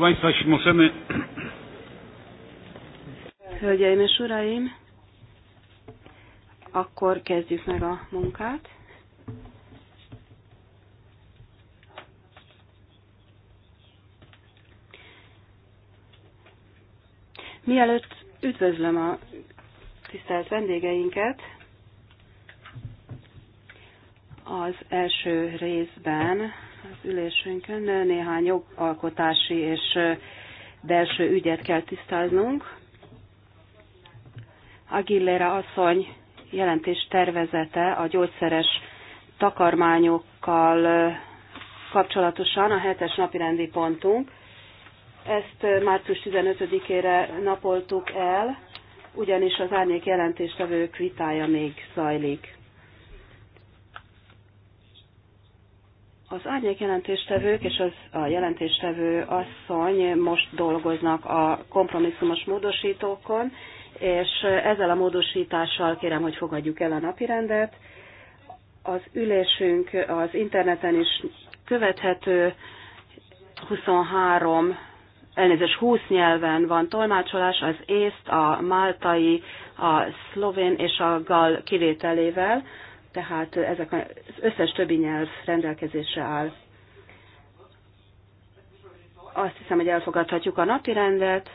Państwa, jeśli możemy... Hölgyeim és Uraim, akkor kezdjük meg a munkát. Mielőtt üdvözlöm a tisztelt vendégeinket, az első részben az ülésünkön néhány jogalkotási és belső ügyet kell tisztáznunk. Aguilera asszony jelentés tervezete a gyógyszeres takarmányokkal kapcsolatosan a hetes napirendi pontunk. Ezt március 15-ére napoltuk el, ugyanis az árnyék jelentéstevők vitája még zajlik. Az árnyék jelentéstevők és az a jelentéstevő asszony most dolgoznak a kompromisszumos módosítókon, és ezzel a módosítással kérem, hogy fogadjuk el a napirendet. Az ülésünk az interneten is követhető, 23, elnézést 20 nyelven van tolmácsolás, az észt, a máltai, a szlovén és a gal kivételével tehát ezek az összes többi nyelv rendelkezésre áll. Azt hiszem, hogy elfogadhatjuk a napi rendet,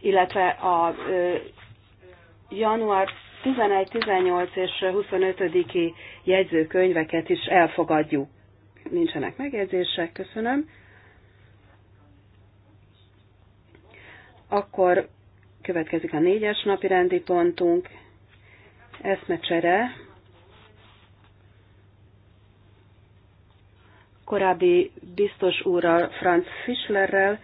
illetve a január 11, 18 és 25-i jegyzőkönyveket is elfogadjuk. Nincsenek megjegyzések, köszönöm. Akkor következik a négyes napi rendi pontunk, eszmecsere korábbi biztos úrral, Franz Fischlerrel,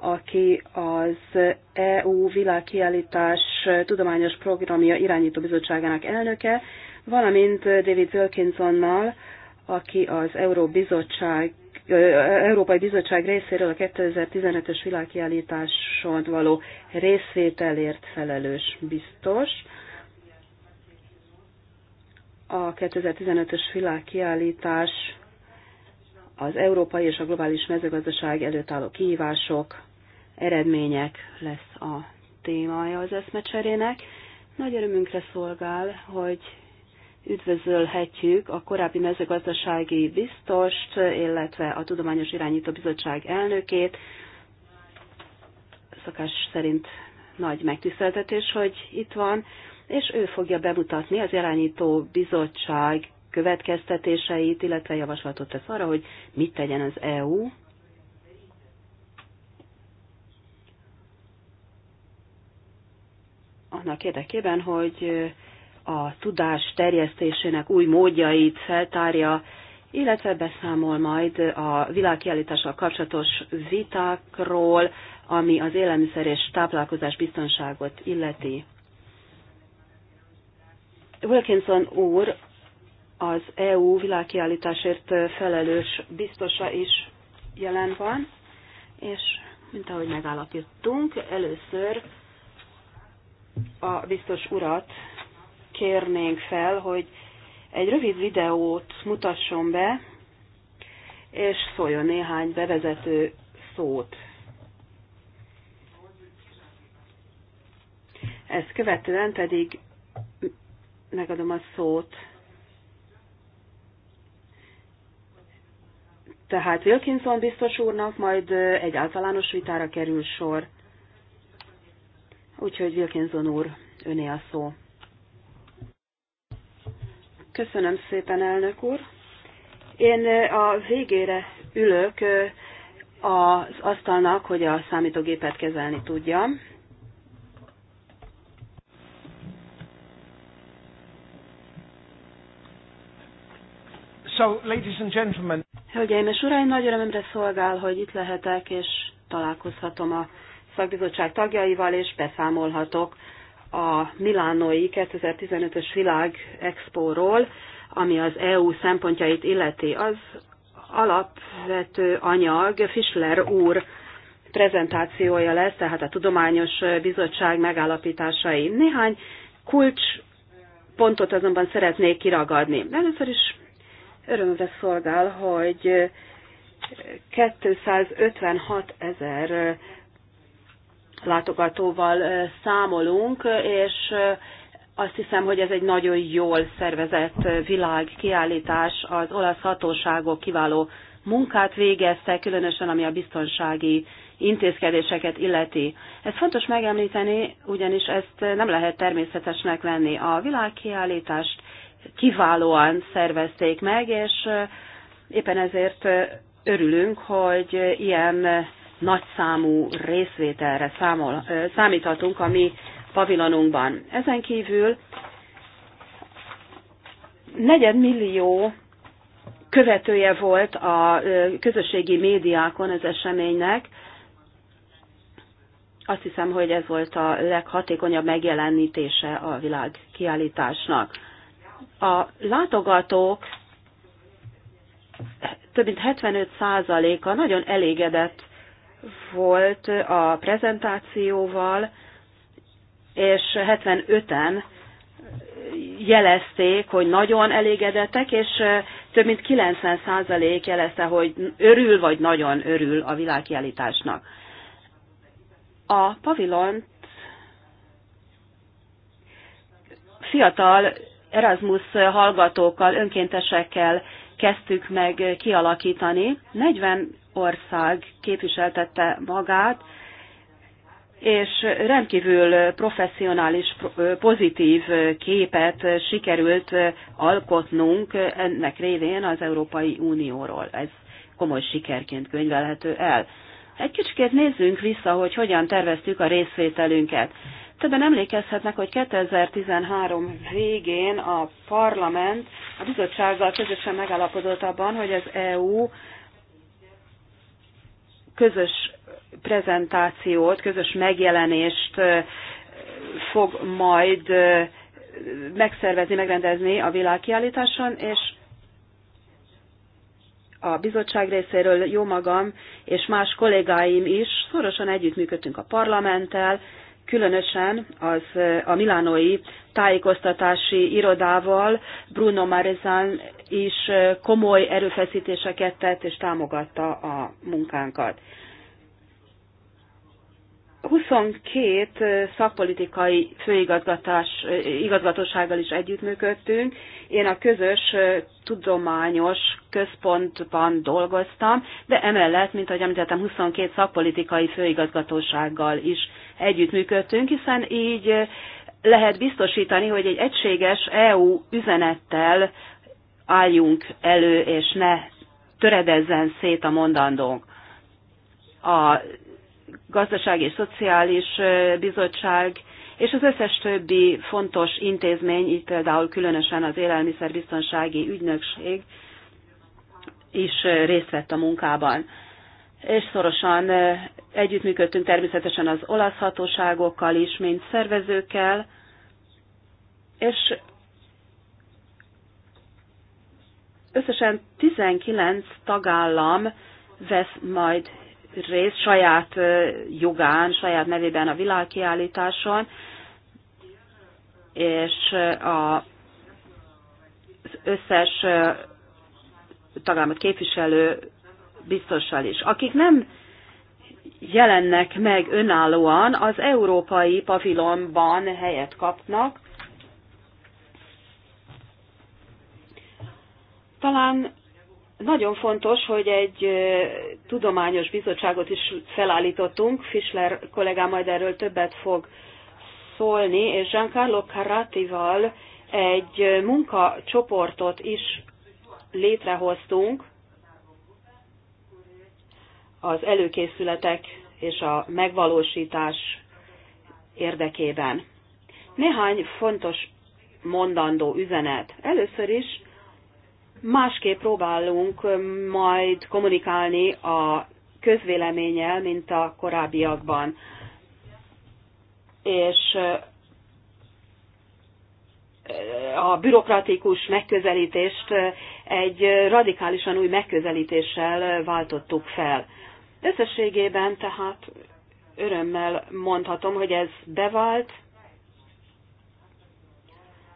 aki az EU világkiállítás tudományos programja irányító bizottságának elnöke, valamint David Wilkinsonnal, aki az Euró bizottság, Európai Bizottság részéről a 2015-ös világkiállításon való részvételért felelős biztos a 2015-ös világkiállítás az európai és a globális mezőgazdaság előtt álló kihívások, eredmények lesz a témája az eszmecserének. Nagy örömünkre szolgál, hogy üdvözölhetjük a korábbi mezőgazdasági biztost, illetve a Tudományos Irányító Bizottság elnökét. Szokás szerint nagy megtiszteltetés, hogy itt van és ő fogja bemutatni az irányító bizottság következtetéseit, illetve javaslatot tesz arra, hogy mit tegyen az EU. Annak érdekében, hogy a tudás terjesztésének új módjait feltárja, illetve beszámol majd a világkiállítással kapcsolatos vitákról, ami az élelmiszer és táplálkozás biztonságot illeti. Wilkinson úr az EU világkiállításért felelős biztosa is jelen van, és mint ahogy megállapítottunk, először a biztos urat kérnénk fel, hogy egy rövid videót mutasson be, és szóljon néhány bevezető szót. Ezt követően pedig megadom a szót. Tehát Wilkinson biztos úrnak majd egy általános vitára kerül sor. Úgyhogy Wilkinson úr, öné a szó. Köszönöm szépen, elnök úr. Én a végére ülök az asztalnak, hogy a számítógépet kezelni tudjam. So, ladies and gentlemen. Hölgyeim és uraim, nagy örömömre szolgál, hogy itt lehetek, és találkozhatom a szakbizottság tagjaival, és beszámolhatok a Milánói 2015-ös világ expóról, ami az EU szempontjait illeti. Az alapvető anyag Fischler úr prezentációja lesz, tehát a Tudományos Bizottság megállapításai. Néhány kulcs pontot azonban szeretnék kiragadni. Először is Örömre szolgál, hogy 256 ezer látogatóval számolunk, és azt hiszem, hogy ez egy nagyon jól szervezett világkiállítás. Az olasz hatóságok kiváló munkát végeztek, különösen ami a biztonsági intézkedéseket illeti. Ez fontos megemlíteni, ugyanis ezt nem lehet természetesnek venni. A világkiállítást kiválóan szervezték meg, és éppen ezért örülünk, hogy ilyen nagyszámú részvételre számol, számíthatunk a mi pavilonunkban. Ezen kívül negyedmillió követője volt a közösségi médiákon az eseménynek. Azt hiszem, hogy ez volt a leghatékonyabb megjelenítése a világ kiállításnak. A látogatók több mint 75%-a nagyon elégedett volt a prezentációval, és 75-en jelezték, hogy nagyon elégedettek, és több mint 90% jelezte, hogy örül vagy nagyon örül a világkiállításnak. A pavilont fiatal Erasmus hallgatókkal, önkéntesekkel kezdtük meg kialakítani. 40 ország képviseltette magát, és rendkívül professzionális, pozitív képet sikerült alkotnunk ennek révén az Európai Unióról. Ez komoly sikerként könyvelhető el. Egy kicsit nézzünk vissza, hogy hogyan terveztük a részvételünket. Többen emlékezhetnek, hogy 2013 végén a parlament a bizottsággal közösen megállapodott abban, hogy az EU közös prezentációt, közös megjelenést fog majd megszervezni, megrendezni a világkiállításon, és a bizottság részéről jó magam és más kollégáim is szorosan együttműködtünk a parlamenttel, különösen az a milánói tájékoztatási irodával Bruno Marezán is komoly erőfeszítéseket tett és támogatta a munkánkat. 22 szakpolitikai főigazgatás, igazgatósággal is együttműködtünk. Én a közös tudományos központban dolgoztam, de emellett, mint ahogy említettem, 22 szakpolitikai főigazgatósággal is együttműködtünk, hiszen így eh, lehet biztosítani, hogy egy egységes EU üzenettel álljunk elő, és ne töredezzen szét a mondandónk. A Gazdasági és Szociális eh, Bizottság és az összes többi fontos intézmény, így például különösen az Élelmiszerbiztonsági Ügynökség is eh, részt vett a munkában és szorosan együttműködtünk természetesen az olasz hatóságokkal is, mint szervezőkkel, és összesen 19 tagállam vesz majd részt saját jogán, saját nevében a világkiállításon, és a, az összes tagállamot képviselő biztossal is. Akik nem jelennek meg önállóan, az európai pavilonban helyet kapnak. Talán nagyon fontos, hogy egy tudományos bizottságot is felállítottunk, Fischler kollégám majd erről többet fog szólni, és Giancarlo Caratival egy munkacsoportot is létrehoztunk, az előkészületek és a megvalósítás érdekében. Néhány fontos mondandó üzenet. Először is másképp próbálunk majd kommunikálni a közvéleménnyel, mint a korábbiakban. És a bürokratikus megközelítést egy radikálisan új megközelítéssel váltottuk fel. Összességében tehát örömmel mondhatom, hogy ez bevált.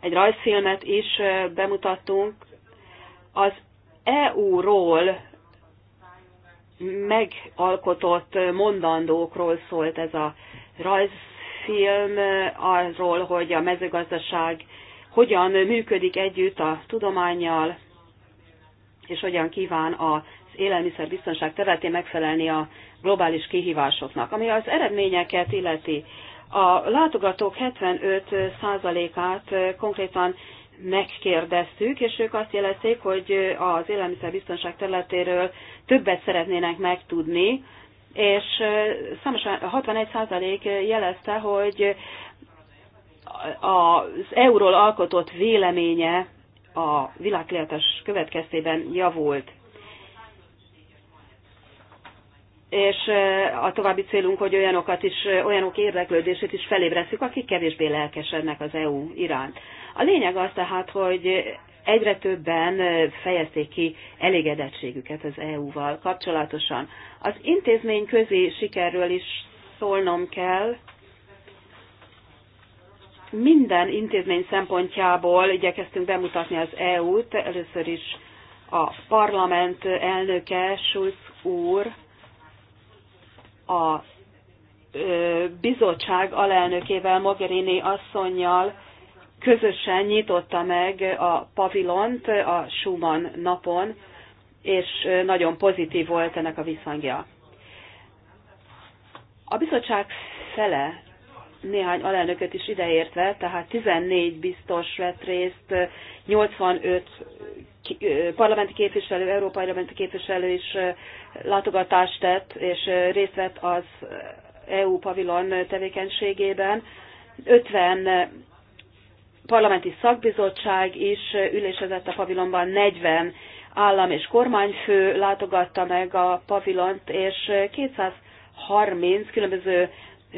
Egy rajzfilmet is bemutattunk. Az EU-ról megalkotott mondandókról szólt ez a rajzfilm, arról, hogy a mezőgazdaság hogyan működik együtt a tudományjal, és hogyan kíván a élelmiszerbiztonság területén megfelelni a globális kihívásoknak. Ami az eredményeket illeti, a látogatók 75%-át konkrétan megkérdeztük, és ők azt jelezték, hogy az élelmiszerbiztonság területéről többet szeretnének megtudni, és számosan 61% jelezte, hogy az euról alkotott véleménye a világkliátás következtében javult. és a további célunk, hogy olyanokat is, olyanok érdeklődését is felébresztjük, akik kevésbé lelkesednek az EU iránt. A lényeg az tehát, hogy egyre többen fejezték ki elégedettségüket az EU-val kapcsolatosan. Az intézmény közé sikerről is szólnom kell. Minden intézmény szempontjából igyekeztünk bemutatni az EU-t, először is a parlament elnöke, Schulz úr, a bizottság alelnökével, Mogherini asszonynal közösen nyitotta meg a pavilont a Schumann napon, és nagyon pozitív volt ennek a visszhangja. A bizottság fele néhány alelnököt is ideértve, tehát 14 biztos vett részt, 85 parlamenti képviselő, európai parlamenti képviselő is látogatást tett, és részt vett az EU pavilon tevékenységében. 50 parlamenti szakbizottság is ülésezett a pavilonban, 40 állam és kormányfő látogatta meg a pavilont, és 230 különböző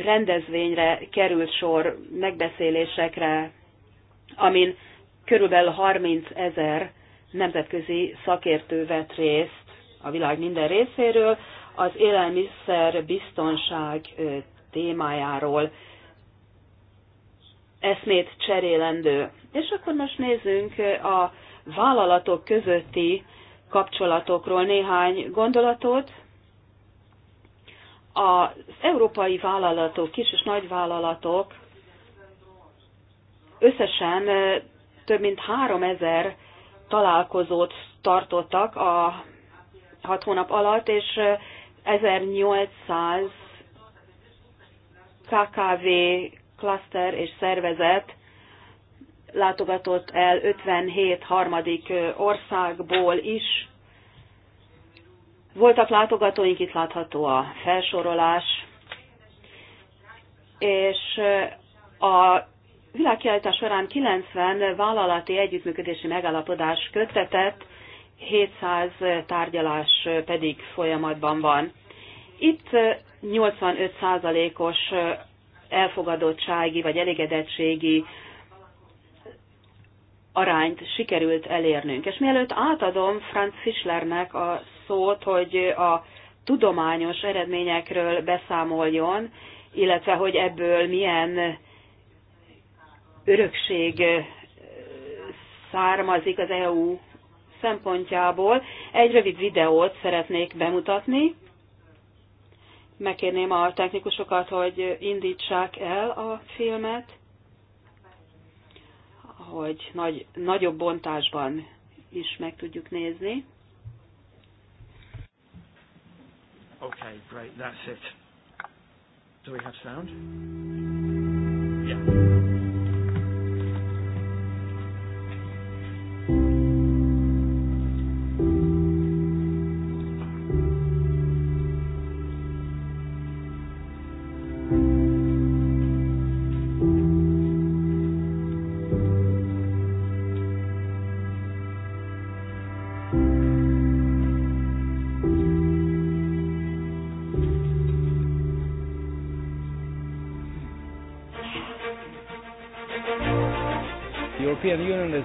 rendezvényre került sor, megbeszélésekre, amin körülbelül 30 ezer nemzetközi szakértő vett részt a világ minden részéről, az élelmiszer biztonság témájáról eszmét cserélendő. És akkor most nézzünk a vállalatok közötti kapcsolatokról néhány gondolatot. Az európai vállalatok, kis és nagy vállalatok összesen több mint 3000 találkozót tartottak a hat hónap alatt, és 1800 KKV klaszter és szervezet látogatott el 57 harmadik országból is, voltak látogatóink, itt látható a felsorolás, és a világkiállítás során 90 vállalati együttműködési megállapodás köttetett, 700 tárgyalás pedig folyamatban van. Itt 85%-os elfogadottsági vagy elégedettségi arányt sikerült elérnünk. És mielőtt átadom Franz Fischlernek a szót, hogy a tudományos eredményekről beszámoljon, illetve hogy ebből milyen örökség származik az EU szempontjából. Egy rövid videót szeretnék bemutatni. Megkérném a technikusokat, hogy indítsák el a filmet, hogy nagy, nagyobb bontásban is meg tudjuk nézni. Okay, great. That's it. Do we have sound?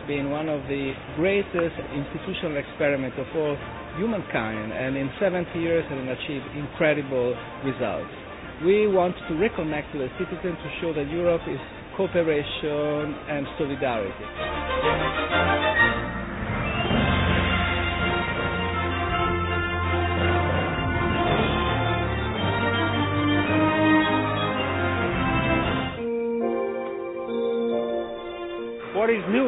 been one of the greatest institutional experiments of all humankind, and in 70 years it has achieved incredible results. We want to reconnect with the citizen to show that Europe is cooperation and solidarity.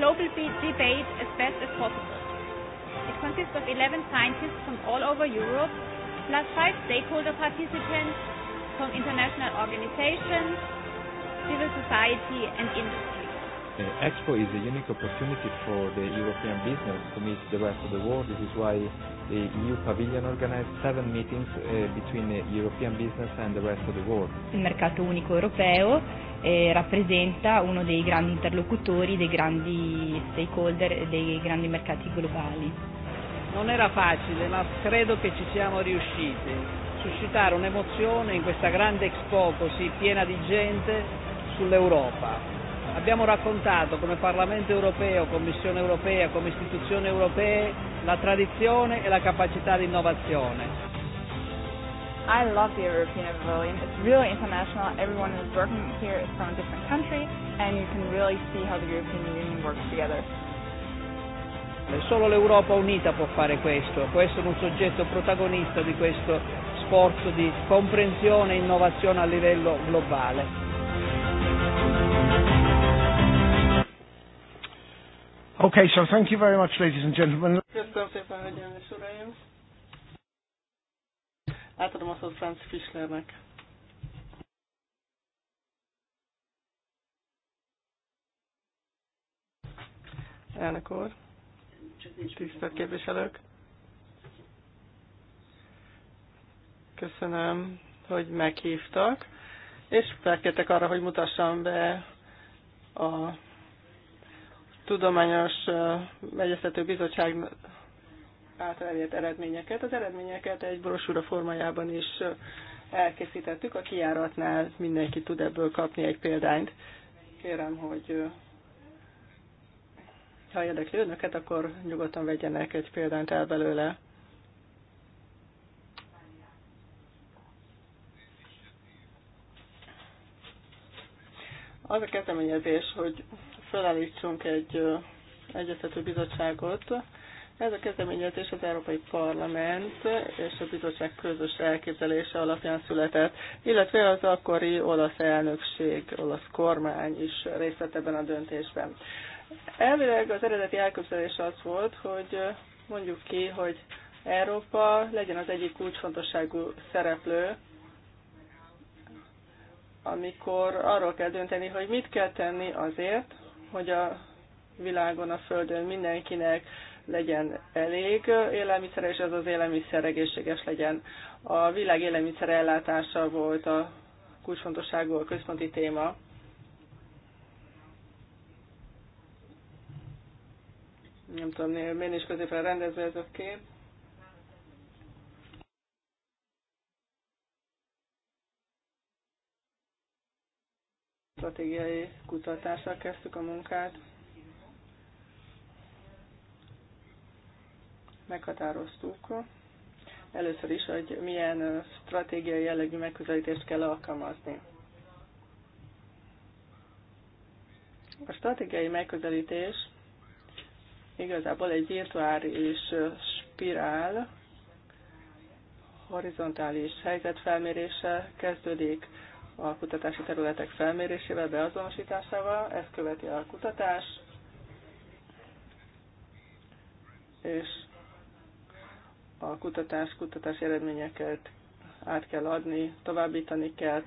global debate as best as possible. It consists of 11 scientists from all over Europe, plus five stakeholder participants from international organizations, civil society, and industry. Uh, Expo is a unique opportunity for the European business to meet the rest of the world. This is why the EU Pavilion organized seven meetings uh, between the uh, European business and the rest of the world. Il mercato unico europeo eh, rappresenta uno dei grandi interlocutori, dei grandi stakeholder, e dei grandi mercati globali. Non era facile, ma credo che ci siamo riusciti. Suscitare un'emozione in questa grande Expo così piena di gente sull'Europa. Abbiamo raccontato come Parlamento europeo, Commissione europea, come istituzioni europee la tradizione e la capacità di innovazione I love the European Pavilion. It's really international. Everyone who's working here is from a different country, and you can really see how the European Union works together. Eh, solo l'Europa unita può fare questo, può essere un soggetto protagonista di questo sforzo di comprensione e innovazione a livello globale. Okay, so thank you very much, ladies and gentlemen. Köszönöm Átadom a szót Franz Fischlernek. Elnök úr, tisztelt képviselők! Köszönöm, hogy meghívtak, és felkértek arra, hogy mutassam be a Tudományos Megyeztető Bizottság által elért eredményeket. Az eredményeket egy brosúra formájában is elkészítettük, a kiáratnál mindenki tud ebből kapni egy példányt. Kérem, hogy ha érdekli önöket, akkor nyugodtan vegyenek egy példányt el belőle. Az a kezdeményezés, hogy felállítsunk egy egyeztető bizottságot, ez a kezdeményezés az Európai Parlament és a bizottság közös elképzelése alapján született, illetve az akkori olasz elnökség, olasz kormány is részt vett ebben a döntésben. Elvileg az eredeti elképzelés az volt, hogy mondjuk ki, hogy Európa legyen az egyik kulcsfontosságú szereplő, amikor arról kell dönteni, hogy mit kell tenni azért, hogy a világon, a Földön mindenkinek legyen elég élelmiszer, és ez az élelmiszer egészséges legyen. A világ élelmiszer ellátása volt a kulcsfontosságú, a központi téma. Nem tudom, miért is középre rendezve ez a kép. stratégiai kutatással kezdtük a munkát. meghatároztuk először is, hogy milyen stratégiai jellegű megközelítést kell alkalmazni. A stratégiai megközelítés igazából egy virtuális spirál, horizontális helyzetfelmérése kezdődik a kutatási területek felmérésével, beazonosításával, ezt követi a kutatás, és a kutatás, kutatás eredményeket át kell adni, továbbítani kell,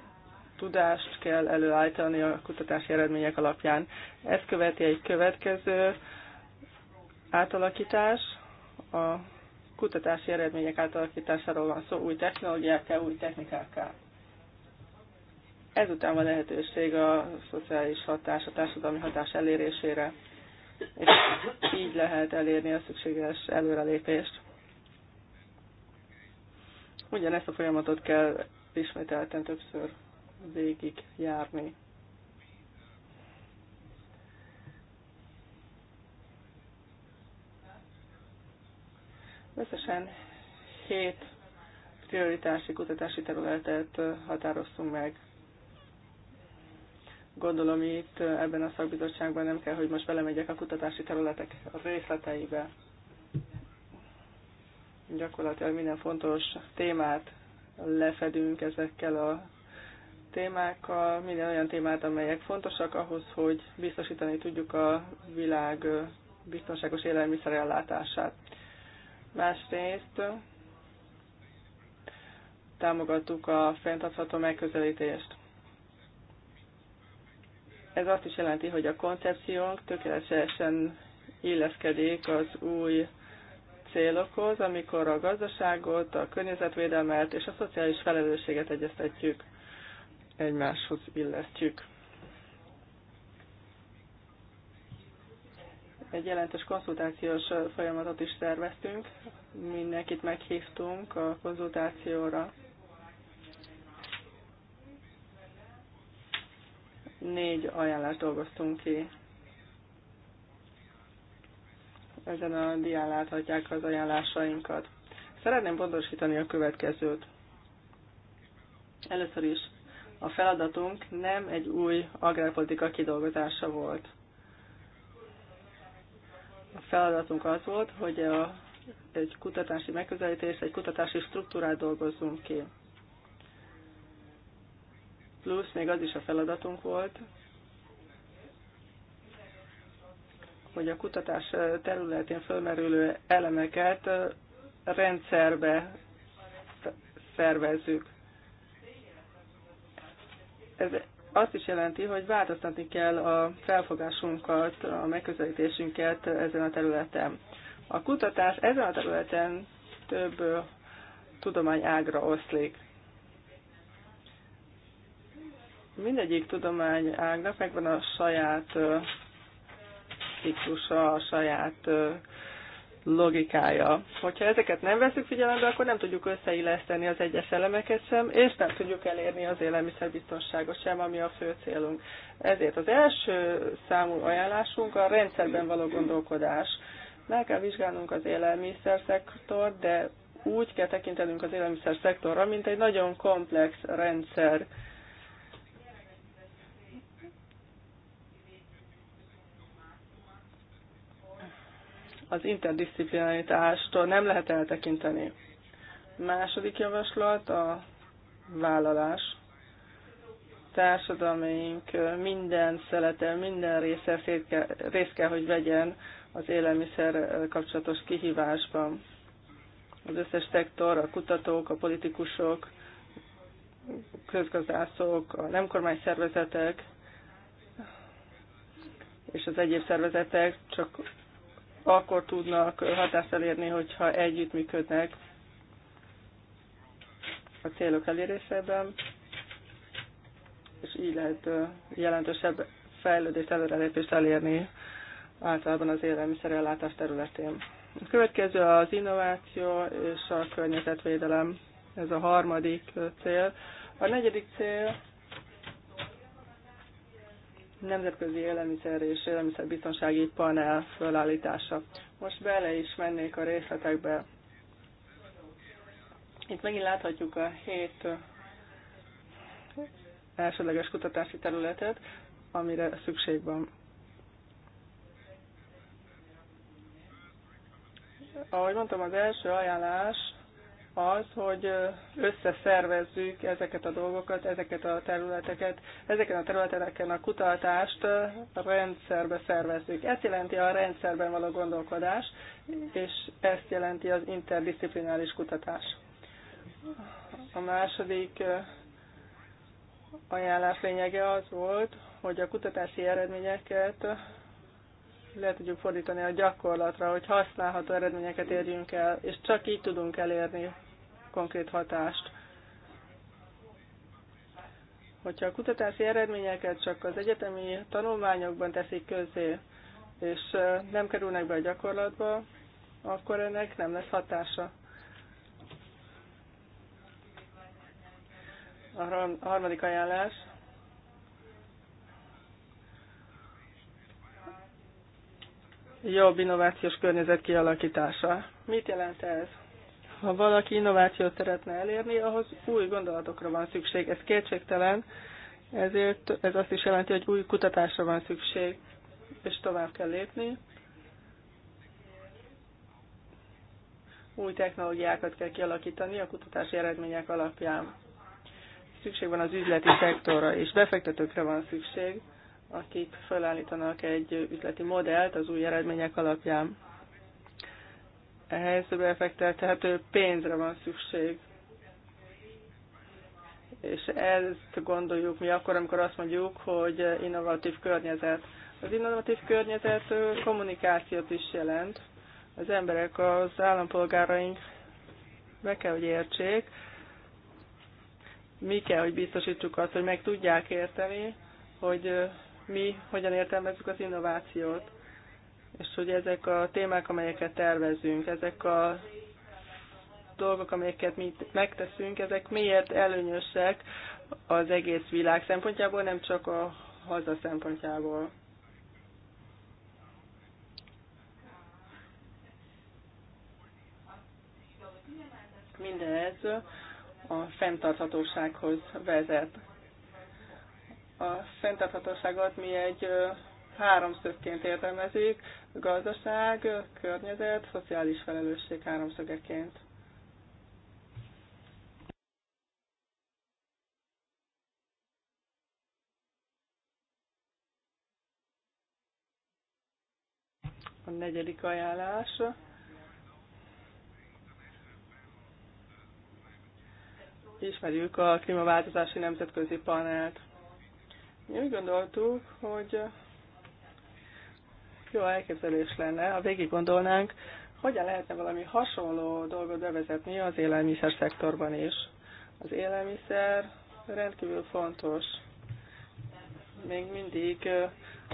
tudást kell előállítani a kutatási eredmények alapján. Ezt követi egy következő átalakítás, a kutatási eredmények átalakításáról van szó, új technológiákkal, új technikákkal. Ezután van lehetőség a szociális hatás, a társadalmi hatás elérésére, és így lehet elérni a szükséges előrelépést. Ugyanezt a folyamatot kell ismételten többször végig járni. Összesen 7 prioritási kutatási területet határoztunk meg. Gondolom itt ebben a szakbizottságban nem kell, hogy most belemegyek a kutatási területek részleteibe. Gyakorlatilag minden fontos témát lefedünk ezekkel a témákkal, minden olyan témát, amelyek fontosak ahhoz, hogy biztosítani tudjuk a világ biztonságos élelmiszerellátását. Másrészt támogattuk a fenntartható megközelítést. Ez azt is jelenti, hogy a koncepciónk tökéletesen illeszkedik az új célokhoz, amikor a gazdaságot, a környezetvédelmet és a szociális felelősséget egyeztetjük, egymáshoz illesztjük. Egy jelentős konzultációs folyamatot is szerveztünk, mindenkit meghívtunk a konzultációra. Négy ajánlást dolgoztunk ki ezen a dián láthatják az ajánlásainkat. Szeretném pontosítani a következőt. Először is a feladatunk nem egy új agrárpolitika kidolgozása volt. A feladatunk az volt, hogy a, egy kutatási megközelítést, egy kutatási struktúrát dolgozzunk ki. Plusz még az is a feladatunk volt, hogy a kutatás területén fölmerülő elemeket rendszerbe szervezzük. Ez azt is jelenti, hogy változtatni kell a felfogásunkat, a megközelítésünket ezen a területen. A kutatás ezen a területen több tudományágra oszlik. Mindegyik tudományágnak megvan a saját ciklusa, a saját logikája. Hogyha ezeket nem veszük figyelembe, akkor nem tudjuk összeilleszteni az egyes elemeket sem, és nem tudjuk elérni az élelmiszerbiztonságot sem, ami a fő célunk. Ezért az első számú ajánlásunk a rendszerben való gondolkodás. Meg kell vizsgálnunk az élelmiszer szektort, de úgy kell tekintenünk az élelmiszer szektorra, mint egy nagyon komplex rendszer az interdisziplinaritástól nem lehet eltekinteni. Második javaslat a vállalás. Társadalmaink minden szelete, minden része részt kell, hogy vegyen az élelmiszer kapcsolatos kihívásban. Az összes szektor, a kutatók, a politikusok, közgazdászok, a nem szervezetek és az egyéb szervezetek csak akkor tudnak hatást elérni, hogyha együttműködnek a célok elérésében, és így lehet jelentősebb fejlődést, előrelépést elérni általában az élelmiszerellátás területén. A következő az innováció és a környezetvédelem. Ez a harmadik cél. A negyedik cél Nemzetközi Élelmiszer és Élelmiszerbiztonsági Panel fölállítása. Most bele is mennék a részletekbe. Itt megint láthatjuk a hét elsődleges kutatási területet, amire szükség van. Ahogy mondtam, az első ajánlás az, hogy összeszervezzük ezeket a dolgokat, ezeket a területeket, ezeken a területeken a kutatást a rendszerbe szervezzük. Ezt jelenti a rendszerben való gondolkodás, és ezt jelenti az interdisziplinális kutatás. A második ajánlás lényege az volt, hogy a kutatási eredményeket le tudjuk fordítani a gyakorlatra, hogy használható eredményeket érjünk el, és csak így tudunk elérni konkrét hatást. Hogyha a kutatási eredményeket csak az egyetemi tanulmányokban teszik közé, és nem kerülnek be a gyakorlatba, akkor ennek nem lesz hatása. A harmadik ajánlás. Jobb innovációs környezet kialakítása. Mit jelent ez? Ha valaki innovációt szeretne elérni, ahhoz új gondolatokra van szükség. Ez kétségtelen, ezért ez azt is jelenti, hogy új kutatásra van szükség, és tovább kell lépni. Új technológiákat kell kialakítani a kutatási eredmények alapján. Szükség van az üzleti szektorra, és befektetőkre van szükség, akik felállítanak egy üzleti modellt az új eredmények alapján helyzetbe ő pénzre van szükség. És ezt gondoljuk mi akkor, amikor azt mondjuk, hogy innovatív környezet. Az innovatív környezet kommunikációt is jelent. Az emberek, az állampolgáraink meg kell, hogy értsék, mi kell, hogy biztosítsuk azt, hogy meg tudják érteni, hogy mi hogyan értelmezzük az innovációt és hogy ezek a témák, amelyeket tervezünk, ezek a dolgok, amelyeket mi megteszünk, ezek miért előnyösek az egész világ szempontjából, nem csak a haza szempontjából. Mindez a fenntarthatósághoz vezet. A fenntarthatóságot mi egy háromszögként értelmezik, gazdaság, környezet, szociális felelősség háromszögeként. A negyedik ajánlás. Ismerjük a klímaváltozási nemzetközi panelt. Mi úgy gondoltuk, hogy jó elképzelés lenne, ha végig gondolnánk, hogyan lehetne valami hasonló dolgot bevezetni az élelmiszer szektorban is. Az élelmiszer rendkívül fontos. Még mindig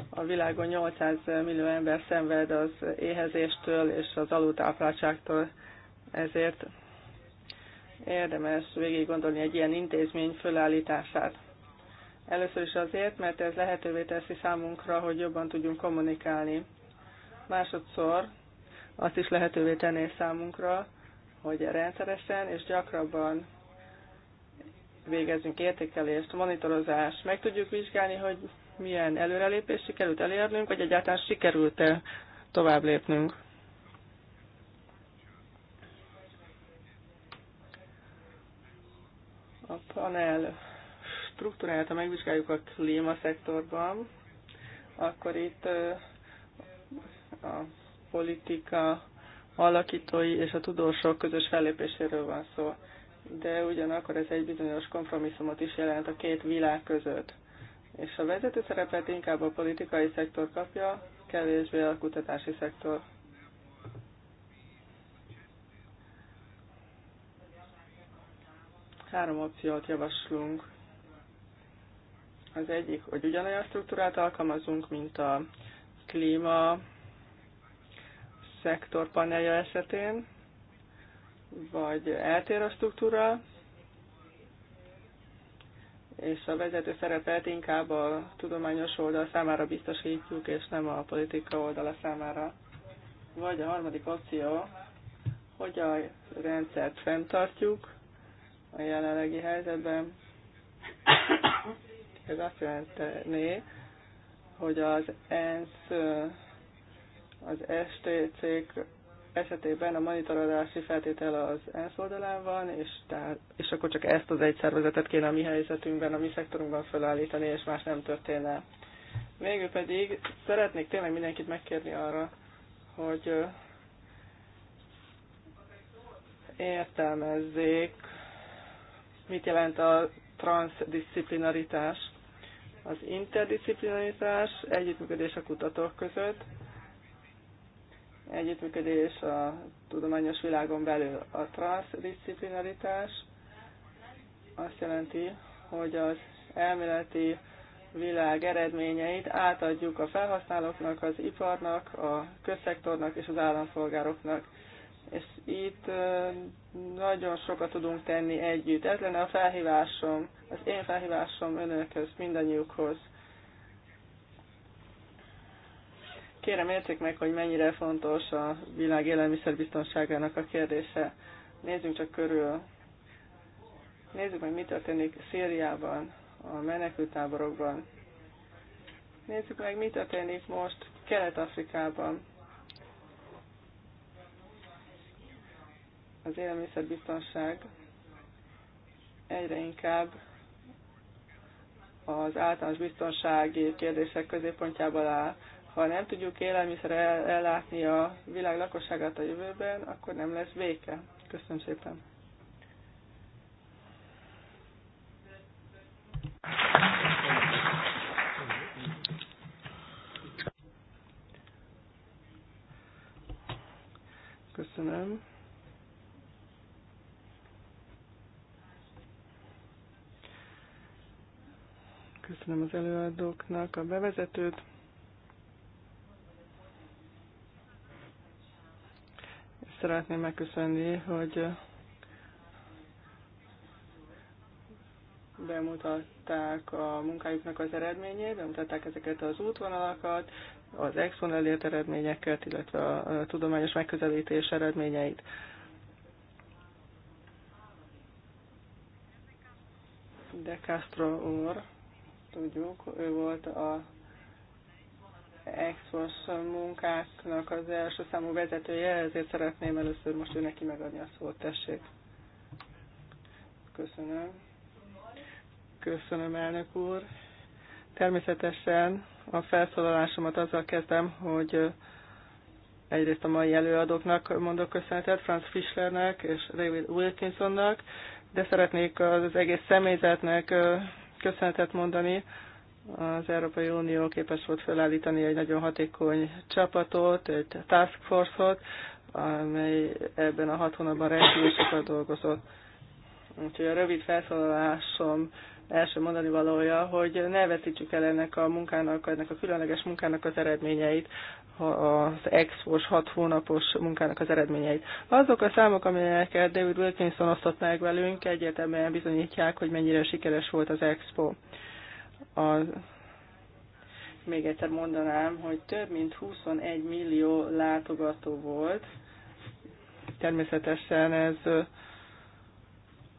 a világon 800 millió ember szenved az éhezéstől és az alultápláltságtól, ezért érdemes végig gondolni egy ilyen intézmény fölállítását. Először is azért, mert ez lehetővé teszi számunkra, hogy jobban tudjunk kommunikálni. Másodszor azt is lehetővé tenné számunkra, hogy rendszeresen és gyakrabban végezzünk értékelést, monitorozást, meg tudjuk vizsgálni, hogy milyen előrelépés sikerült elérnünk, vagy egyáltalán sikerült-e tovább lépnünk. A panel struktúráját, ha megvizsgáljuk a klímaszektorban, akkor itt a politika alakítói és a tudósok közös fellépéséről van szó. De ugyanakkor ez egy bizonyos kompromisszumot is jelent a két világ között. És a vezető szerepet inkább a politikai szektor kapja, kevésbé a kutatási szektor. Három opciót javaslunk az egyik, hogy ugyanolyan struktúrát alkalmazunk, mint a klíma szektor panelja esetén, vagy eltér a struktúra, és a vezető szerepet inkább a tudományos oldal számára biztosítjuk, és nem a politika oldala számára. Vagy a harmadik opció, hogy a rendszert fenntartjuk a jelenlegi helyzetben, ez azt jelenteni, hogy az ENSZ az STC esetében a monitorozási feltétel az ENSZ oldalán van, és, tehát, és akkor csak ezt az egy szervezetet kéne a mi helyzetünkben, a mi szektorunkban felállítani, és más nem történne. Végül pedig szeretnék tényleg mindenkit megkérni arra, hogy értelmezzék, mit jelent a transzdisziplinaritás, az interdisziplinaritás, együttműködés a kutatók között, együttműködés a tudományos világon belül a transzdisziplinaritás, azt jelenti, hogy az elméleti világ eredményeit átadjuk a felhasználóknak, az iparnak, a közszektornak és az állampolgároknak. És itt nagyon sokat tudunk tenni együtt. Ez lenne a felhívásom az én felhívásom önökhöz, mindannyiukhoz. Kérem értsék meg, hogy mennyire fontos a világ élelmiszerbiztonságának a kérdése. Nézzünk csak körül. Nézzük meg, mi történik Szíriában, a menekültáborokban. Nézzük meg, mi történik most Kelet-Afrikában. Az élelmiszerbiztonság egyre inkább az általános biztonsági kérdések középpontjában áll. Ha nem tudjuk élelmiszer ellátni a világ lakosságát a jövőben, akkor nem lesz béke. Köszönöm szépen. Köszönöm. Köszönöm az előadóknak a bevezetőt. Szeretném megköszönni, hogy bemutatták a munkájuknak az eredményét, bemutatták ezeket az útvonalakat, az Exxon elért eredményeket, illetve a tudományos megközelítés eredményeit. De Castro úr tudjuk, ő volt a EXOS munkáknak az első számú vezetője, ezért szeretném először most ő neki megadni a szót, tessék. Köszönöm. Köszönöm, elnök úr. Természetesen a felszólalásomat azzal kezdem, hogy egyrészt a mai előadóknak mondok köszönetet, Franz Fischlernek és David Wilkinsonnak, de szeretnék az egész személyzetnek köszönetet mondani. Az Európai Unió képes volt felállítani egy nagyon hatékony csapatot, egy task force-ot, amely ebben a hat hónapban rendkívül sokat dolgozott. Úgyhogy a rövid felszólalásom első mondani valója, hogy ne veszítsük el ennek a munkának, ennek a különleges munkának az eredményeit, az expos hat hónapos munkának az eredményeit. Azok a számok, amelyeket David Wilkinson osztott meg velünk, egyértelműen bizonyítják, hogy mennyire sikeres volt az expo. A, még egyszer mondanám, hogy több mint 21 millió látogató volt. Természetesen ez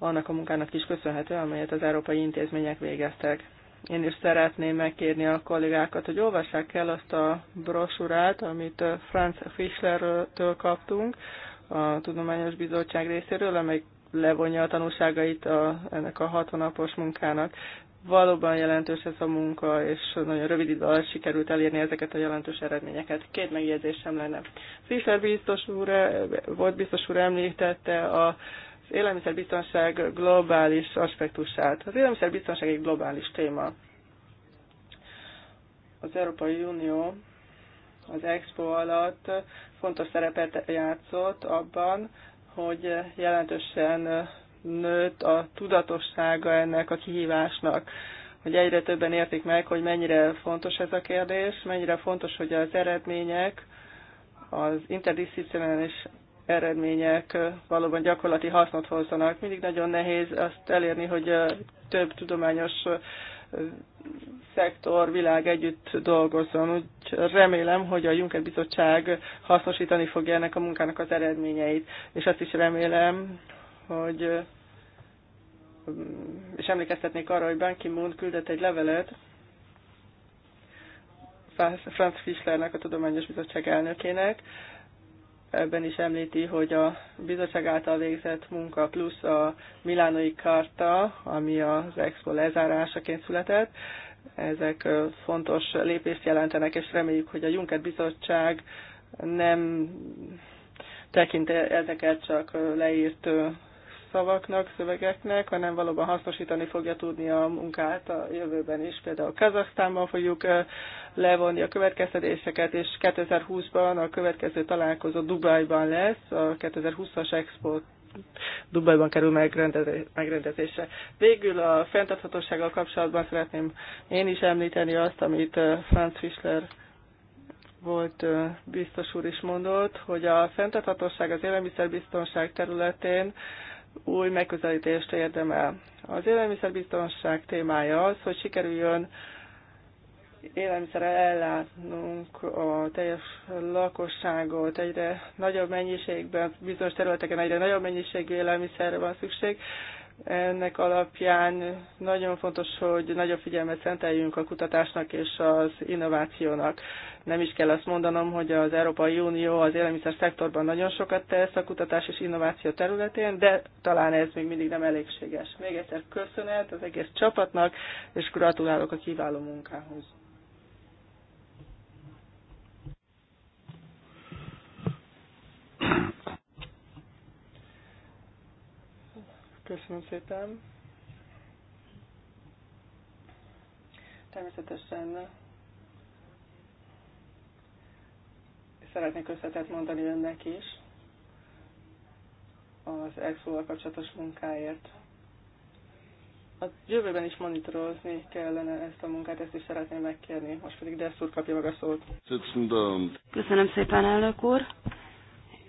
annak a munkának is köszönhető, amelyet az európai intézmények végeztek. Én is szeretném megkérni a kollégákat, hogy olvassák el azt a brosurát, amit eh, Franz Fischlertől kaptunk, a Tudományos Bizottság részéről, amely levonja a tanulságait a, ennek a 60 napos munkának. Valóban jelentős ez a munka, és nagyon rövid idő alatt sikerült elérni ezeket a jelentős eredményeket. Két megjegyzésem lenne. Fischer biztos úr, eh, volt biztos úr említette a élelmiszerbiztonság globális aspektusát. Az élelmiszerbiztonság egy globális téma. Az Európai Unió az Expo alatt fontos szerepet játszott abban, hogy jelentősen nőtt a tudatossága ennek a kihívásnak, hogy egyre többen értik meg, hogy mennyire fontos ez a kérdés, mennyire fontos, hogy az eredmények az interdisziplinális eredmények valóban gyakorlati hasznot hozzanak. Mindig nagyon nehéz azt elérni, hogy több tudományos szektor, világ együtt dolgozzon. Úgy remélem, hogy a Juncker Bizottság hasznosítani fogja ennek a munkának az eredményeit, és azt is remélem, hogy és emlékeztetnék arra, hogy Ban Ki-moon küldött egy levelet Franz Fischlernek, a Tudományos Bizottság elnökének, ebben is említi, hogy a bizottság által végzett munka plusz a Milánoi Karta, ami az Expo lezárásaként született, ezek fontos lépést jelentenek, és reméljük, hogy a Juncker bizottság nem tekint e- ezeket csak leírt szavaknak, szövegeknek, hanem valóban hasznosítani fogja tudni a munkát a jövőben is. Például Kazasztánban fogjuk levonni a következtetéseket, és 2020-ban a következő találkozó Dubajban lesz, a 2020-as Expo Dubajban kerül megrendezésre. Végül a fenntarthatósággal kapcsolatban szeretném én is említeni azt, amit Franz Fischler volt biztos úr is mondott, hogy a fenntarthatóság az élelmiszerbiztonság területén új megközelítést érdemel. Az élelmiszerbiztonság témája az, hogy sikerüljön élelmiszerre ellátnunk a teljes lakosságot, egyre nagyobb mennyiségben, bizonyos területeken egyre nagyobb mennyiségű élelmiszerre van szükség, ennek alapján nagyon fontos, hogy nagyobb figyelmet szenteljünk a kutatásnak és az innovációnak. Nem is kell azt mondanom, hogy az Európai Unió az élelmiszer szektorban nagyon sokat tesz a kutatás és innováció területén, de talán ez még mindig nem elégséges. Még egyszer köszönet az egész csapatnak, és gratulálok a kiváló munkához. Köszönöm szépen. Természetesen szeretnék összetett mondani önnek is az exo kapcsolatos munkáért. A jövőben is monitorozni kellene ezt a munkát, ezt is szeretném megkérni. Most pedig Dessz úr kapja meg a szót. Köszönöm szépen, elnök úr,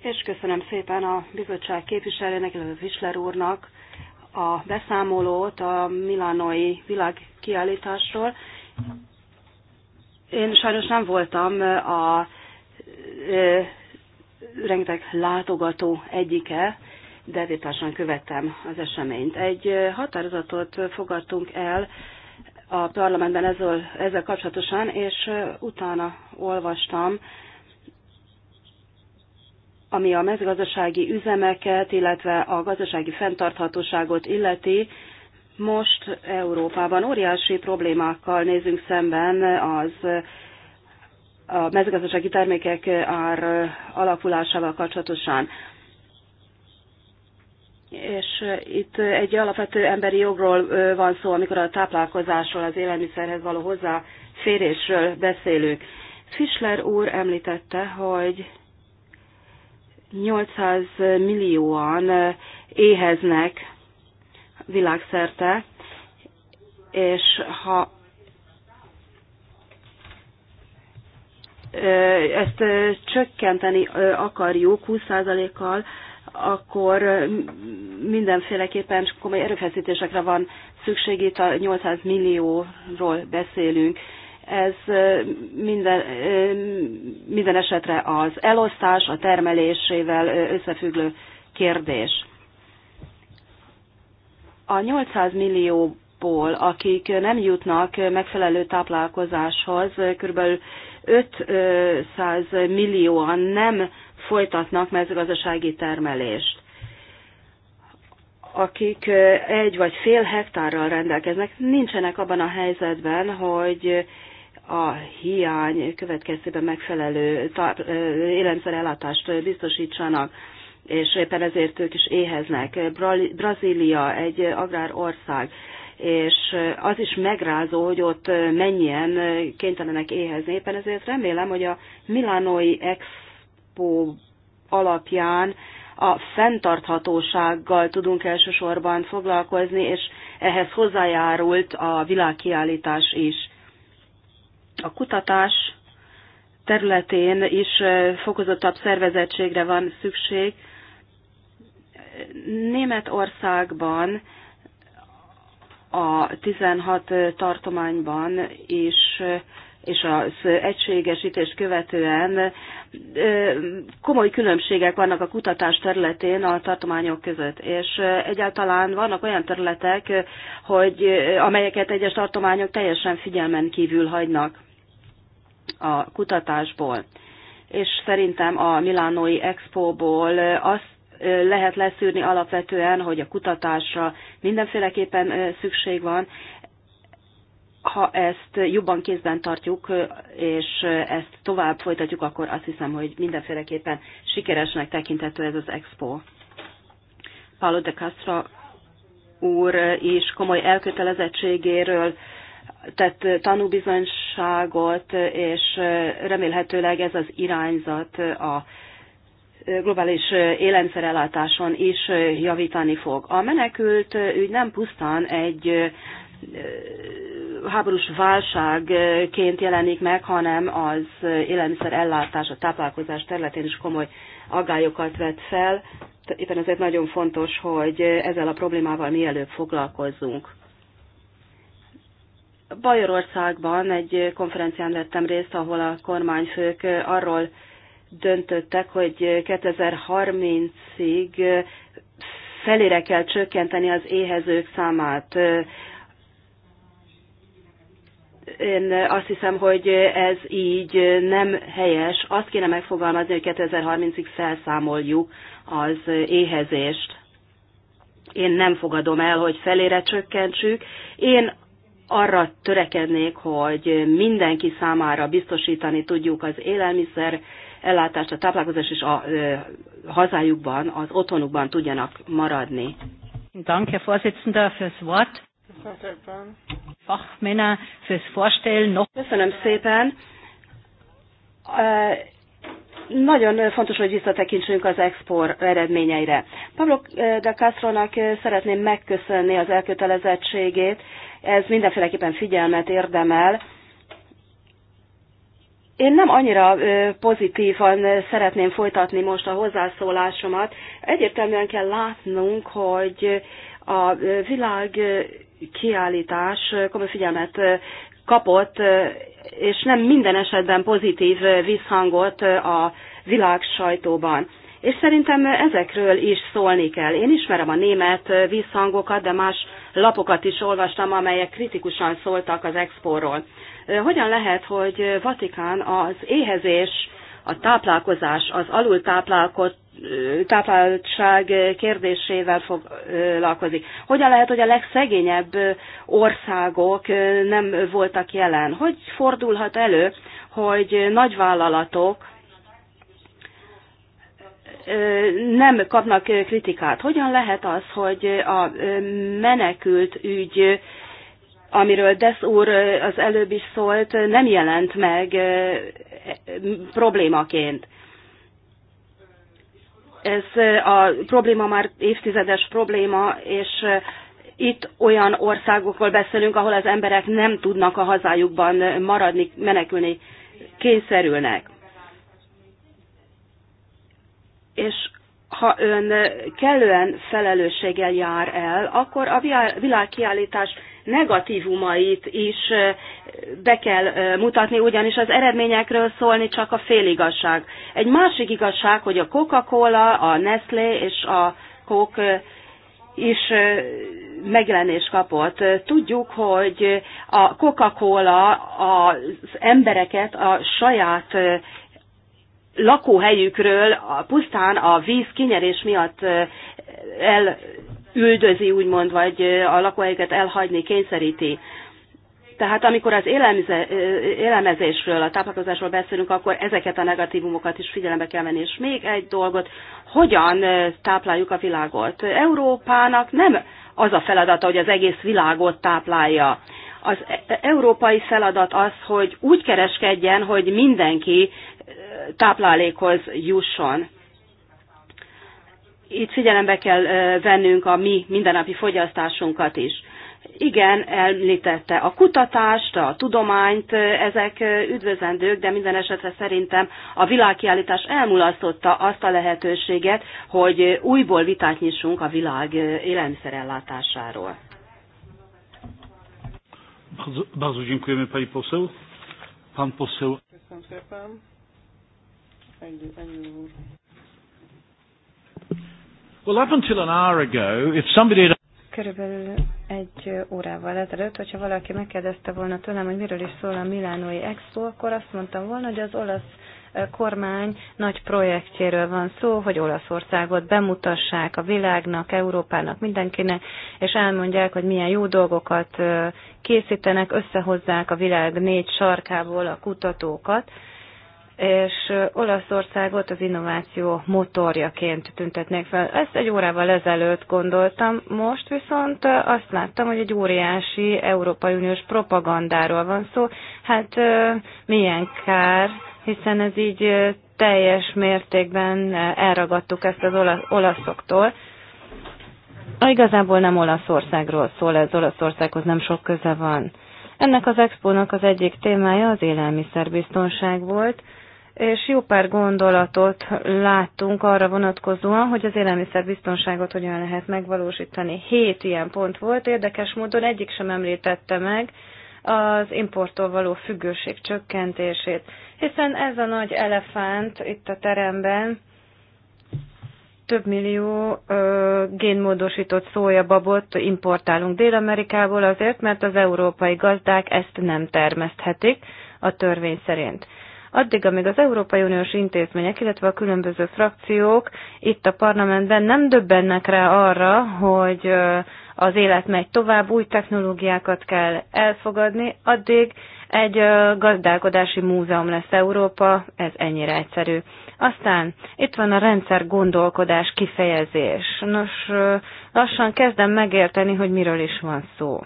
és köszönöm szépen a bizottság képviselőnek, illetve Fischler úrnak a beszámolót a Milanoi világkiállításról. Én sajnos nem voltam a rengeteg látogató egyike, de vétásan követtem az eseményt. Egy határozatot fogadtunk el a parlamentben ezzel, ezzel kapcsolatosan, és utána olvastam ami a mezőgazdasági üzemeket, illetve a gazdasági fenntarthatóságot illeti, most Európában óriási problémákkal nézünk szemben az a mezőgazdasági termékek ár alakulásával kapcsolatosan. És itt egy alapvető emberi jogról van szó, amikor a táplálkozásról, az élelmiszerhez való hozzáférésről beszélünk. Fischler úr említette, hogy 800 millióan éheznek világszerte, és ha ezt csökkenteni akarjuk 20%-kal, akkor mindenféleképpen komoly erőfeszítésekre van szükség, itt a 800 millióról beszélünk, ez minden, minden esetre az elosztás, a termelésével összefüggő kérdés. A 800 millióból, akik nem jutnak megfelelő táplálkozáshoz, körülbelül 500 millióan nem folytatnak mezőgazdasági termelést akik egy vagy fél hektárral rendelkeznek, nincsenek abban a helyzetben, hogy a hiány következtében megfelelő élelmiszerellátást biztosítsanak, és éppen ezért ők is éheznek. Brazília egy agrárország, és az is megrázó, hogy ott mennyien kénytelenek éhezni. Éppen ezért remélem, hogy a Milánói Expo alapján a fenntarthatósággal tudunk elsősorban foglalkozni, és ehhez hozzájárult a világkiállítás is a kutatás területén is eh, fokozottabb szervezettségre van szükség. Németországban a 16 eh, tartományban is eh, és az egységesítést követően komoly különbségek vannak a kutatás területén a tartományok között, és egyáltalán vannak olyan területek, hogy amelyeket egyes tartományok teljesen figyelmen kívül hagynak a kutatásból. És szerintem a Milánói Expo-ból azt lehet leszűrni alapvetően, hogy a kutatásra mindenféleképpen szükség van. Ha ezt jobban kézben tartjuk, és ezt tovább folytatjuk, akkor azt hiszem, hogy mindenféleképpen sikeresnek tekinthető ez az expo. Paulo de Castro úr is komoly elkötelezettségéről tett tanúbizonyságot, és remélhetőleg ez az irányzat a globális élelmiszerellátáson is javítani fog. A menekült ügy nem pusztán egy háborús válságként jelenik meg, hanem az élelmiszerellátás, a táplálkozás területén is komoly aggályokat vet fel. Éppen ezért nagyon fontos, hogy ezzel a problémával mielőbb foglalkozzunk. Bajorországban egy konferencián vettem részt, ahol a kormányfők arról döntöttek, hogy 2030-ig felére kell csökkenteni az éhezők számát. Én azt hiszem, hogy ez így nem helyes. Azt kéne megfogalmazni, hogy 2030-ig felszámoljuk az éhezést. Én nem fogadom el, hogy felére csökkentsük. Én arra törekednék, hogy mindenki számára biztosítani tudjuk az élelmiszer ellátást, a táplálkozás és a ö, hazájukban, az otthonukban tudjanak maradni. Danke, Vorsitzender, fürs Wort. Fachmänner fürs Vorstellen. Köszönöm szépen. Nagyon fontos, hogy visszatekintsünk az expor eredményeire. Pablo eh, de Castro-nak eh, szeretném megköszönni az elkötelezettségét, ez mindenféleképpen figyelmet érdemel. Én nem annyira eh, pozitívan szeretném folytatni most a hozzászólásomat. Egyértelműen kell látnunk, hogy a világ kiállítás komoly figyelmet kapott, és nem minden esetben pozitív visszhangot a világ sajtóban. És szerintem ezekről is szólni kell. Én ismerem a német visszhangokat, de más lapokat is olvastam, amelyek kritikusan szóltak az exporról. Hogyan lehet, hogy Vatikán az éhezés, a táplálkozás, az alultáplálkozás? tápláltság kérdésével foglalkozik. Hogyan lehet, hogy a legszegényebb országok nem voltak jelen? Hogy fordulhat elő, hogy nagyvállalatok nem kapnak kritikát? Hogyan lehet az, hogy a menekült ügy, amiről Desz úr az előbb is szólt, nem jelent meg problémaként? Ez a probléma már évtizedes probléma, és itt olyan országokról beszélünk, ahol az emberek nem tudnak a hazájukban maradni, menekülni, kényszerülnek. És ha ön kellően felelősséggel jár el, akkor a világkiállítás negatívumait is be kell mutatni, ugyanis az eredményekről szólni csak a féligasság. Egy másik igazság, hogy a Coca-Cola, a Nestlé és a Coke is megjelenés kapott. Tudjuk, hogy a Coca-Cola az embereket a saját lakóhelyükről pusztán a víz kinyerés miatt el üldözi, úgymond, vagy a lakóhelyeket elhagyni kényszeríti. Tehát amikor az élelmize, élelmezésről, a táplálkozásról beszélünk, akkor ezeket a negatívumokat is figyelembe kell venni. És még egy dolgot, hogyan tápláljuk a világot? Európának nem az a feladata, hogy az egész világot táplálja. Az e, e, európai feladat az, hogy úgy kereskedjen, hogy mindenki táplálékhoz jusson itt figyelembe kell vennünk a mi mindennapi fogyasztásunkat is. Igen, említette a kutatást, a tudományt, ezek üdvözendők, de minden esetre szerintem a világkiállítás elmulasztotta azt a lehetőséget, hogy újból vitát nyissunk a világ élelmiszerellátásáról. Bardzo dziękujemy pani poseł. Pan poseł. Köszönöm szépen. Ennyi, ennyi Well, up until an hour ago, if somebody had... Körülbelül egy órával ezelőtt, hogyha valaki megkérdezte volna tőlem, hogy miről is szól a Milánói Expo, akkor azt mondtam volna, hogy az olasz eh, kormány nagy projektjéről van szó, hogy Olaszországot bemutassák a világnak, Európának, mindenkinek, és elmondják, hogy milyen jó dolgokat eh, készítenek, összehozzák a világ négy sarkából a kutatókat, és Olaszországot az innováció motorjaként tüntetnék fel. Ezt egy órával ezelőtt gondoltam, most viszont azt láttam, hogy egy óriási Európai Uniós propagandáról van szó. Hát milyen kár, hiszen ez így teljes mértékben elragadtuk ezt az olaszoktól. Igazából nem Olaszországról szól, ez Olaszországhoz nem sok köze van. Ennek az expónak az egyik témája az élelmiszerbiztonság volt, és jó pár gondolatot láttunk arra vonatkozóan, hogy az élelmiszerbiztonságot hogyan lehet megvalósítani. Hét ilyen pont volt, érdekes módon egyik sem említette meg az importtól való függőség csökkentését, hiszen ez a nagy elefánt itt a teremben, több millió ö, génmódosított szójababot importálunk Dél-Amerikából azért, mert az európai gazdák ezt nem termeszthetik a törvény szerint addig, amíg az Európai Uniós intézmények, illetve a különböző frakciók itt a parlamentben nem döbbennek rá arra, hogy az élet megy tovább, új technológiákat kell elfogadni, addig egy gazdálkodási múzeum lesz Európa, ez ennyire egyszerű. Aztán itt van a rendszer gondolkodás kifejezés. Nos, lassan kezdem megérteni, hogy miről is van szó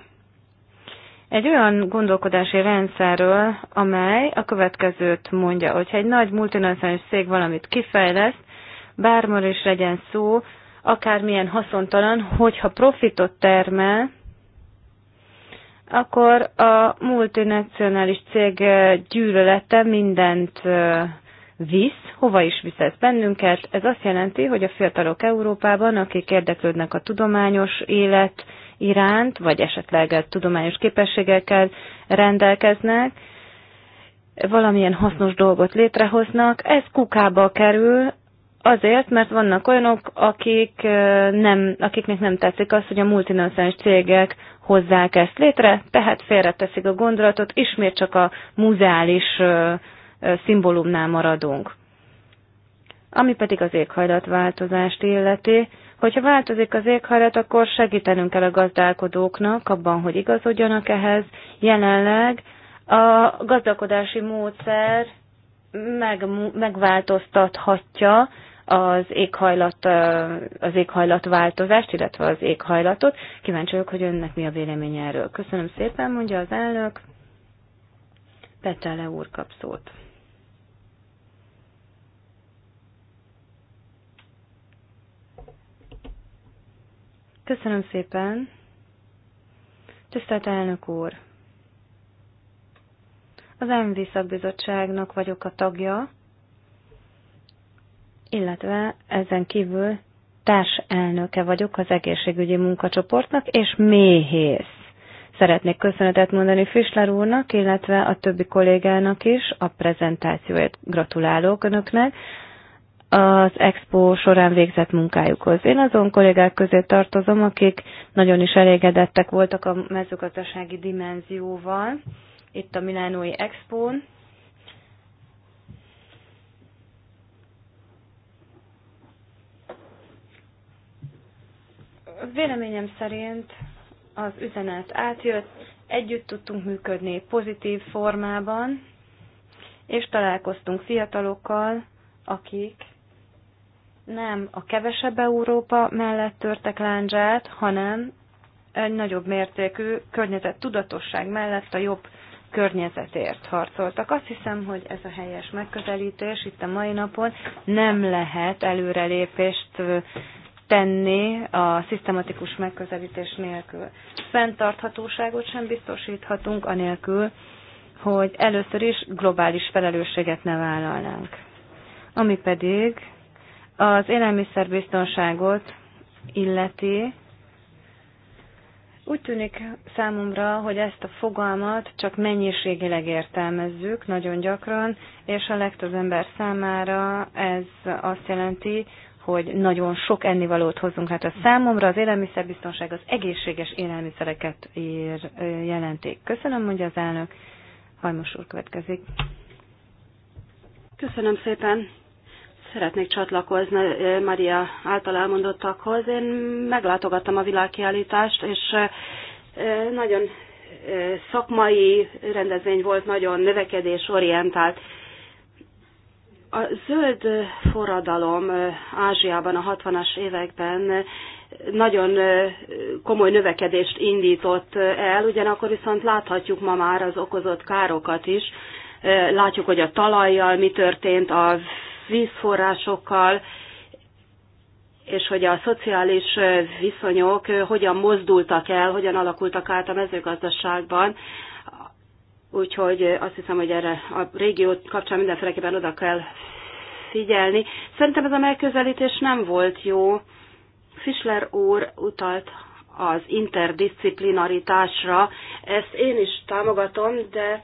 egy olyan gondolkodási rendszerről, amely a következőt mondja, hogyha egy nagy multinacionális cég valamit kifejleszt, bármor is legyen szó, akármilyen haszontalan, hogyha profitot termel, akkor a multinacionális cég gyűlölete mindent visz, hova is visz ez bennünket. Ez azt jelenti, hogy a fiatalok Európában, akik érdeklődnek a tudományos élet, iránt, vagy esetleg tudományos képességekkel rendelkeznek, valamilyen hasznos dolgot létrehoznak, ez kukába kerül, Azért, mert vannak olyanok, akik nem, akiknek nem tetszik az, hogy a multinacionális cégek hozzák ezt létre, tehát félreteszik a gondolatot, ismét csak a muzeális szimbólumnál maradunk. Ami pedig az éghajlatváltozást illeti, Hogyha változik az éghajlat, akkor segítenünk kell a gazdálkodóknak abban, hogy igazodjanak ehhez. Jelenleg a gazdálkodási módszer meg, megváltoztathatja az éghajlat, az változást, illetve az éghajlatot. Kíváncsi vagyok, hogy önnek mi a véleménye erről. Köszönöm szépen, mondja az elnök. Petele úr kap szót. Köszönöm szépen. Tisztelt elnök úr! Az MV szakbizottságnak vagyok a tagja, illetve ezen kívül társelnöke vagyok az egészségügyi munkacsoportnak, és méhész. Szeretnék köszönetet mondani Fischler úrnak, illetve a többi kollégának is a prezentációért gratulálok önöknek az expo során végzett munkájukhoz. Én azon kollégák közé tartozom, akik nagyon is elégedettek voltak a mezőgazdasági dimenzióval itt a Milánói Expo-n. Véleményem szerint az üzenet átjött, együtt tudtunk működni pozitív formában, és találkoztunk fiatalokkal, akik nem a kevesebb Európa mellett törtek láncsát, hanem egy nagyobb mértékű környezet tudatosság mellett a jobb környezetért harcoltak. Azt hiszem, hogy ez a helyes megközelítés itt a mai napon nem lehet előrelépést tenni a szisztematikus megközelítés nélkül. Fenntarthatóságot sem biztosíthatunk anélkül, hogy először is globális felelősséget ne vállalnánk. Ami pedig az élelmiszerbiztonságot illeti, úgy tűnik számomra, hogy ezt a fogalmat csak mennyiségileg értelmezzük nagyon gyakran, és a legtöbb ember számára ez azt jelenti, hogy nagyon sok ennivalót hozunk. Hát a számomra az élelmiszerbiztonság az egészséges élelmiszereket ér, jelenték. Köszönöm, mondja az elnök. Hajmos úr következik. Köszönöm szépen. Szeretnék csatlakozni eh, Maria által elmondottakhoz. Én meglátogattam a világkiállítást, és eh, nagyon eh, szakmai rendezvény volt, nagyon növekedésorientált. A zöld forradalom Ázsiában a 60-as években nagyon komoly növekedést indított el, ugyanakkor viszont láthatjuk ma már az okozott károkat is. Látjuk, hogy a talajjal mi történt, a vízforrásokkal, és hogy a szociális viszonyok hogyan mozdultak el, hogyan alakultak át a mezőgazdaságban. Úgyhogy azt hiszem, hogy erre a régió kapcsán mindenféleképpen oda kell figyelni. Szerintem ez a megközelítés nem volt jó. Fischler úr utalt az interdisziplinaritásra. Ezt én is támogatom, de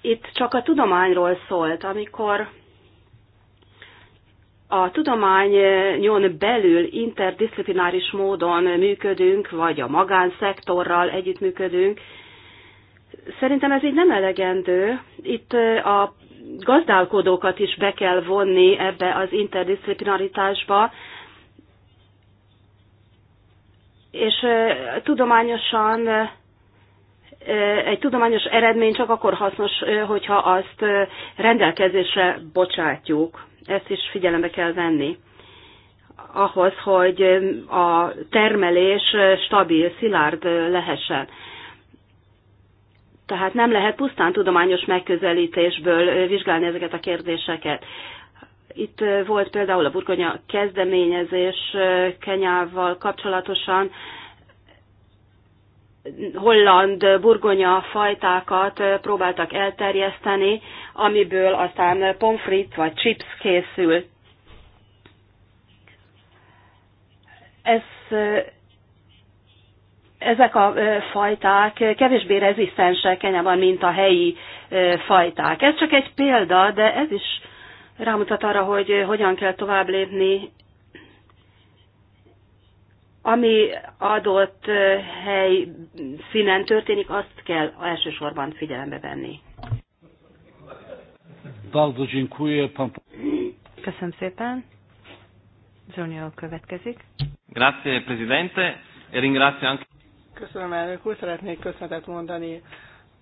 itt csak a tudományról szólt, amikor a tudományon belül interdisziplináris módon működünk, vagy a magánszektorral együttműködünk. Szerintem ez így nem elegendő. Itt a gazdálkodókat is be kell vonni ebbe az interdisziplinaritásba, és tudományosan egy tudományos eredmény csak akkor hasznos, hogyha azt rendelkezésre bocsátjuk ezt is figyelembe kell venni ahhoz, hogy a termelés stabil, szilárd lehessen. Tehát nem lehet pusztán tudományos megközelítésből vizsgálni ezeket a kérdéseket. Itt volt például a burgonya kezdeményezés Kenyával kapcsolatosan, holland burgonya fajtákat próbáltak elterjeszteni, amiből aztán pomfrit vagy chips készül. Ez, ezek a fajták kevésbé rezisztensek Kenyában, mint a helyi fajták. Ez csak egy példa, de ez is rámutat arra, hogy hogyan kell tovább lépni ami adott hely színen történik, azt kell elsősorban figyelembe venni. Köszönöm szépen. Zsonyó következik. Grazie, Presidente. E ringrazio anche... Köszönöm, elnök úr. Szeretnék köszönetet mondani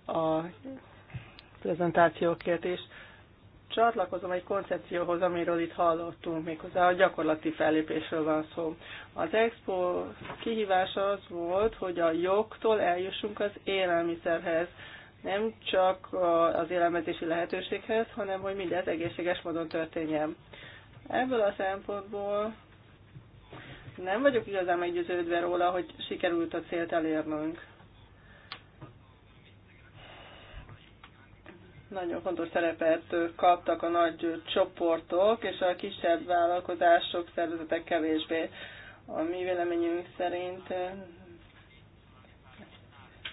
a prezentációkért És csatlakozom egy koncepcióhoz, amiről itt hallottunk, méghozzá a gyakorlati fellépésről van szó. Az expo kihívása az volt, hogy a jogtól eljussunk az élelmiszerhez, nem csak az élelmezési lehetőséghez, hanem hogy mindez egészséges módon történjen. Ebből a szempontból nem vagyok igazán meggyőződve róla, hogy sikerült a célt elérnünk. nagyon fontos szerepet kaptak a nagy csoportok, és a kisebb vállalkozások, szervezetek kevésbé. A mi véleményünk szerint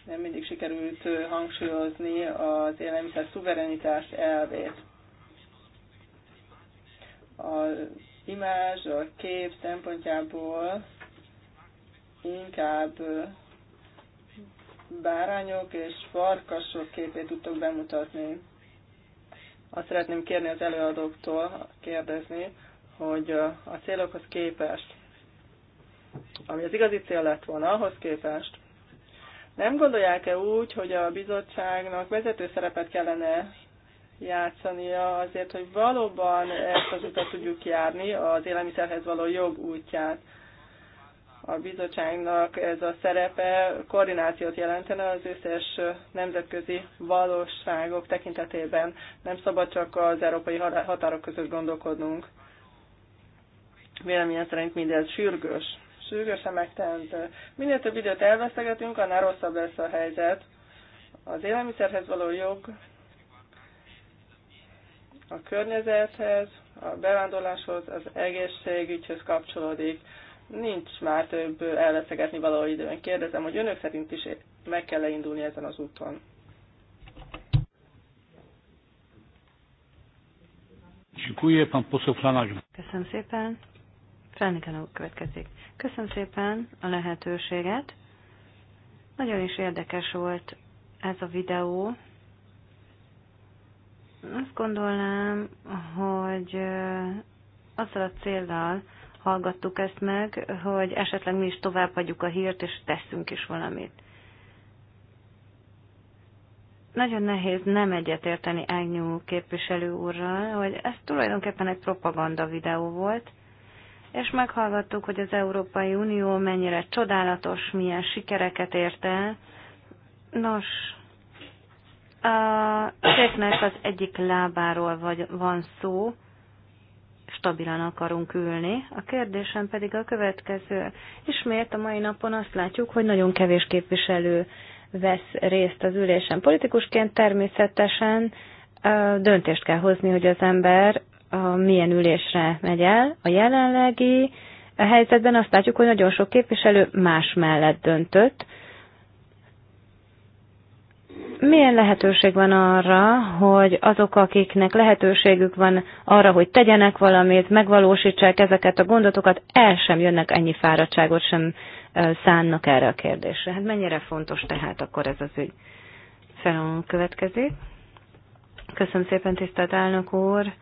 nem mindig sikerült hangsúlyozni az élelmiszer szuverenitás elvét. A imázs, a kép szempontjából inkább bárányok és farkasok képét tudtok bemutatni. Azt szeretném kérni az előadóktól kérdezni, hogy a célokhoz képest, ami az igazi cél lett volna, ahhoz képest, nem gondolják-e úgy, hogy a bizottságnak vezető szerepet kellene játszania azért, hogy valóban ezt az utat tudjuk járni, az élelmiszerhez való jog útját? a bizottságnak ez a szerepe koordinációt jelentene az összes nemzetközi valóságok tekintetében. Nem szabad csak az európai határok között gondolkodnunk. Véleményem szerint mindez sürgős. Sürgősen megtehető. Minél több időt elvesztegetünk, annál rosszabb lesz a helyzet. Az élelmiszerhez való jog, a környezethez, a bevándorláshoz, az egészségügyhöz kapcsolódik Nincs már több elveszegetni való időn. Kérdezem, hogy önök szerint is meg kell indulni ezen az úton. Köszönöm szépen. Felniken úr következik. Köszönöm szépen a lehetőséget. Nagyon is érdekes volt ez a videó. Azt gondolnám, hogy azzal a célral, hallgattuk ezt meg, hogy esetleg mi is továbbadjuk a hírt, és teszünk is valamit. Nagyon nehéz nem egyetérteni Ágnyú képviselő úrral, hogy ez tulajdonképpen egy propaganda videó volt, és meghallgattuk, hogy az Európai Unió mennyire csodálatos, milyen sikereket ért el. Nos, a az egyik lábáról vagy, van szó, stabilan akarunk ülni. A kérdésem pedig a következő. Ismét a mai napon azt látjuk, hogy nagyon kevés képviselő vesz részt az ülésen. Politikusként természetesen döntést kell hozni, hogy az ember milyen ülésre megy el. A jelenlegi helyzetben azt látjuk, hogy nagyon sok képviselő más mellett döntött, milyen lehetőség van arra, hogy azok, akiknek lehetőségük van arra, hogy tegyenek valamit, megvalósítsák ezeket a gondotokat, el sem jönnek ennyi fáradtságot sem szánnak erre a kérdésre. Hát mennyire fontos tehát akkor ez az ügy? Felon következik. Köszönöm szépen, tisztelt elnök úr!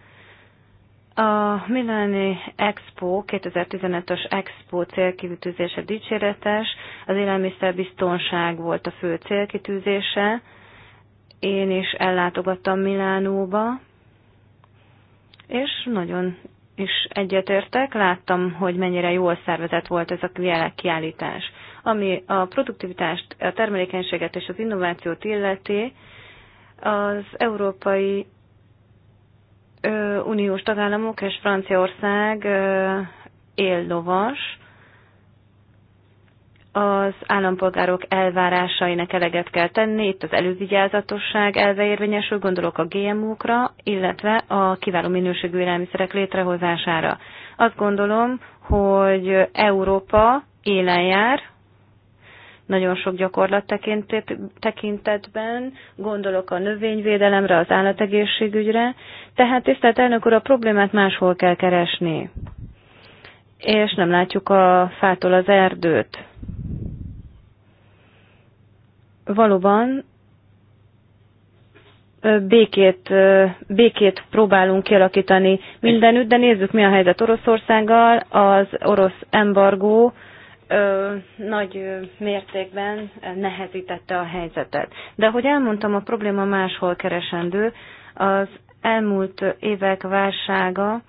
A Milani Expo, 2015-ös Expo célkitűzése dicséretes, az élelmiszerbiztonság volt a fő célkitűzése, én is ellátogattam Milánóba, és nagyon is egyetértek, láttam, hogy mennyire jól szervezett volt ez a kiállítás. Ami a produktivitást, a termelékenységet és az innovációt illeti, az Európai Uniós tagállamok és Franciaország lovas, az állampolgárok elvárásainak eleget kell tenni, itt az elővigyázatosság elve érvényesül, gondolok a GMO-kra, illetve a kiváló minőségű élelmiszerek létrehozására. Azt gondolom, hogy Európa élen jár, nagyon sok gyakorlat tekintetben, gondolok a növényvédelemre, az állategészségügyre, tehát tisztelt elnök úr, a problémát máshol kell keresni, és nem látjuk a fától az erdőt valóban békét, békét próbálunk kialakítani mindenütt, de nézzük, mi a helyzet Oroszországgal. Az orosz embargó ö, nagy mértékben nehezítette a helyzetet. De ahogy elmondtam, a probléma máshol keresendő. Az elmúlt évek válsága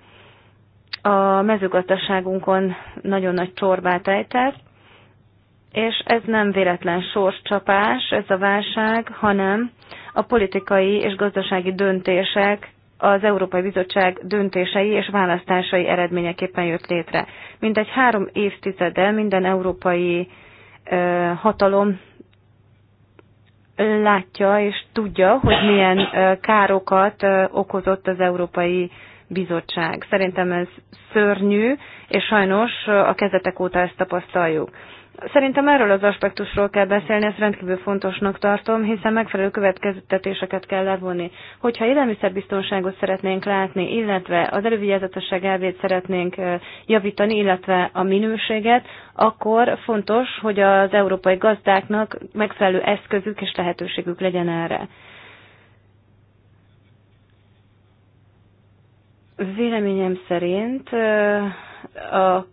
a mezőgazdaságunkon nagyon nagy csorbát ejtett, és ez nem véletlen sorscsapás, ez a válság, hanem a politikai és gazdasági döntések, az Európai Bizottság döntései és választásai eredményeképpen jött létre. Mindegy három évtizede minden európai ö, hatalom látja és tudja, hogy milyen ö, károkat ö, okozott az Európai Bizottság. Szerintem ez szörnyű, és sajnos a kezetek óta ezt tapasztaljuk. Szerintem erről az aspektusról kell beszélni, ezt rendkívül fontosnak tartom, hiszen megfelelő következtetéseket kell levonni. Hogyha élelmiszerbiztonságot szeretnénk látni, illetve az elővigyázatosság elvét szeretnénk javítani, illetve a minőséget, akkor fontos, hogy az európai gazdáknak megfelelő eszközük és lehetőségük legyen erre. Véleményem szerint a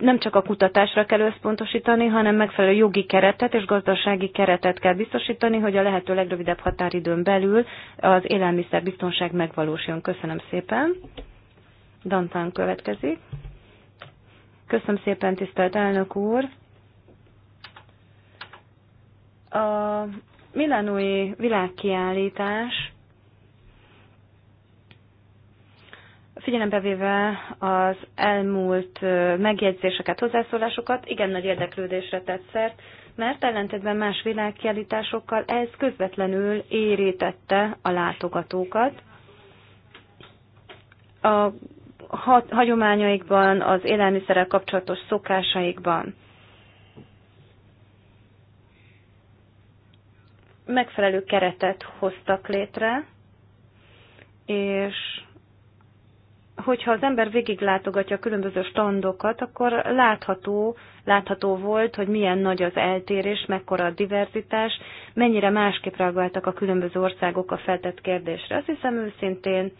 nem csak a kutatásra kell összpontosítani, hanem megfelelő jogi keretet és gazdasági keretet kell biztosítani, hogy a lehető legrövidebb határidőn belül az élelmiszerbiztonság megvalósuljon. Köszönöm szépen. Dantán következik. Köszönöm szépen, tisztelt elnök úr. A Milánói világkiállítás Figyelembe véve az elmúlt megjegyzéseket, hozzászólásokat, igen nagy érdeklődésre tett szert, mert ellentétben más világkiállításokkal ez közvetlenül érítette a látogatókat. A hagyományaikban, az élelmiszerrel kapcsolatos szokásaikban. Megfelelő keretet hoztak létre, és hogyha az ember végiglátogatja a különböző standokat, akkor látható, látható volt, hogy milyen nagy az eltérés, mekkora a diverzitás, mennyire másképp reagáltak a különböző országok a feltett kérdésre. Azt hiszem őszintén,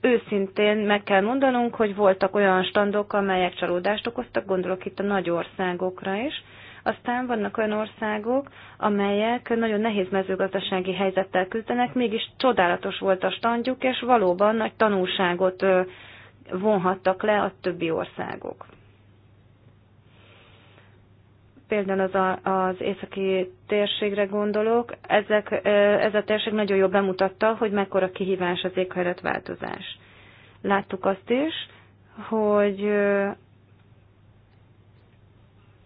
őszintén meg kell mondanunk, hogy voltak olyan standok, amelyek csalódást okoztak, gondolok itt a nagy országokra is, aztán vannak olyan országok, amelyek nagyon nehéz mezőgazdasági helyzettel küzdenek, mégis csodálatos volt a standjuk, és valóban nagy tanulságot vonhattak le a többi országok. Például az, a, az északi térségre gondolok, ezek, ez a térség nagyon jól bemutatta, hogy mekkora kihívás az éghajlatváltozás. Láttuk azt is, hogy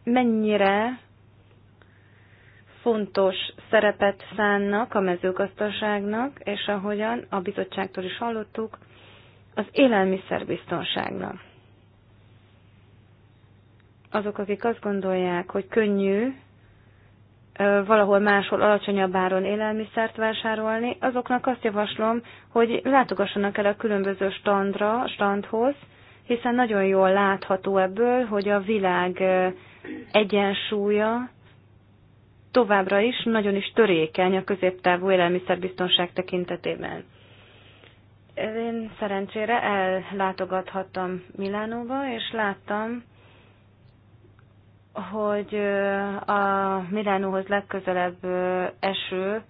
mennyire fontos szerepet szánnak a mezőgazdaságnak, és ahogyan a bizottságtól is hallottuk, az élelmiszerbiztonságnak. Azok, akik azt gondolják, hogy könnyű valahol máshol alacsonyabb áron élelmiszert vásárolni, azoknak azt javaslom, hogy látogassanak el a különböző standra, standhoz, hiszen nagyon jól látható ebből, hogy a világ egyensúlya továbbra is nagyon is törékeny a középtávú élelmiszerbiztonság tekintetében. Én szerencsére ellátogathattam Milánóba, és láttam, hogy a Milánóhoz legközelebb eső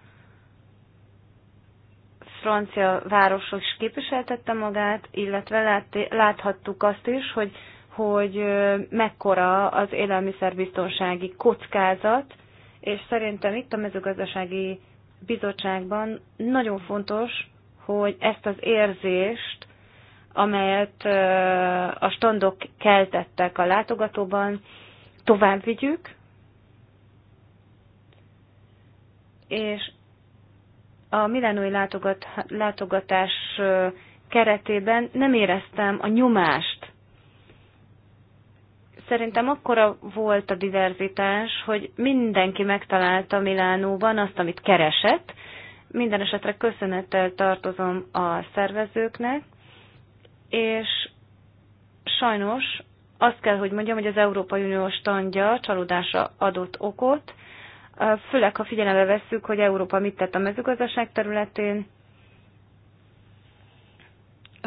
francia városok is képviseltette magát, illetve láthattuk azt is, hogy hogy mekkora az élelmiszerbiztonsági kockázat, és szerintem itt a mezőgazdasági bizottságban nagyon fontos, hogy ezt az érzést, amelyet a standok keltettek a látogatóban, tovább vigyük, és a milánói látogatás keretében nem éreztem a nyomás Szerintem akkora volt a diverzitás, hogy mindenki megtalálta Milánóban azt, amit keresett. Minden esetre köszönettel tartozom a szervezőknek, és sajnos azt kell, hogy mondjam, hogy az Európai Uniós tandja csalódása adott okot, főleg ha figyelembe vesszük, hogy Európa mit tett a mezőgazdaság területén,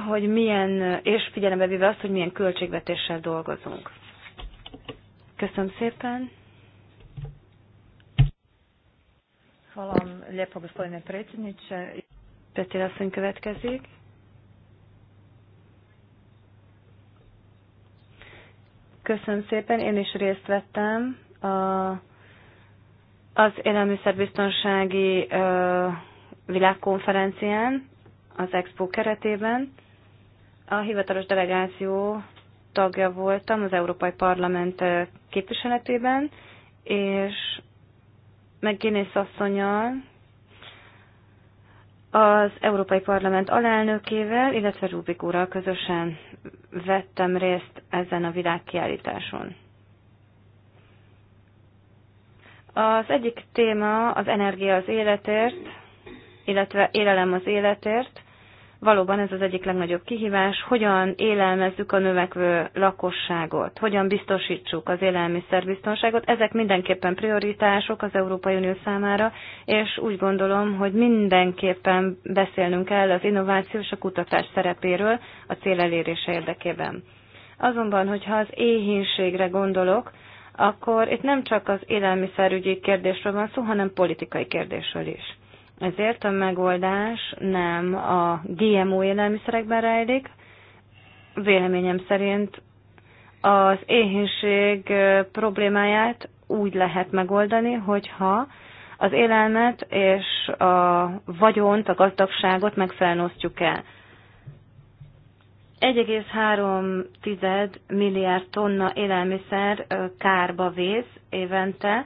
hogy milyen, és figyelembe véve azt, hogy milyen költségvetéssel dolgozunk. Köszönöm szépen. Hvala lépő lijepo gospodine predsjedniče. Peti asszony következik. Köszönöm szépen, én is részt vettem a, az élelmiszerbiztonsági ö, világkonferencián, az Expo keretében. A hivatalos delegáció tagja voltam az Európai Parlament képviseletében, és meg Génész asszonyal, az Európai Parlament alelnökével, illetve Rubik úrral közösen vettem részt ezen a világkiállításon. Az egyik téma az energia az életért, illetve élelem az életért. Valóban ez az egyik legnagyobb kihívás, hogyan élelmezzük a növekvő lakosságot, hogyan biztosítsuk az élelmiszerbiztonságot. Ezek mindenképpen prioritások az Európai Unió számára, és úgy gondolom, hogy mindenképpen beszélnünk kell az innováció és a kutatás szerepéről a cél elérése érdekében. Azonban, hogyha az éhínségre gondolok, akkor itt nem csak az élelmiszerügyi kérdésről van szó, hanem politikai kérdésről is. Ezért a megoldás nem a GMO élelmiszerekben rejlik. Véleményem szerint az éhénység problémáját úgy lehet megoldani, hogyha az élelmet és a vagyont, a gazdagságot megfelelően osztjuk el. 1,3 milliárd tonna élelmiszer kárba vész évente,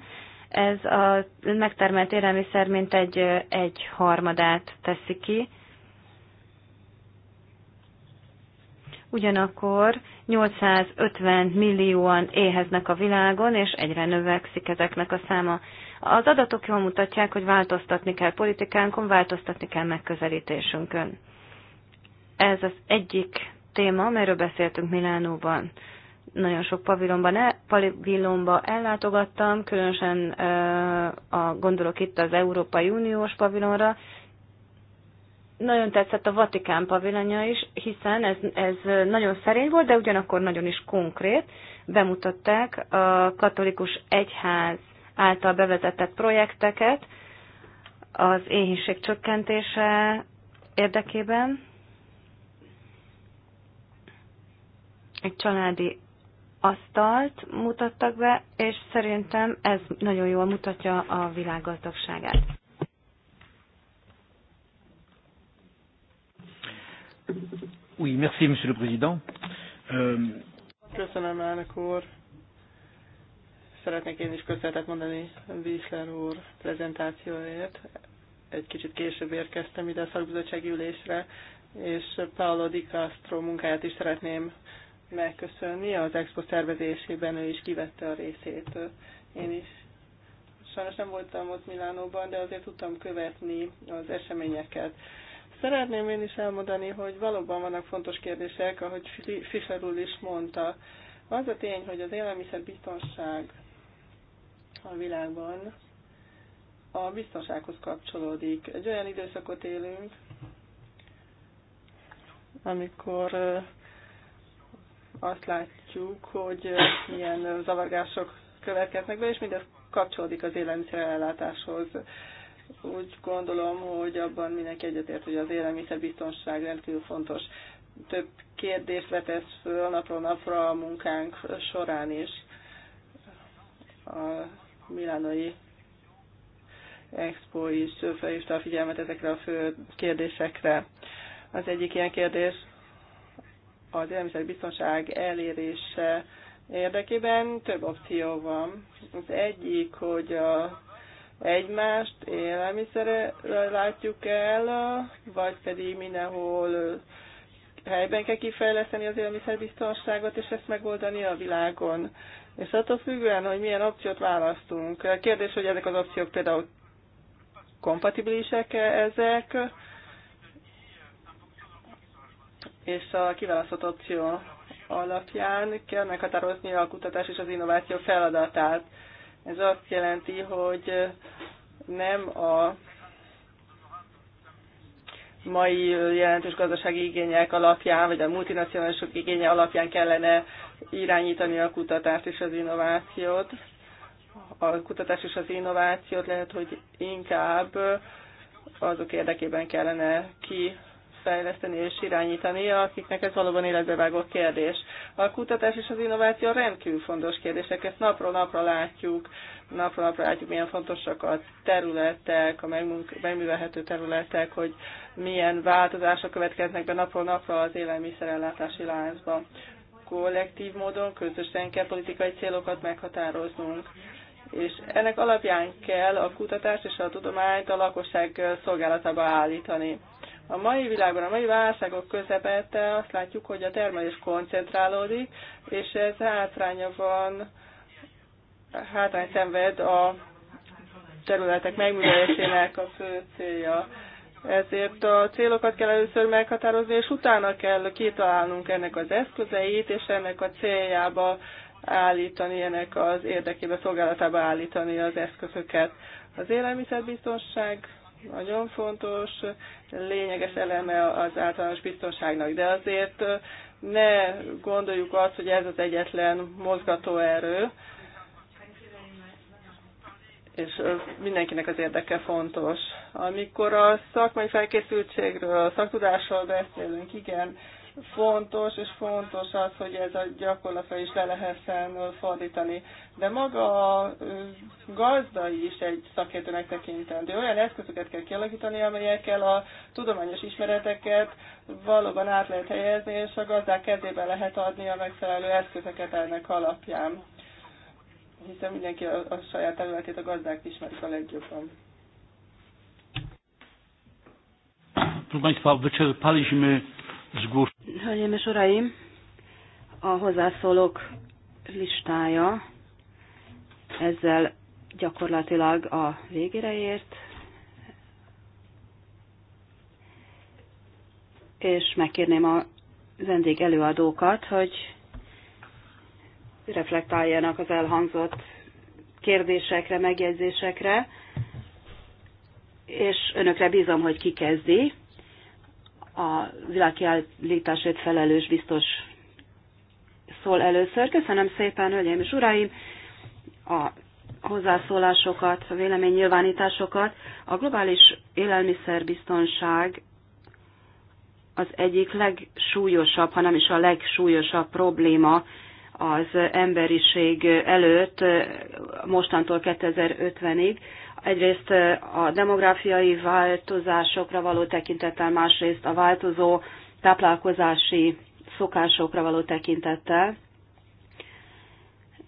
ez a megtermelt élelmiszer mint egy, egy harmadát teszi ki. Ugyanakkor 850 millióan éheznek a világon, és egyre növekszik ezeknek a száma. Az adatok jól mutatják, hogy változtatni kell politikánkon, változtatni kell megközelítésünkön. Ez az egyik téma, amelyről beszéltünk Milánóban nagyon sok pavilonban el, pavilonba ellátogattam, különösen a, gondolok itt az Európai Uniós pavilonra. Nagyon tetszett a Vatikán pavilonja is, hiszen ez, ez nagyon szerény volt, de ugyanakkor nagyon is konkrét. Bemutatták a katolikus egyház által bevezetett projekteket az éhínség csökkentése érdekében. Egy családi asztalt mutattak be, és szerintem ez nagyon jól mutatja a világgazdagságát. Oui, merci, Monsieur le Président. Um... Köszönöm, elnök úr. Szeretnék én is köszönetet mondani Wiesler úr prezentációért. Egy kicsit később érkeztem ide a szakbizottsági ülésre, és Paolo Di Castro munkáját is szeretném megköszönni. Az expo szervezésében ő is kivette a részét. Én is sajnos nem voltam ott Milánóban, de azért tudtam követni az eseményeket. Szeretném én is elmondani, hogy valóban vannak fontos kérdések, ahogy Fischer úr is mondta. Az a tény, hogy az élelmiszerbiztonság a világban a biztonsághoz kapcsolódik. Egy olyan időszakot élünk, amikor azt látjuk, hogy milyen zavargások következnek be, és mindez kapcsolódik az élelmiszerellátáshoz. Úgy gondolom, hogy abban mindenki egyetért, hogy az élelmiszerbiztonság rendkívül fontos. Több kérdést vetesz föl napról napra a munkánk során is. A milánoi Expo is felhívta a figyelmet ezekre a fő kérdésekre. Az egyik ilyen kérdés az élelmiszerbiztonság elérése érdekében több opció van. Az egyik, hogy a egymást élelmiszerrel látjuk el, vagy pedig mindenhol helyben kell kifejleszteni az élelmiszerbiztonságot, és ezt megoldani a világon. És attól függően, hogy milyen opciót választunk. Kérdés, hogy ezek az opciók például kompatibilisek -e ezek, és a kiválasztott opció alapján kell meghatározni a kutatás és az innováció feladatát. Ez azt jelenti, hogy nem a mai jelentős gazdasági igények alapján, vagy a multinacionálisok igénye alapján kellene irányítani a kutatást és az innovációt. A kutatás és az innovációt lehet, hogy inkább azok érdekében kellene ki fejleszteni és irányítani, akiknek ez valóban életbevágó kérdés. A kutatás és az innováció rendkívül fontos kérdések, ezt napról napra látjuk, napról napra látjuk, milyen fontosak a területek, a megművelhető területek, hogy milyen változások következnek be napról napra az élelmiszerellátási láncba. Kollektív módon közösen kell politikai célokat meghatároznunk és ennek alapján kell a kutatást és a tudományt a lakosság szolgálatába állítani. A mai világban, a mai válságok közepette azt látjuk, hogy a termelés koncentrálódik, és ez hátránya van, hátrány szenved a területek megművelésének a fő célja. Ezért a célokat kell először meghatározni, és utána kell kitalálnunk ennek az eszközeit, és ennek a céljába állítani, ennek az érdekében szolgálatába állítani az eszközöket. Az élelmiszerbiztonság nagyon fontos, lényeges eleme az általános biztonságnak, de azért ne gondoljuk azt, hogy ez az egyetlen mozgatóerő, és mindenkinek az érdeke fontos. Amikor a szakmai felkészültségről, a szaktudásról beszélünk, igen, fontos, és fontos az, hogy ez a gyakorlatra is le lehessen fordítani. De maga a gazda is egy szakértőnek tekintendő. Olyan eszközöket kell kialakítani, amelyekkel a tudományos ismereteket valóban át lehet helyezni, és a gazdák kezébe lehet adni a megfelelő eszközöket ennek alapján. Hiszen mindenki a, a saját területét a gazdák ismerik a legjobban. Proszę Państwa, wyczerpaliśmy zgłoszenie. Hölgyeim és Uraim, a hozzászólók listája ezzel gyakorlatilag a végére ért, és megkérném a vendég előadókat, hogy reflektáljanak az elhangzott kérdésekre, megjegyzésekre, és önökre bízom, hogy ki kezdi a világkiállításért felelős biztos szól először. Köszönöm szépen, hölgyeim és uraim, a hozzászólásokat, a véleménynyilvánításokat. A globális élelmiszerbiztonság az egyik legsúlyosabb, hanem is a legsúlyosabb probléma az emberiség előtt mostantól 2050-ig egyrészt eh, a demográfiai változásokra való tekintettel, másrészt a változó táplálkozási szokásokra való tekintettel.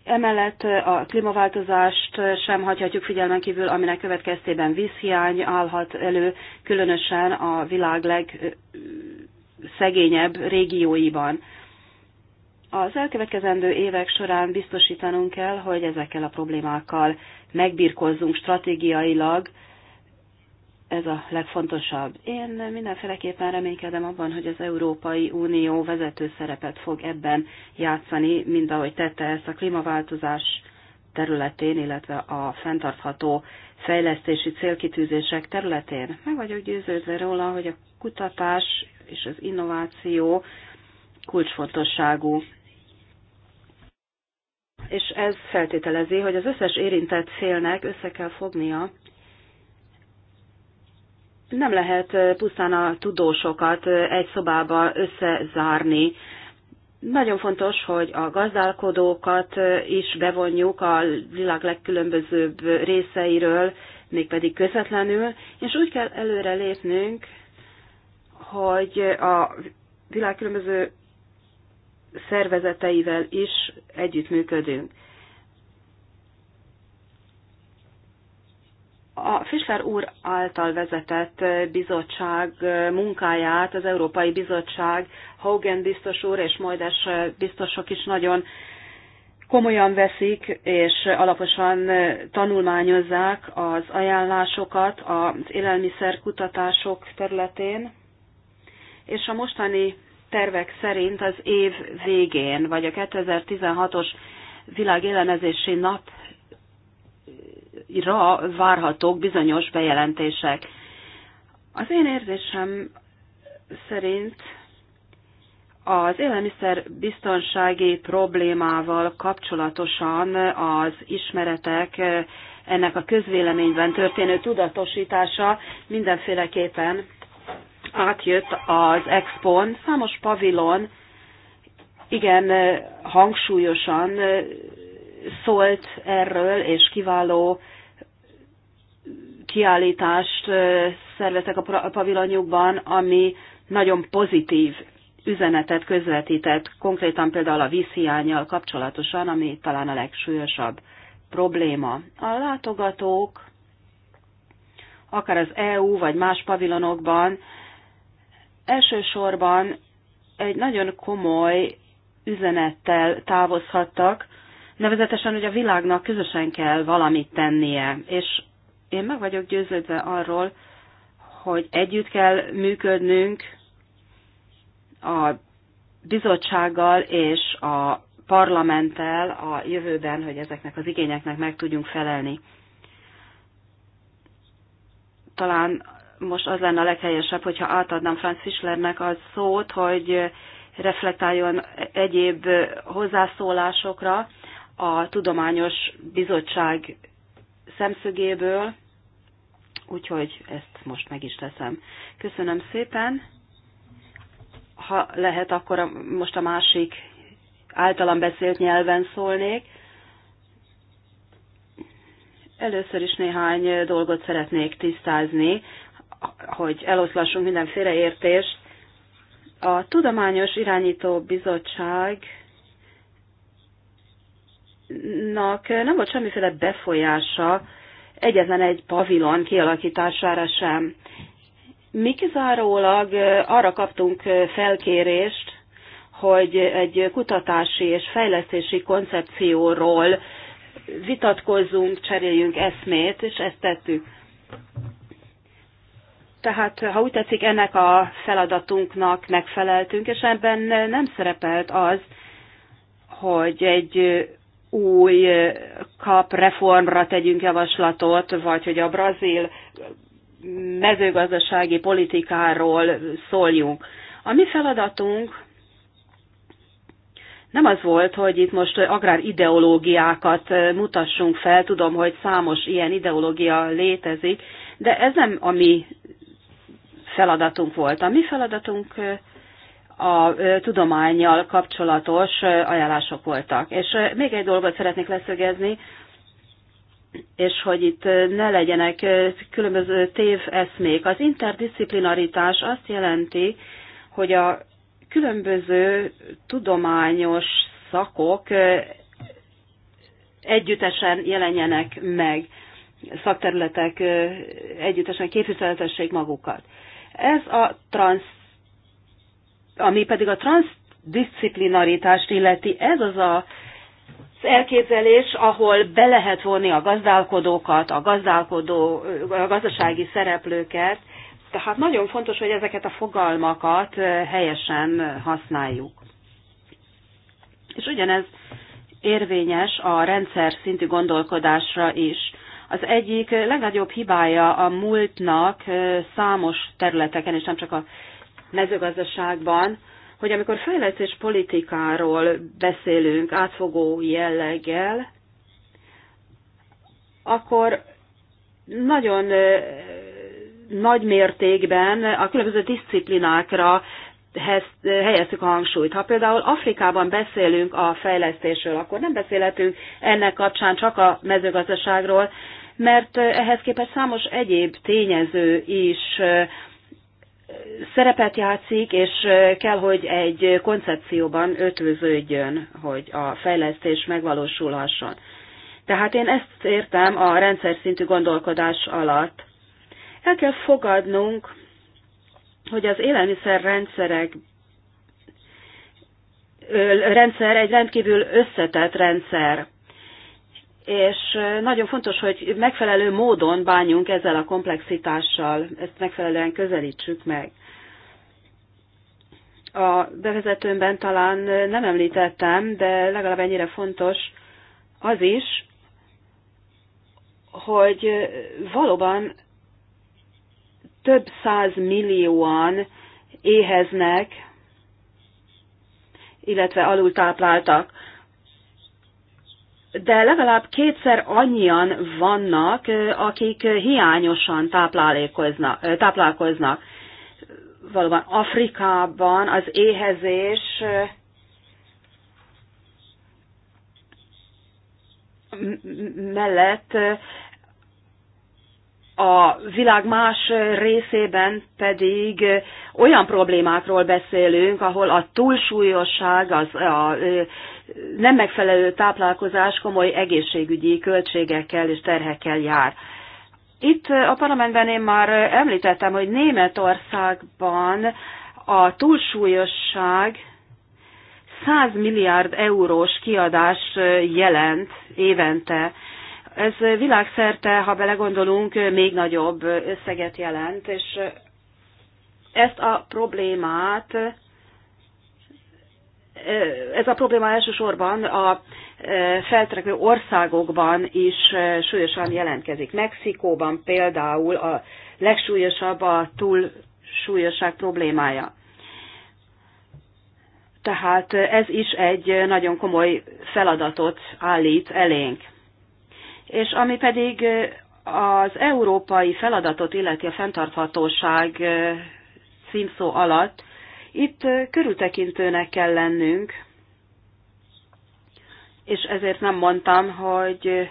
Emellett eh, a klímaváltozást eh, sem hagyhatjuk figyelmen kívül, aminek következtében vízhiány állhat elő, különösen a világ legszegényebb régióiban. Az elkövetkezendő évek során biztosítanunk kell, hogy ezekkel a problémákkal megbirkozzunk stratégiailag, ez a legfontosabb. Én mindenféleképpen reménykedem abban, hogy az Európai Unió vezető szerepet fog ebben játszani, mint ahogy tette ezt a klímaváltozás területén, illetve a fenntartható fejlesztési célkitűzések területén. Meg vagyok győződve róla, hogy a kutatás és az innováció kulcsfontosságú és ez feltételezi, hogy az összes érintett szélnek össze kell fognia. Nem lehet eh, pusztán a tudósokat eh, egy szobába összezárni. Nagyon fontos, hogy a gazdálkodókat eh, is bevonjuk a világ legkülönbözőbb részeiről, mégpedig közvetlenül, és úgy kell előre lépnünk, hogy a világ különböző szervezeteivel is együttműködünk. A Fischler úr által vezetett bizottság munkáját az Európai Bizottság, Hogan biztos úr és Majdes biztosok is nagyon komolyan veszik és alaposan tanulmányozzák az ajánlásokat az élelmiszerkutatások területén, és a mostani tervek szerint az év végén, vagy a 2016-os világélenezési napra várhatók bizonyos bejelentések. Az én érzésem szerint az élelmiszer biztonsági problémával kapcsolatosan az ismeretek ennek a közvéleményben történő tudatosítása mindenféleképpen átjött az Expon, számos pavilon igen hangsúlyosan szólt erről, és kiváló kiállítást szerveztek a pavilonjukban, ami nagyon pozitív üzenetet közvetített, konkrétan például a vízhiányjal kapcsolatosan, ami talán a legsúlyosabb probléma. A látogatók akár az EU vagy más pavilonokban elsősorban egy nagyon komoly üzenettel távozhattak, nevezetesen, hogy a világnak közösen kell valamit tennie, és én meg vagyok győződve arról, hogy együtt kell működnünk a bizottsággal és a parlamenttel a jövőben, hogy ezeknek az igényeknek meg tudjunk felelni. Talán most az lenne a leghelyesebb, hogyha átadnám Franz Fischlernek a szót, hogy reflektáljon egyéb hozzászólásokra a Tudományos Bizottság szemszögéből, úgyhogy ezt most meg is teszem. Köszönöm szépen. Ha lehet, akkor most a másik általam beszélt nyelven szólnék. Először is néhány dolgot szeretnék tisztázni hogy eloszlassunk mindenféle értést, a Tudományos Irányító Bizottságnak nem volt semmiféle befolyása egyetlen egy pavilon kialakítására sem. Mi kizárólag arra kaptunk felkérést, hogy egy kutatási és fejlesztési koncepcióról vitatkozzunk, cseréljünk eszmét, és ezt tettük. Tehát, ha úgy tetszik, ennek a feladatunknak megfeleltünk, és ebben nem szerepelt az, hogy egy új kap reformra tegyünk javaslatot, vagy hogy a brazil mezőgazdasági politikáról szóljunk. A mi feladatunk nem az volt, hogy itt most agrárideológiákat mutassunk fel, tudom, hogy számos ilyen ideológia létezik, de ez nem a mi feladatunk volt. A mi feladatunk a tudományjal kapcsolatos ajánlások voltak. És még egy dolgot szeretnék leszögezni, és hogy itt ne legyenek különböző eszmék. Az interdisziplinaritás azt jelenti, hogy a különböző tudományos szakok együttesen jelenjenek meg, szakterületek együttesen képviseltessék magukat. Ez a trans, ami pedig a transzdisciplinaritást illeti, ez az a az elképzelés, ahol be lehet vonni a gazdálkodókat, a, gazdálkodó, a gazdasági szereplőket, tehát nagyon fontos, hogy ezeket a fogalmakat helyesen használjuk. És ugyanez érvényes a rendszer szintű gondolkodásra is. Az egyik legnagyobb hibája a múltnak számos területeken, és nem csak a mezőgazdaságban, hogy amikor fejlesztés politikáról beszélünk átfogó jelleggel, akkor nagyon nagy mértékben a különböző disziplinákra helyeztük a hangsúlyt. Ha például Afrikában beszélünk a fejlesztésről, akkor nem beszélhetünk ennek kapcsán csak a mezőgazdaságról, mert ehhez képest számos egyéb tényező is szerepet játszik, és kell, hogy egy koncepcióban ötvöződjön, hogy a fejlesztés megvalósulhasson. Tehát én ezt értem a rendszer szintű gondolkodás alatt. El kell fogadnunk, hogy az élelmiszerrendszerek rendszer egy rendkívül összetett rendszer és nagyon fontos, hogy megfelelő módon bánjunk ezzel a komplexitással, ezt megfelelően közelítsük meg. A bevezetőmben talán nem említettem, de legalább ennyire fontos az is, hogy valóban több száz millióan éheznek, illetve alultápláltak de legalább kétszer annyian vannak, akik hiányosan táplálkoznak. táplálkoznak, Valóban Afrikában az éhezés mellett a világ más részében pedig olyan problémákról beszélünk, ahol a túlsúlyosság, az, a nem megfelelő táplálkozás komoly egészségügyi költségekkel és terhekkel jár. Itt a parlamentben én már említettem, hogy Németországban a túlsúlyosság 100 milliárd eurós kiadás jelent évente. Ez világszerte, ha belegondolunk, még nagyobb összeget jelent, és ezt a problémát, ez a probléma elsősorban a feltrekő országokban is súlyosan jelentkezik. Mexikóban például a legsúlyosabb a túlsúlyosság problémája. Tehát ez is egy nagyon komoly feladatot állít elénk és ami pedig az európai feladatot illeti a fenntarthatóság címszó alatt, itt körültekintőnek kell lennünk, és ezért nem mondtam, hogy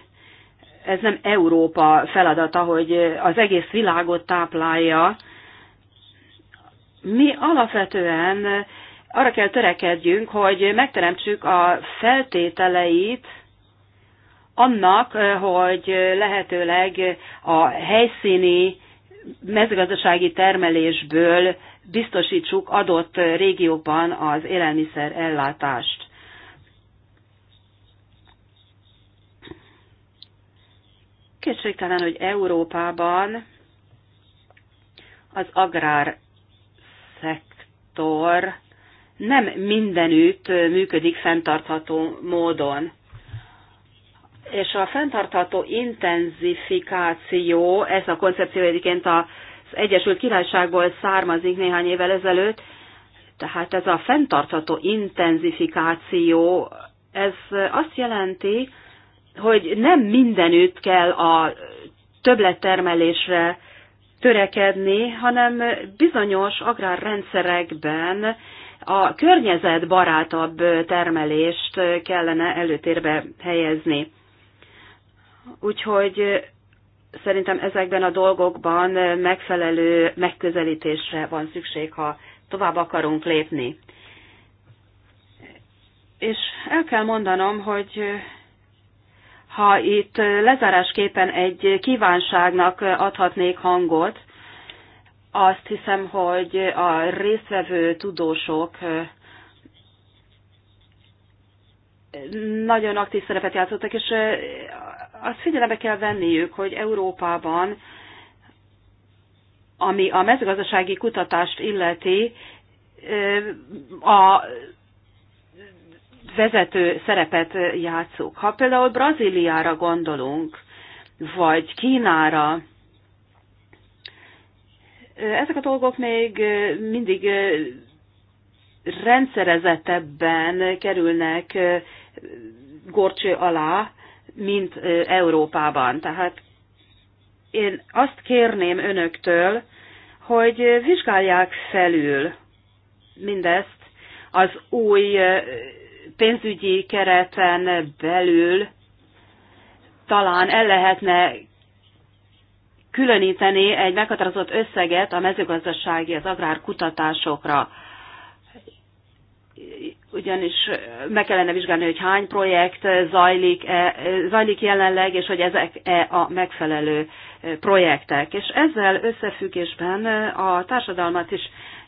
ez nem Európa feladata, hogy az egész világot táplálja. Mi alapvetően arra kell törekedjünk, hogy megteremtsük a feltételeit annak, eh, hogy lehetőleg a helyszíni mezőgazdasági termelésből biztosítsuk adott régióban az élelmiszer ellátást. Kétségtelen, hogy Európában az agrár szektor nem mindenütt működik fenntartható módon és a fenntartható intenzifikáció, ez a koncepció egyébként az Egyesült Királyságból származik néhány évvel ezelőtt, tehát ez a fenntartható intenzifikáció, ez azt jelenti, hogy nem mindenütt kell a többlettermelésre törekedni, hanem bizonyos agrárrendszerekben a környezetbarátabb termelést kellene előtérbe helyezni. Úgyhogy szerintem ezekben a dolgokban megfelelő megközelítésre van szükség, ha tovább akarunk lépni. És el kell mondanom, hogy ha itt lezárásképpen egy kívánságnak adhatnék hangot, azt hiszem, hogy a résztvevő tudósok nagyon aktív szerepet játszottak, és azt figyelembe kell venniük, hogy Európában, ami a mezőgazdasági kutatást illeti, a vezető szerepet játszók. Ha például Brazíliára gondolunk, vagy Kínára, ezek a dolgok még mindig rendszerezettebben kerülnek gorcső alá, mint Európában. Tehát én azt kérném önöktől, hogy vizsgálják felül mindezt az új pénzügyi kereten belül, talán el lehetne különíteni egy meghatározott összeget a mezőgazdasági, az agrárkutatásokra ugyanis meg kellene vizsgálni, hogy hány projekt zajlik, -e, zajlik jelenleg, és hogy ezek-e a megfelelő e, projektek. És ezzel összefüggésben e, a társadalmat is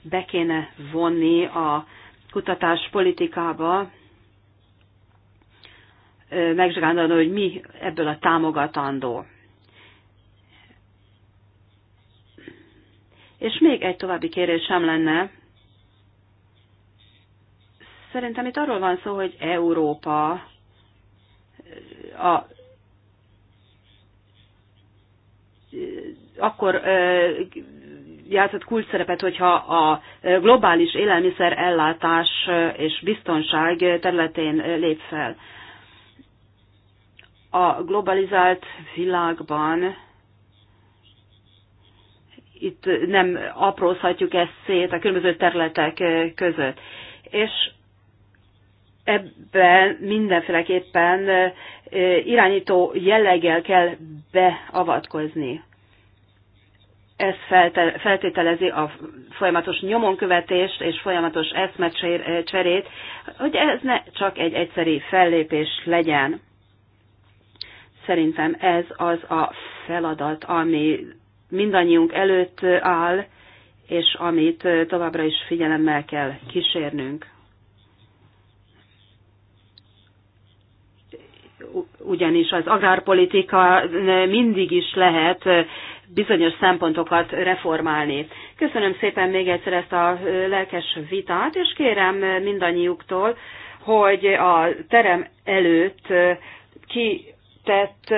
be kéne vonni a kutatás politikába, e, megvizsgálni, hogy mi ebből a támogatandó. És még egy további kérés sem lenne, Szerintem itt arról van szó, hogy Európa a akkor játszott kulcs szerepet, hogyha a globális élelmiszer ellátás és biztonság területén lép fel. A globalizált világban itt nem aprózhatjuk ezt szét a különböző területek között. És ebben mindenféleképpen irányító jelleggel kell beavatkozni. Ez feltételezi a folyamatos nyomonkövetést és folyamatos eszmecserét, hogy ez ne csak egy egyszerű fellépés legyen. Szerintem ez az a feladat, ami mindannyiunk előtt áll, és amit továbbra is figyelemmel kell kísérnünk. ugyanis az agrárpolitika mindig is lehet bizonyos szempontokat reformálni. Köszönöm szépen még egyszer ezt a lelkes vitát, és kérem mindannyiuktól, hogy a terem előtt kitett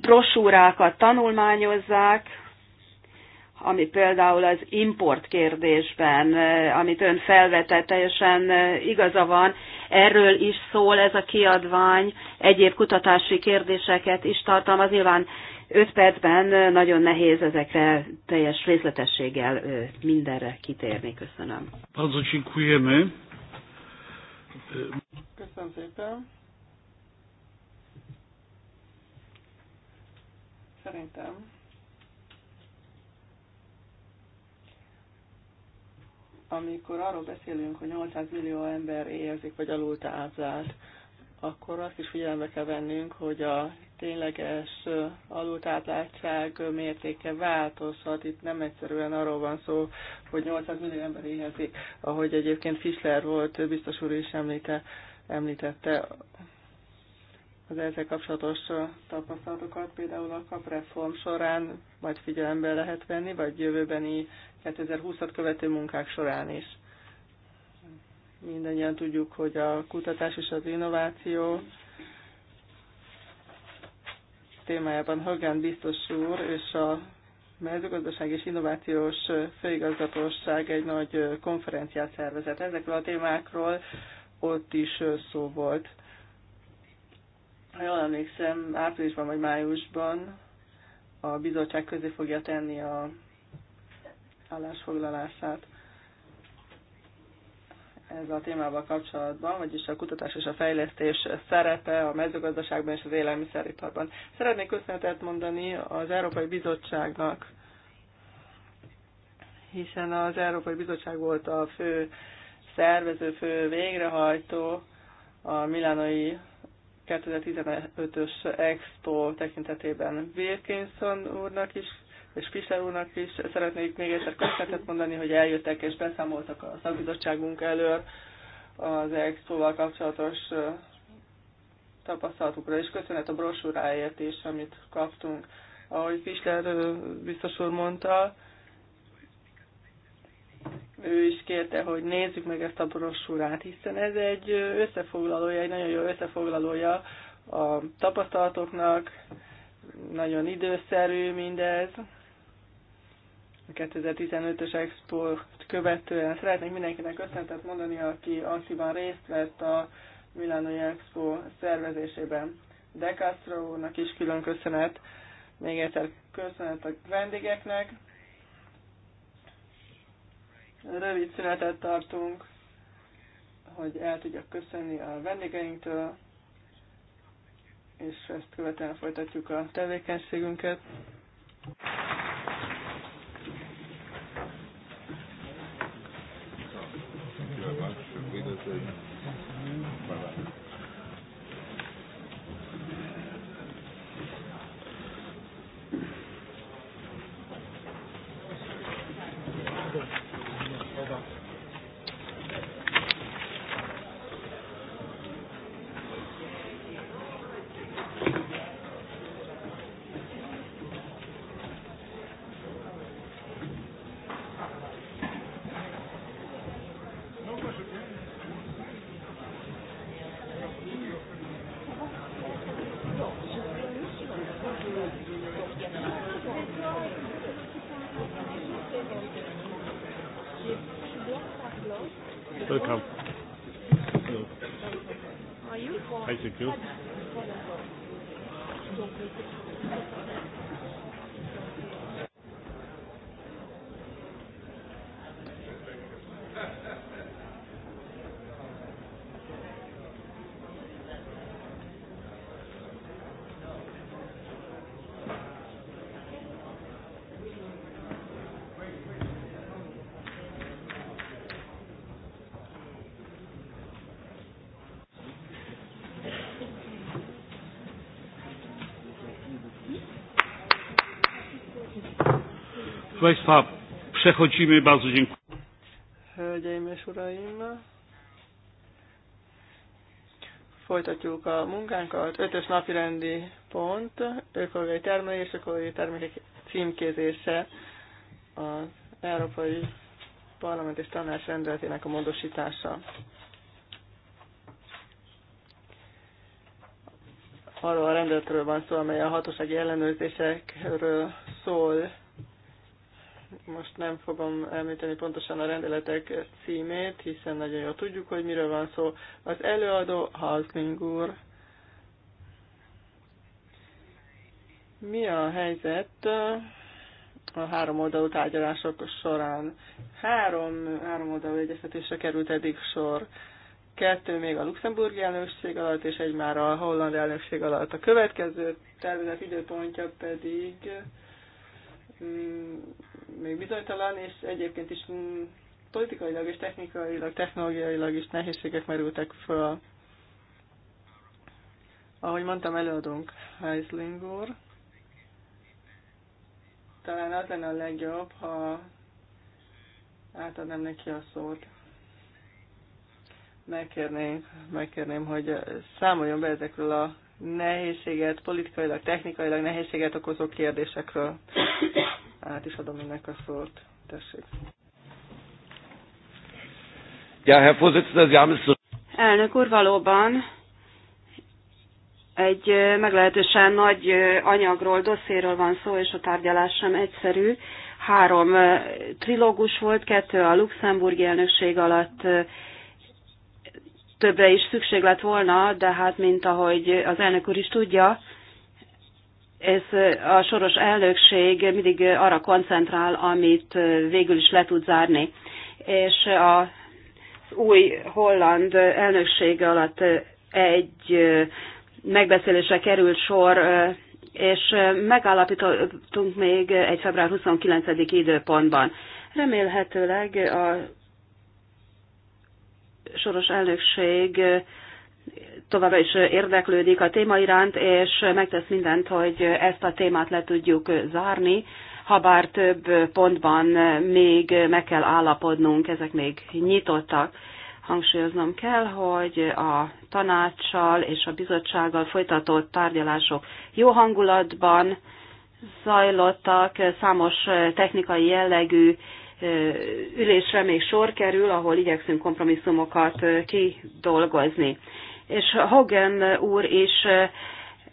brosúrákat tanulmányozzák, ami például az import kérdésben, eh, amit ön felvetett, teljesen eh, igaza van, erről is szól ez a kiadvány, egyéb kutatási kérdéseket is tartalmaz. Nyilván 5 percben eh, nagyon nehéz ezekre teljes részletességgel mindenre kitérni. Köszönöm. Bardzo dziękujemy. Köszönöm szépen. Szerintem amikor arról beszélünk, hogy 800 millió ember érzik vagy alultáplált, akkor azt is figyelembe kell vennünk, hogy a tényleges alultápláltság mértéke változhat. Itt nem egyszerűen arról van szó, hogy 800 millió ember éhezik, ahogy egyébként Fischler volt, biztos úr is említette, említette az ezzel kapcsolatos tapasztalatokat például a kapreform során majd figyelembe lehet venni, vagy jövőbeni 2020-at követő munkák során is. Mindennyian tudjuk, hogy a kutatás és az innováció témájában Hagen biztos úr és a mezőgazdaság és innovációs főigazgatóság egy nagy konferenciát szervezett. Ezekről a témákról ott is szó volt jól emlékszem, áprilisban vagy májusban a bizottság közé fogja tenni a állásfoglalását ez a témával kapcsolatban, vagyis a kutatás és a fejlesztés szerepe a mezőgazdaságban és az élelmiszeriparban. Szeretnék köszönetet mondani az Európai Bizottságnak, hiszen az Európai Bizottság volt a fő szervező, fő végrehajtó a milánai 2015-ös Expo tekintetében Wilkinson úrnak is, és Fischer úrnak is szeretnék még egyszer köszönetet mondani, hogy eljöttek és beszámoltak a szakbizottságunk elől az Expo-val kapcsolatos tapasztalatukra, és köszönet a brosúráért is, amit kaptunk. Ahogy Fischer biztos úr mondta, ő is kérte, hogy nézzük meg ezt a brosúrát, hiszen ez egy összefoglalója, egy nagyon jó összefoglalója a tapasztalatoknak, nagyon időszerű mindez. A 2015-ös export követően szeretnék mindenkinek köszöntet mondani, aki aktívan részt vett a Milánoi Expo szervezésében. De Castro úrnak is külön köszönet. Még egyszer köszönet a vendégeknek. Rövid szünetet tartunk, hogy el tudjak köszönni a vendégeinktől, és ezt követően folytatjuk a tevékenységünket. Państwa, przechodzimy. Bardzo dziękuję. Hölgyeim és uraim, folytatjuk a munkánkat. Ötös napi rendi pont, ökológiai termelés, ökológiai termékek címkézése az Európai Parlament és Tanács rendeletének a módosítása. arról a rendeletről van szó, amely a hatósági ellenőrzésekről szól. Most nem fogom említeni pontosan a rendeletek címét, hiszen nagyon jól tudjuk, hogy miről van szó. Az előadó Halkling úr. Mi a helyzet a három oldalú tárgyalások során? Három, három oldalú egyeztetésre került eddig sor kettő még a luxemburgi elnökség alatt, és egy már a holland elnökség alatt. A következő tervezett időpontja pedig mm, még bizonytalan, és egyébként is mm, politikailag és technikailag, technológiailag is nehézségek merültek föl. Ahogy mondtam, előadunk Heisling úr. Talán az lenne a legjobb, ha átadnám neki a szót. Megkérném, megkérném, hogy számoljon be ezekről a nehézséget, politikailag, technikailag nehézséget okozó kérdésekről át is adom ennek a szót. Tessék. Ja, Herr Vorsitzender, Sie haben es Elnök úr, valóban egy meglehetősen nagy anyagról, dosszéről van szó, és a tárgyalás sem egyszerű. Három trilógus volt, kettő a luxemburgi elnökség alatt többre is szükség lett volna, de hát mint ahogy az elnök úr is tudja, ez a soros elnökség mindig arra koncentrál, amit végül is le tud zárni. És az új holland elnöksége alatt egy megbeszélésre került sor, és megállapítottunk még egy február 29. időpontban. Remélhetőleg a soros elnökség továbbra is érdeklődik a téma iránt, és megtesz mindent, hogy ezt a témát le tudjuk zárni, bár több pontban még meg kell állapodnunk, ezek még nyitottak. Hangsúlyoznom kell, hogy a tanácssal és a bizottsággal folytatott tárgyalások jó hangulatban zajlottak, számos technikai jellegű ülésre még sor kerül, ahol igyekszünk kompromisszumokat kidolgozni és Hagen úr is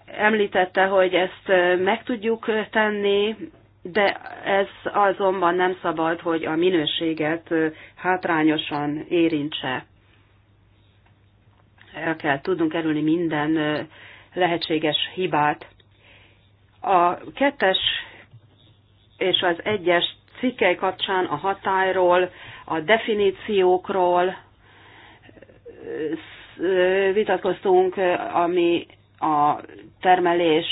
említette, hogy ezt meg tudjuk tenni, de ez azonban nem szabad, hogy a minőséget hátrányosan érintse. El kell tudnunk kerülni minden lehetséges hibát. A kettes és az egyes cikkei kapcsán a hatályról, a definíciókról vitatkoztunk, ami a termelés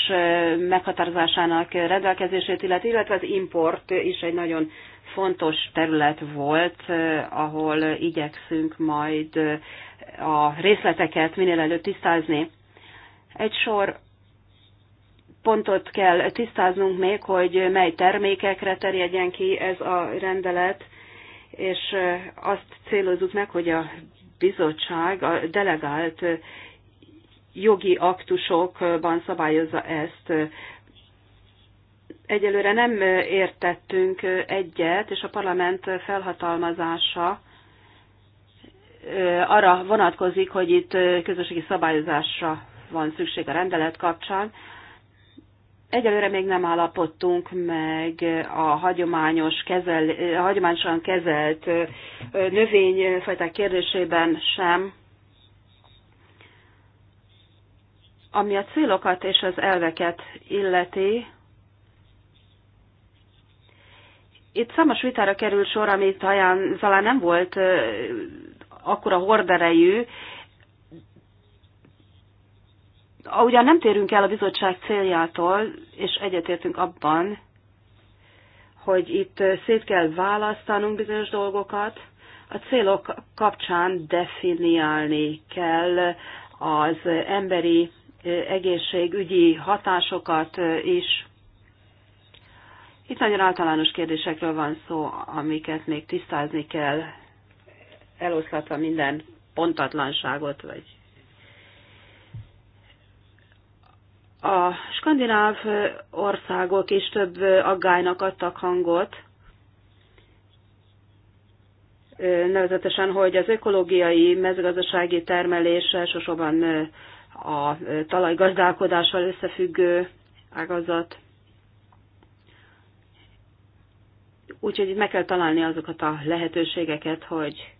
meghatározásának rendelkezését illeti, illetve az import is egy nagyon fontos terület volt, ahol igyekszünk majd a részleteket minél előbb tisztázni. Egy sor pontot kell tisztáznunk még, hogy mely termékekre terjedjen ki ez a rendelet, és azt célozzuk meg, hogy a bizottság a delegált jogi aktusokban szabályozza ezt. Egyelőre nem értettünk egyet, és a parlament felhatalmazása arra vonatkozik, hogy itt közösségi szabályozásra van szükség a rendelet kapcsán. Egyelőre még nem állapodtunk meg a hagyományos kezel, hagyományosan kezelt növényfajták kérdésében sem, ami a célokat és az elveket illeti, itt számos vitára került sor, ami talán nem volt akkora horderejű, ugyan nem térünk el a bizottság céljától, és egyetértünk abban, hogy itt szét kell választanunk bizonyos dolgokat, a célok kapcsán definiálni kell az emberi egészségügyi hatásokat is. Itt nagyon általános kérdésekről van szó, amiket még tisztázni kell, eloszlatva minden pontatlanságot vagy A skandináv országok is több aggálynak adtak hangot, nevezetesen, hogy az ökológiai mezőgazdasági termelés elsősorban a talajgazdálkodással összefüggő ágazat. Úgyhogy meg kell találni azokat a lehetőségeket, hogy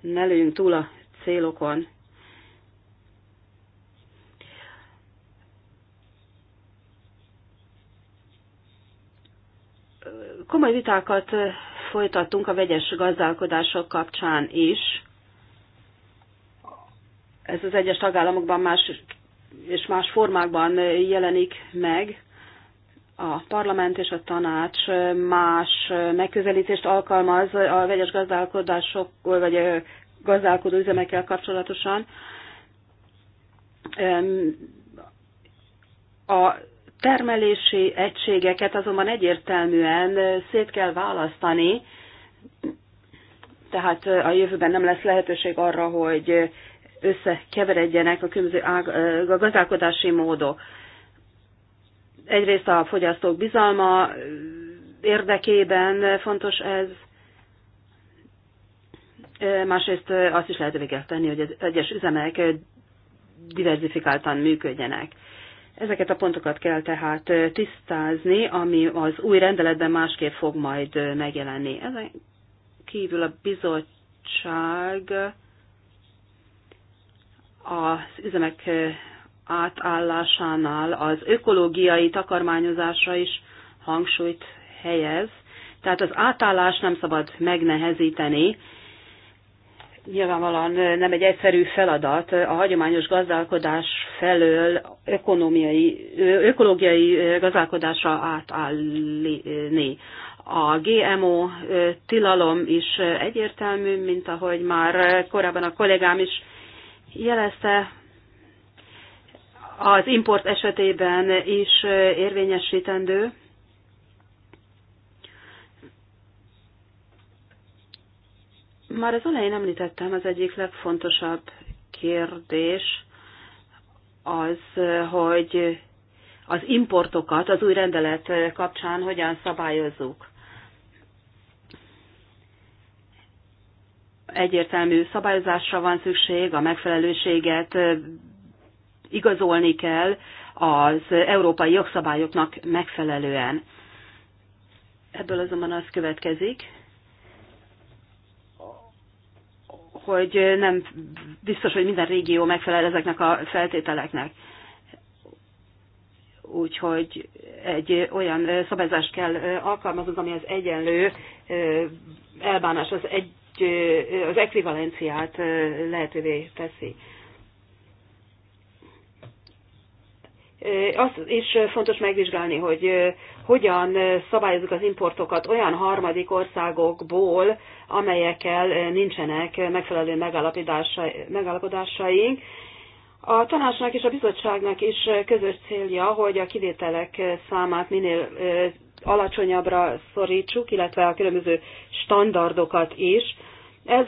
ne lőjünk túl a célokon. Komoly vitákat folytattunk a vegyes gazdálkodások kapcsán is. Ez az egyes tagállamokban más és más formákban jelenik meg. A parlament és a tanács más megközelítést alkalmaz a vegyes gazdálkodások, vagy a gazdálkodó üzemekkel kapcsolatosan. A termelési egységeket azonban egyértelműen szét kell választani, tehát a jövőben nem lesz lehetőség arra, hogy összekeveredjenek a különböző ág, a gazdálkodási módok. Egyrészt a fogyasztók bizalma érdekében fontos ez, másrészt azt is lehetővé kell tenni, hogy az egyes üzemek diversifikáltan működjenek. Ezeket a pontokat kell tehát tisztázni, ami az új rendeletben másképp fog majd megjelenni. Ezen kívül a bizottság az üzemek átállásánál az ökológiai takarmányozásra is hangsúlyt helyez, tehát az átállás nem szabad megnehezíteni, nyilvánvalóan nem egy egyszerű feladat a hagyományos gazdálkodás felől ökonomiai, ökológiai gazdálkodásra átállni. A GMO tilalom is egyértelmű, mint ahogy már korábban a kollégám is jelezte, az import esetében is érvényesítendő. Már az elején említettem, az egyik legfontosabb kérdés az, hogy az importokat az új rendelet kapcsán hogyan szabályozzuk. Egyértelmű szabályozásra van szükség, a megfelelőséget igazolni kell az európai jogszabályoknak megfelelően. Ebből azonban az következik, hogy nem biztos, hogy minden régió megfelel ezeknek a feltételeknek. Úgyhogy egy olyan szabályzást kell alkalmaznod, ami az egyenlő elbánás, az, egy, az ekvivalenciát lehetővé teszi. Azt is fontos megvizsgálni, hogy hogyan szabályozzuk az importokat olyan harmadik országokból, amelyekkel nincsenek megfelelő megállapodásaink. A tanácsnak és a bizottságnak is közös célja, hogy a kivételek számát minél alacsonyabbra szorítsuk, illetve a különböző standardokat is. Ez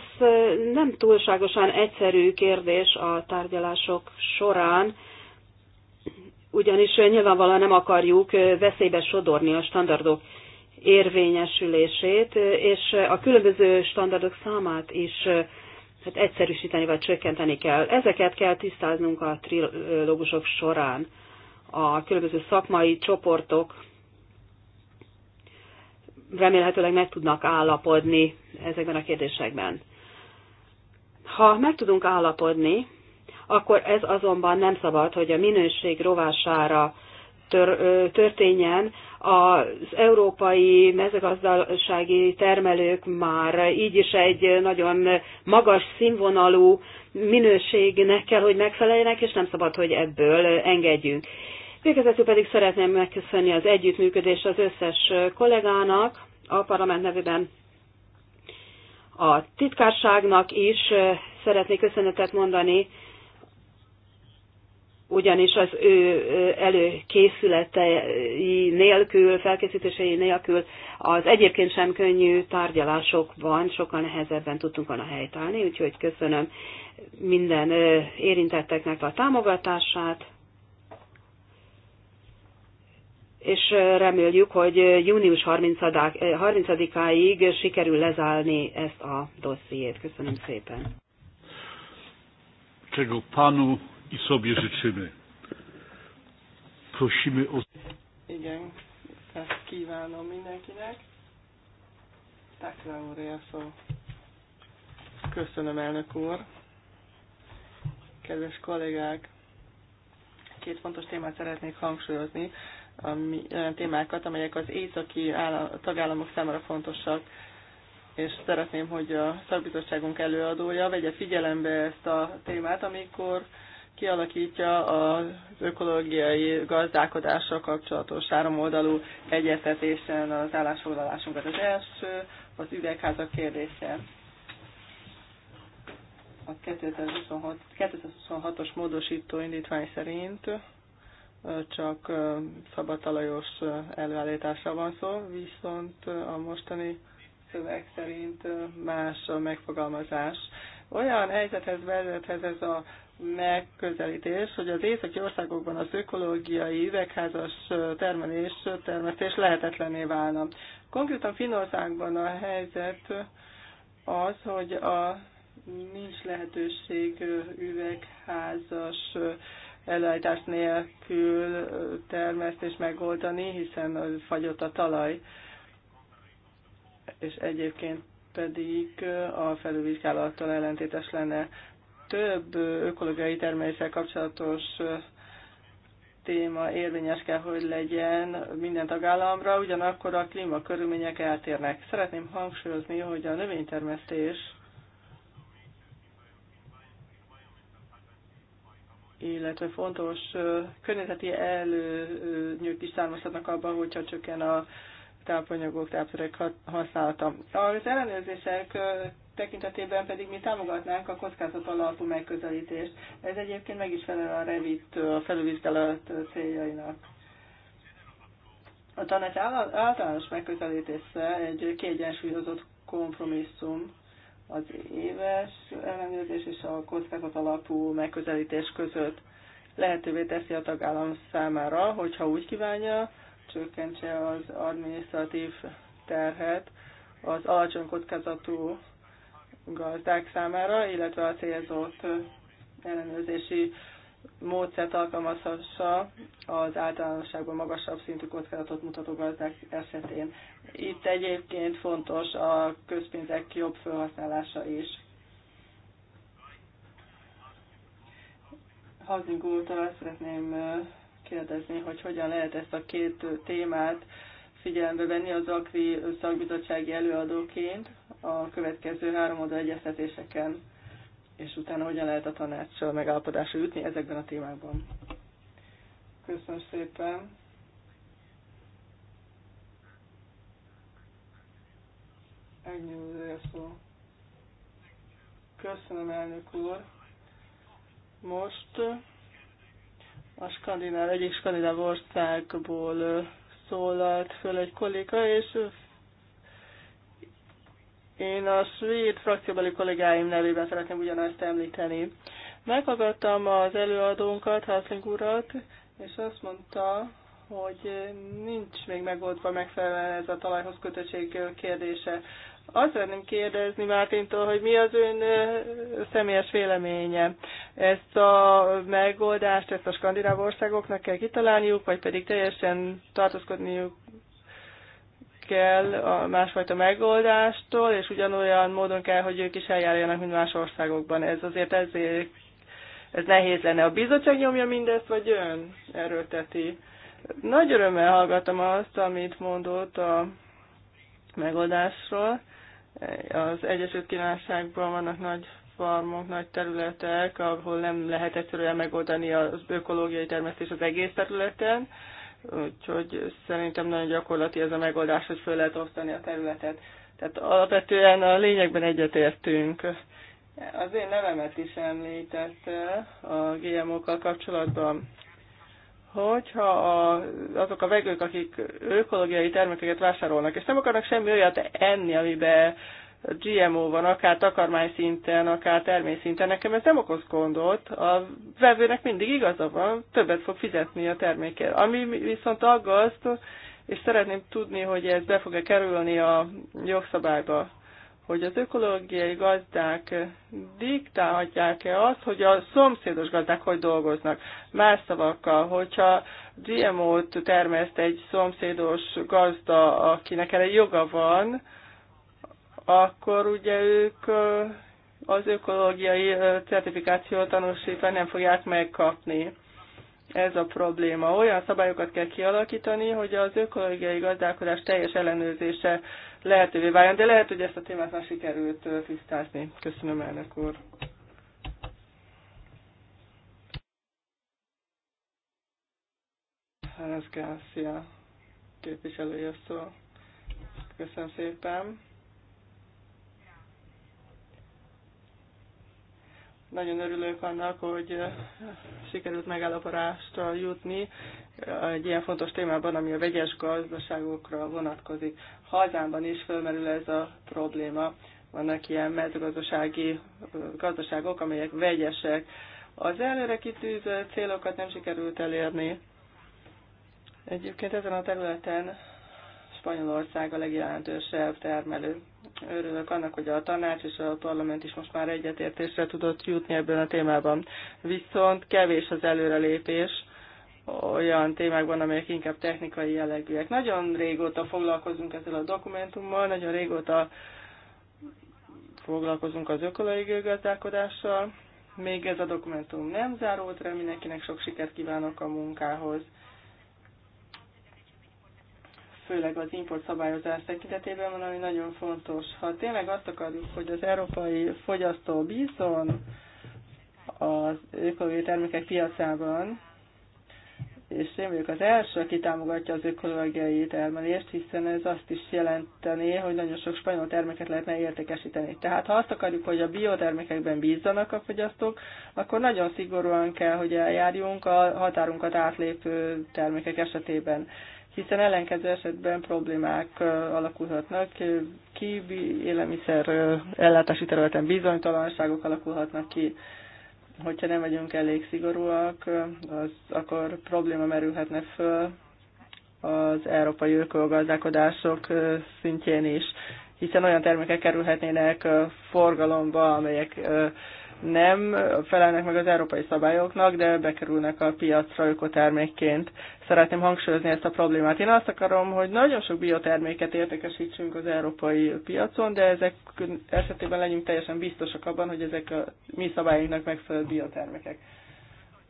nem túlságosan egyszerű kérdés a tárgyalások során, ugyanis nyilvánvalóan nem akarjuk veszélybe sodorni a standardok érvényesülését, és a különböző standardok számát is hát egyszerűsíteni vagy csökkenteni kell. Ezeket kell tisztáznunk a trilógusok során. A különböző szakmai csoportok remélhetőleg meg tudnak állapodni ezekben a kérdésekben. Ha meg tudunk állapodni, akkor ez azonban nem szabad, hogy a minőség rovására tör, történjen. Az európai mezőgazdasági termelők már így is egy nagyon magas színvonalú minőségnek kell, hogy megfeleljenek, és nem szabad, hogy ebből engedjünk. Végezetül pedig szeretném megköszönni az együttműködést az összes kollégának a parlament nevében a titkárságnak is szeretnék köszönetet mondani ugyanis az ő előkészületei nélkül, felkészítései nélkül az egyébként sem könnyű tárgyalásokban sokkal nehezebben tudtunk volna állni, úgyhogy köszönöm minden érintetteknek a támogatását, és reméljük, hogy június 30-áig sikerül lezárni ezt a dossziét. Köszönöm szépen. Czego panu i sobie życzymy. Prosimy o... Igen, ezt kívánom mindenkinek. Takra úr, szó. Köszönöm, elnök úr. Kedves kollégák, két fontos témát szeretnék hangsúlyozni, ami, olyan eh, témákat, amelyek az északi állam, tagállamok számára fontosak, és szeretném, hogy a szakbizottságunk előadója vegye figyelembe ezt a témát, amikor kialakítja az ökológiai gazdálkodással kapcsolatos háromoldalú egyeztetésen az állásfoglalásunkat. Az első az üvegházak kérdése. A 2026, os módosító indítvány szerint csak szabadtalajos előállításra van szó, viszont a mostani szöveg szerint más a megfogalmazás. Olyan helyzethez vezethez ez a megközelítés, hogy az északi országokban az ökológiai üvegházas termelés, termesztés lehetetlené válna. Konkrétan Finországban a helyzet az, hogy a, nincs lehetőség üvegházas előállítás nélkül termesztés megoldani, hiszen fagyott a talaj, és egyébként pedig a felülvizsgálattal ellentétes lenne több ökológiai termeléssel kapcsolatos téma érvényes kell, hogy legyen minden tagállamra, ugyanakkor a klímakörülmények eltérnek. Szeretném hangsúlyozni, hogy a növénytermesztés illetve fontos környezeti előnyök is származhatnak abban, hogyha csökken a tápanyagok, tápszerek használata. Az ellenőrzések tekintetében pedig mi támogatnánk a kockázat alapú megközelítést. Ez egyébként meg is felel a revit felülvizsgálat céljainak. A tanács általános megközelítése egy kiegyensúlyozott kompromisszum az éves ellenőrzés és a kockázat alapú megközelítés között lehetővé teszi a tagállam számára, hogyha úgy kívánja, csökkentse az administratív terhet az alacsony kockázatú gazdák számára, illetve a célzott ellenőrzési módszert alkalmazhassa az általánosságban magasabb szintű kockázatot mutató gazdák esetén. Itt egyébként fontos a közpénzek jobb felhasználása is. Hazing úrtól azt szeretném kérdezni, hogy hogyan lehet ezt a két témát figyelembe venni az AKRI szakbizottsági előadóként a következő három oda egyeztetéseken, és utána hogyan lehet a tanácssal megállapodásra jutni ezekben a témákban. Köszönöm szépen! Megnyúlja szó. Köszönöm, elnök úr. Most a skandináv, egyik skandináv országból szólalt föl egy kolléga, és én a svéd frakcióbeli kollégáim nevében szeretném ugyanazt említeni. Meghallgattam az előadónkat, Hasling urat, és azt mondta, hogy nincs még megoldva megfelelően ez a talajhoz kötöttség kérdése. Azt szeretném kérdezni Mártintól, hogy mi az ön személyes véleménye. Ezt a megoldást, ezt a skandináv országoknak kell kitalálniuk, vagy pedig teljesen tartózkodniuk kell a másfajta megoldástól, és ugyanolyan módon kell, hogy ők is eljárjanak, mint más országokban. Ez azért ezért ez nehéz lenne. A bizottság nyomja mindezt, vagy ön erőlteti? Nagy örömmel hallgattam azt, amit mondott a megoldásról. Az Egyesült Királyságban vannak nagy farmok, nagy területek, ahol nem lehet egyszerűen megoldani az ökológiai termesztés az egész területen, úgyhogy szerintem nagyon gyakorlati ez a megoldás, hogy föl lehet osztani a területet. Tehát alapvetően a lényegben egyetértünk. Az én nevemet is említette a GMO-kkal kapcsolatban hogyha a, azok a vegők, akik ökológiai termékeket vásárolnak, és nem akarnak semmi olyat enni, amiben GMO van, akár takarmány szinten, akár termés szinten, nekem ez nem okoz gondot. A vevőnek mindig igaza van, többet fog fizetni a termékért. Ami viszont aggaszt, és szeretném tudni, hogy ez be fog-e kerülni a jogszabályba, hogy az ökológiai gazdák diktálhatják-e azt, hogy a szomszédos gazdák hogy dolgoznak. Más szavakkal, hogyha GMO-t termeszt egy szomszédos gazda, akinek erre joga van, akkor ugye ők az ökológiai certifikáció tanúsítványt nem fogják megkapni. Ez a probléma. Olyan szabályokat kell kialakítani, hogy az ökológiai gazdálkodás teljes ellenőrzése lehetővé váljon, de lehet, hogy ezt a témát már sikerült tisztázni. Köszönöm, elnök úr. Házgászia képviselője szó. Köszönöm szépen. Nagyon örülök annak, hogy eh, sikerült megállapodásra jutni egy ilyen fontos témában, ami a vegyes gazdaságokra vonatkozik. Hazámban is fölmerül ez a probléma. Vannak ilyen mezőgazdasági eh, gazdaságok, amelyek vegyesek. Az előre kitűzött célokat nem sikerült elérni. Egyébként ezen a területen Spanyolország a legjelentősebb termelő. Örülök annak, hogy a tanács és a parlament is most már egyetértésre tudott jutni ebben a témában. Viszont kevés az előrelépés olyan témákban, amelyek inkább technikai jellegűek. Nagyon régóta foglalkozunk ezzel a dokumentummal, nagyon régóta foglalkozunk az ökológiai gazdálkodással. Még ez a dokumentum nem zárult, mindenkinek sok sikert kívánok a munkához főleg az import szabályozás tekintetében van, ami nagyon fontos. Ha tényleg azt akarjuk, hogy az európai fogyasztó bízon az ökológiai termékek piacában, és én vagyok az első, aki támogatja az ökológiai termelést, hiszen ez azt is jelenteni, hogy nagyon sok spanyol terméket lehetne értékesíteni. Tehát ha azt akarjuk, hogy a biotermékekben bízzanak a fogyasztók, akkor nagyon szigorúan kell, hogy eljárjunk a határunkat átlépő termékek esetében hiszen ellenkező esetben problémák alakulhatnak ki, élelmiszer ellátási területen bizonytalanságok alakulhatnak ki, hogyha nem vagyunk elég szigorúak, az, akkor probléma merülhetne föl az európai ökölgazdálkodások szintjén is, hiszen olyan termékek kerülhetnének forgalomba, amelyek nem felelnek meg az európai szabályoknak, de bekerülnek a piacra ökotermékként. Szeretném hangsúlyozni ezt a problémát. Én azt akarom, hogy nagyon sok bioterméket értékesítsünk az európai piacon, de ezek esetében legyünk teljesen biztosak abban, hogy ezek a mi szabályoknak megfelelő biotermékek.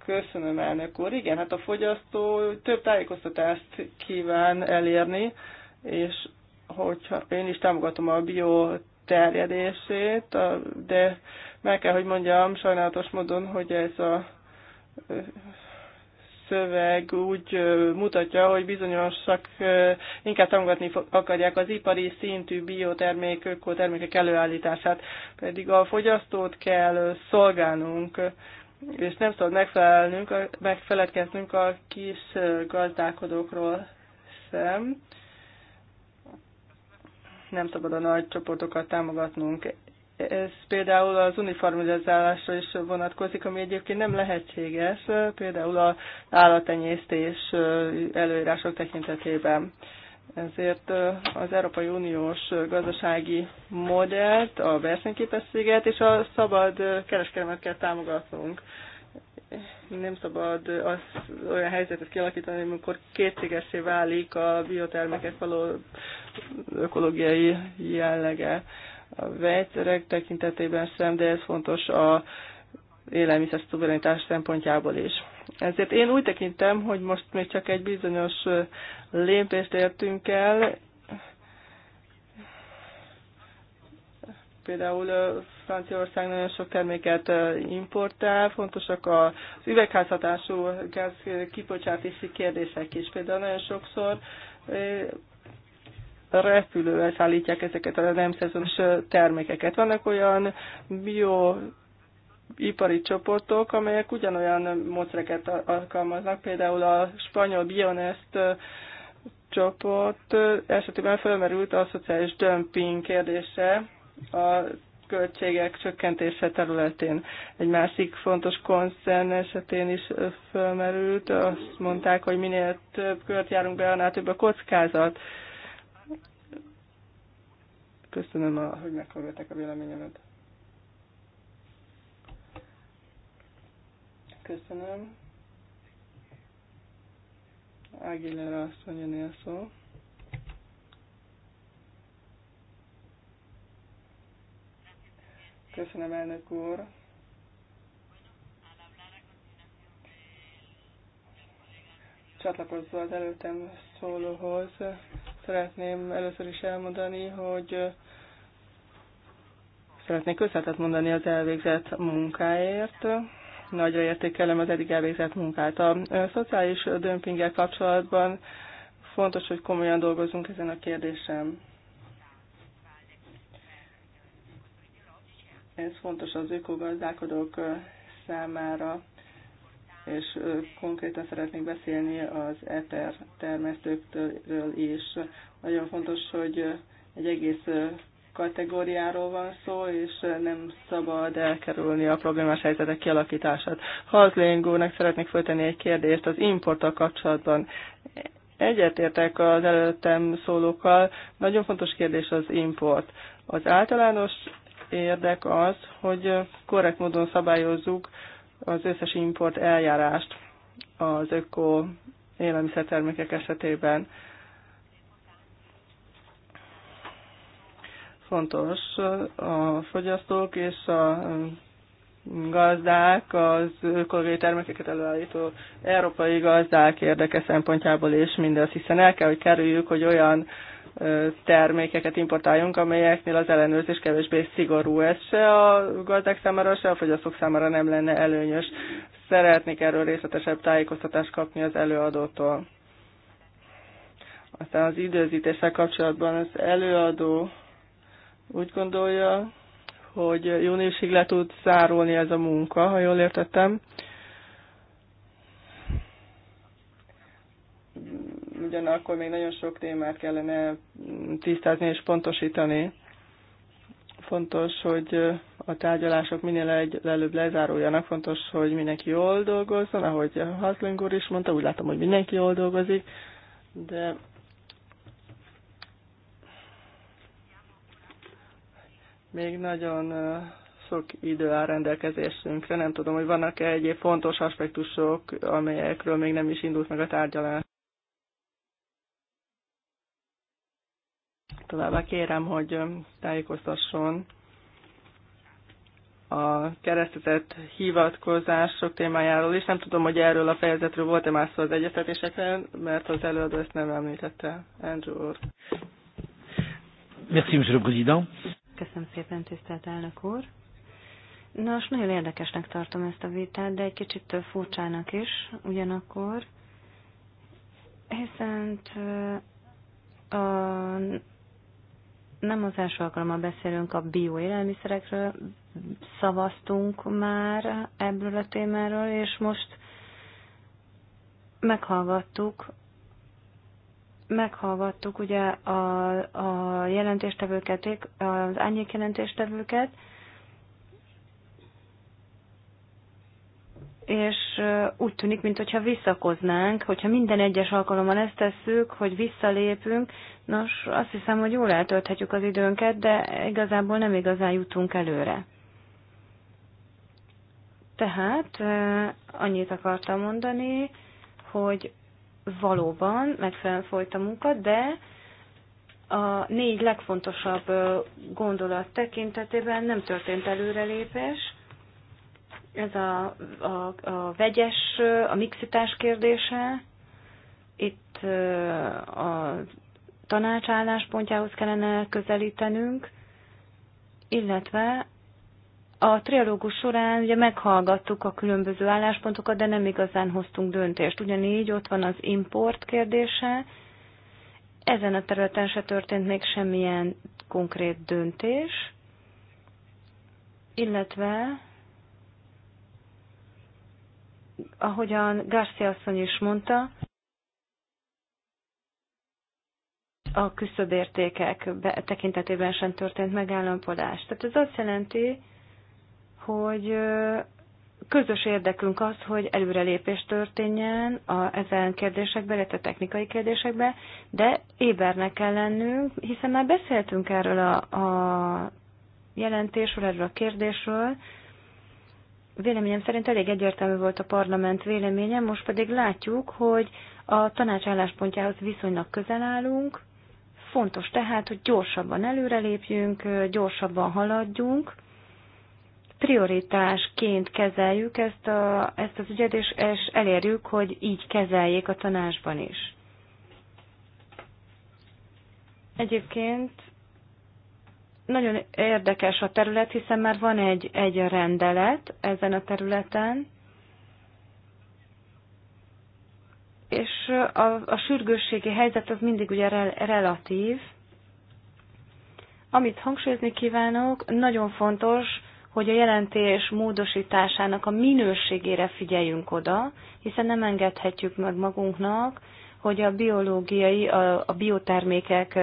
Köszönöm, elnök úr. Igen, hát a fogyasztó több tájékoztatást kíván elérni, és hogyha én is támogatom a bioterjedését, de meg kell, hogy mondjam sajnálatos módon, hogy ez a szöveg úgy mutatja, hogy bizonyosak inkább támogatni akarják az ipari szintű biotermék, termékek előállítását, pedig a fogyasztót kell szolgálnunk, és nem szabad megfelelnünk, megfeledkeznünk a kis gazdálkodókról sem. Nem szabad a nagy csoportokat támogatnunk. Ez például az uniformizálásra is vonatkozik, ami egyébként nem lehetséges, például az állatenyésztés előírások tekintetében. Ezért az Európai Uniós gazdasági modellt, a versenyképességet és a szabad kereskedelmet kell támogatnunk. Nem szabad az, olyan helyzetet kialakítani, amikor kétségessé válik a biotermékek való ökológiai jellege a vegyszerek tekintetében sem, de ez fontos a élelmiszer szuverenitás szempontjából is. Ezért én úgy tekintem, hogy most még csak egy bizonyos lépést értünk el, például Franciaország nagyon sok terméket importál, fontosak az üvegházhatású gáz kibocsátási kérdések is. Például nagyon sokszor repülővel szállítják ezeket a nem szezonos termékeket. Vannak olyan bio ipari csoportok, amelyek ugyanolyan módszereket alkalmaznak, például a spanyol Bionest csoport esetében felmerült a szociális dömping kérdése a költségek csökkentése területén. Egy másik fontos koncern esetén is felmerült, azt mondták, hogy minél több kört járunk be, annál több a kockázat Köszönöm, hogy meghallgatták a véleményemet. Köszönöm. Aguilera asszony jönnél szó. Köszönöm, elnök úr. Csatlakozva az előttem szólóhoz, szeretném először is elmondani, hogy Szeretnék köszönetet mondani az elvégzett munkáért. Nagyra értékelem az eddig elvégzett munkát. A szociális dömpinggel kapcsolatban fontos, hogy komolyan dolgozunk ezen a kérdésen. Ez fontos az ökogazdálkodók számára, és konkrétan szeretnék beszélni az eter termesztőktől is. Nagyon fontos, hogy egy egész kategóriáról van szó, és nem szabad elkerülni a problémás helyzetek kialakítását. Hazling úrnak szeretnék föltenni egy kérdést az importtal kapcsolatban. Egyetértek az előttem szólókkal, nagyon fontos kérdés az import. Az általános érdek az, hogy korrekt módon szabályozzuk az összes import eljárást az öko élelmiszertermékek esetében fontos a fogyasztók és a gazdák, az ökológiai termékeket előállító európai gazdák érdeke szempontjából is mindez, hiszen el kell, hogy kerüljük, hogy olyan termékeket importáljunk, amelyeknél az ellenőrzés kevésbé szigorú. Ez se a gazdák számára, se a fogyasztók számára nem lenne előnyös. Szeretnék erről részletesebb tájékoztatást kapni az előadótól. Aztán az időzítéssel kapcsolatban az előadó úgy gondolja, hogy júniusig le tud zárulni ez a munka, ha jól értettem. Ugyanakkor még nagyon sok témát kellene tisztázni és pontosítani. Fontos, hogy a tárgyalások minél egy előbb lezáruljanak, fontos, hogy mindenki jól dolgozzon, ahogy a úr is mondta, úgy látom, hogy mindenki jól dolgozik, de még nagyon sok idő áll rendelkezésünkre. Nem tudom, hogy vannak-e egyéb fontos aspektusok, amelyekről még nem is indult meg a tárgyalás. Továbbá kérem, hogy tájékoztasson a keresztetett hivatkozások témájáról is. Nem tudom, hogy erről a fejezetről volt-e más szó az egyeztetésekben, mert az előadó ezt nem említette. Andrew úr. Merci, monsieur le président. Köszönöm szépen, tisztelt elnök úr. Nos, nagyon érdekesnek tartom ezt a vitát, de egy kicsit furcsának is ugyanakkor, hiszen a, nem az első alkalommal beszélünk a bioélelmiszerekről, szavaztunk már ebből a témáról, és most meghallgattuk meghallgattuk ugye a, a jelentéstevőket, az ányék jelentéstevőket, és úgy tűnik, mintha visszakoznánk, hogyha minden egyes alkalommal ezt tesszük, hogy visszalépünk, nos, azt hiszem, hogy jól eltölthetjük az időnket, de igazából nem igazán jutunk előre. Tehát annyit akartam mondani, hogy valóban megfelelően folyt a munka, de a négy legfontosabb gondolat tekintetében nem történt előrelépés. Ez a, a, a vegyes, a mixitás kérdése. Itt a tanácsálláspontjához kellene közelítenünk, illetve a trialógus során ugye meghallgattuk a különböző álláspontokat, de nem igazán hoztunk döntést. Ugyanígy ott van az import kérdése. Ezen a területen se történt még semmilyen konkrét döntés, illetve ahogyan Garcia asszony is mondta, a küszöbértékek tekintetében sem történt megállapodás. Tehát ez azt jelenti, hogy közös érdekünk az, hogy előrelépés történjen a, ezen kérdésekben, illetve technikai kérdésekben, de ébernek kell lennünk, hiszen már beszéltünk erről a, a jelentésről, erről a kérdésről. Véleményem szerint elég egyértelmű volt a parlament véleménye, most pedig látjuk, hogy a tanács álláspontjához viszonylag közel állunk, fontos tehát, hogy gyorsabban előrelépjünk, gyorsabban haladjunk, prioritásként kezeljük ezt, a, ezt az ügyet, és, és elérjük, hogy így kezeljék a tanásban is. Egyébként nagyon érdekes a terület, hiszen már van egy, egy rendelet ezen a területen, és a, a sürgősségi helyzet az mindig ugye rel, relatív. Amit hangsúlyozni kívánok, nagyon fontos hogy a jelentés módosításának a minőségére figyeljünk oda, hiszen nem engedhetjük meg magunknak, hogy a biológiai, a, a biotermékek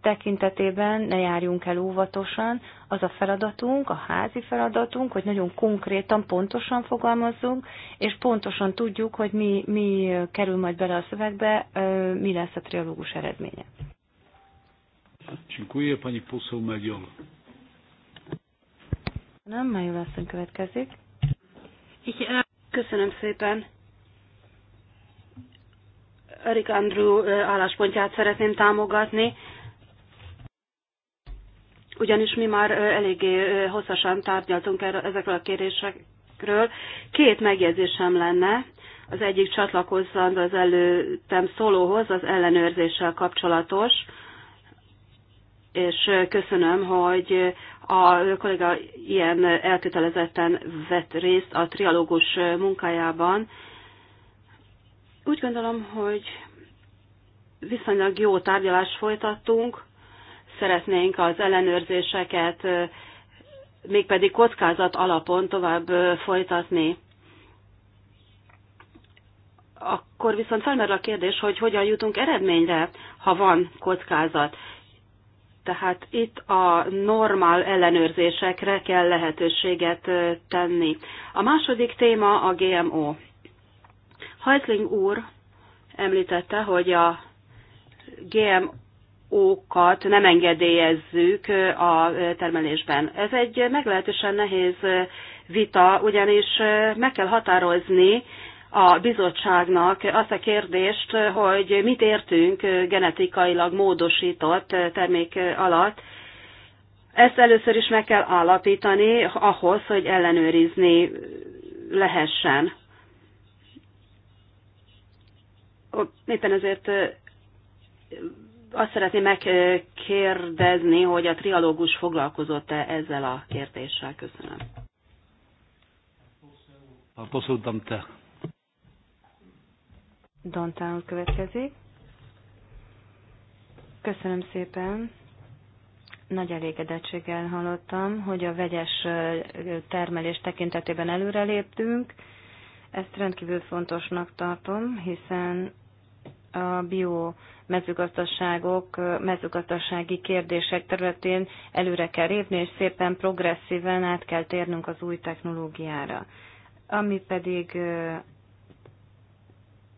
tekintetében ne járjunk el óvatosan. Az a feladatunk, a házi feladatunk, hogy nagyon konkrétan, pontosan fogalmazzunk, és pontosan tudjuk, hogy mi, mi kerül majd bele a szövegbe, mi lesz a triológus eredménye. Dziękuję pani poseł Mediolo. Köszönöm, Májul asszony következik. Köszönöm szépen. Erik Andrew álláspontját szeretném támogatni, ugyanis mi már eléggé hosszasan tárgyaltunk ezekről a kérésekről. Két megjegyzésem lenne. Az egyik csatlakozzand az előttem szólóhoz, az ellenőrzéssel kapcsolatos és köszönöm, hogy a kolléga ilyen elkötelezetten vett részt a trialógus munkájában. Úgy gondolom, hogy viszonylag jó tárgyalást folytattunk, szeretnénk az ellenőrzéseket mégpedig kockázat alapon tovább folytatni. Akkor viszont felmerül a kérdés, hogy hogyan jutunk eredményre, ha van kockázat. Tehát itt a normál ellenőrzésekre kell lehetőséget tenni. A második téma a GMO. Heitling úr említette, hogy a GMO-kat nem engedélyezzük a termelésben. Ez egy meglehetősen nehéz vita, ugyanis meg kell határozni a bizottságnak azt a kérdést, hogy mit értünk genetikailag módosított termék alatt. Ezt először is meg kell állapítani ahhoz, hogy ellenőrizni lehessen. Éppen ezért azt szeretném megkérdezni, hogy a trialógus foglalkozott-e ezzel a kérdéssel. Köszönöm. Köszönöm. Dantán következik. Köszönöm szépen. Nagy elégedettséggel hallottam, hogy a vegyes termelés tekintetében előreléptünk. Ezt rendkívül fontosnak tartom, hiszen a bio mezőgazdaságok, mezőgazdasági kérdések területén előre kell lépni, és szépen progresszíven át kell térnünk az új technológiára. Ami pedig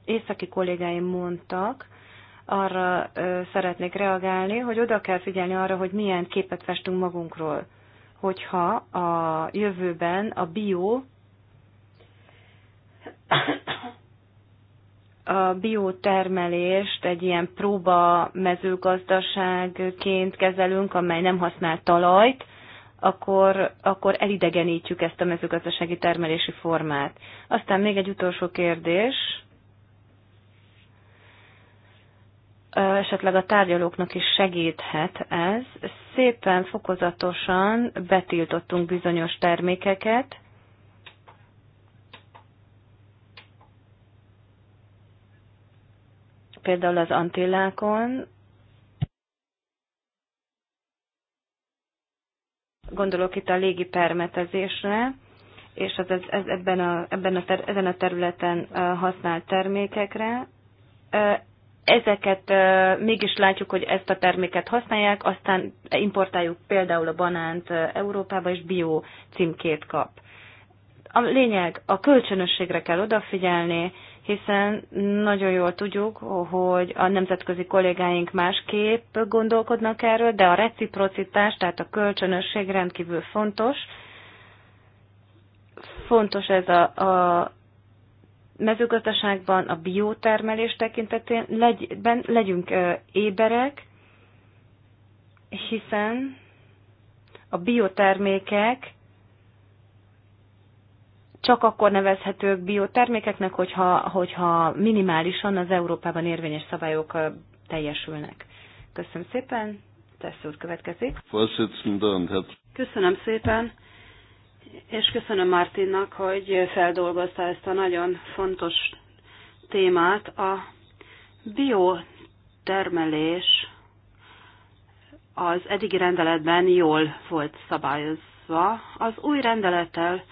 északi kollégáim mondtak, arra ö, szeretnék reagálni, hogy oda kell figyelni arra, hogy milyen képet festünk magunkról, hogyha a jövőben a bio a biotermelést egy ilyen próba mezőgazdaságként kezelünk, amely nem használ talajt, akkor, akkor elidegenítjük ezt a mezőgazdasági termelési formát. Aztán még egy utolsó kérdés esetleg a tárgyalóknak is segíthet ez. Szépen fokozatosan betiltottunk bizonyos termékeket, például az Antillákon, gondolok itt a légi permetezésre, és az, ez, ez ebben a, ebben a ter, ezen a területen használt termékekre ezeket mégis látjuk, hogy ezt a terméket használják, aztán importáljuk például a banánt Európába, és bio címkét kap. A lényeg, a kölcsönösségre kell odafigyelni, hiszen nagyon jól tudjuk, hogy a nemzetközi kollégáink másképp gondolkodnak erről, de a reciprocitás, tehát a kölcsönösség rendkívül fontos. Fontos ez a, a mezőgazdaságban, a biotermelés tekintetén legy, ben, legyünk éberek, hiszen a biotermékek csak akkor nevezhetők biotermékeknek, hogyha, hogyha minimálisan az Európában érvényes szabályok teljesülnek. Köszönöm szépen, tesz úr következik. Köszönöm szépen. És köszönöm Martinnak, hogy feldolgozta ezt a nagyon fontos témát. A biotermelés az eddigi rendeletben jól volt szabályozva. Az új rendelettel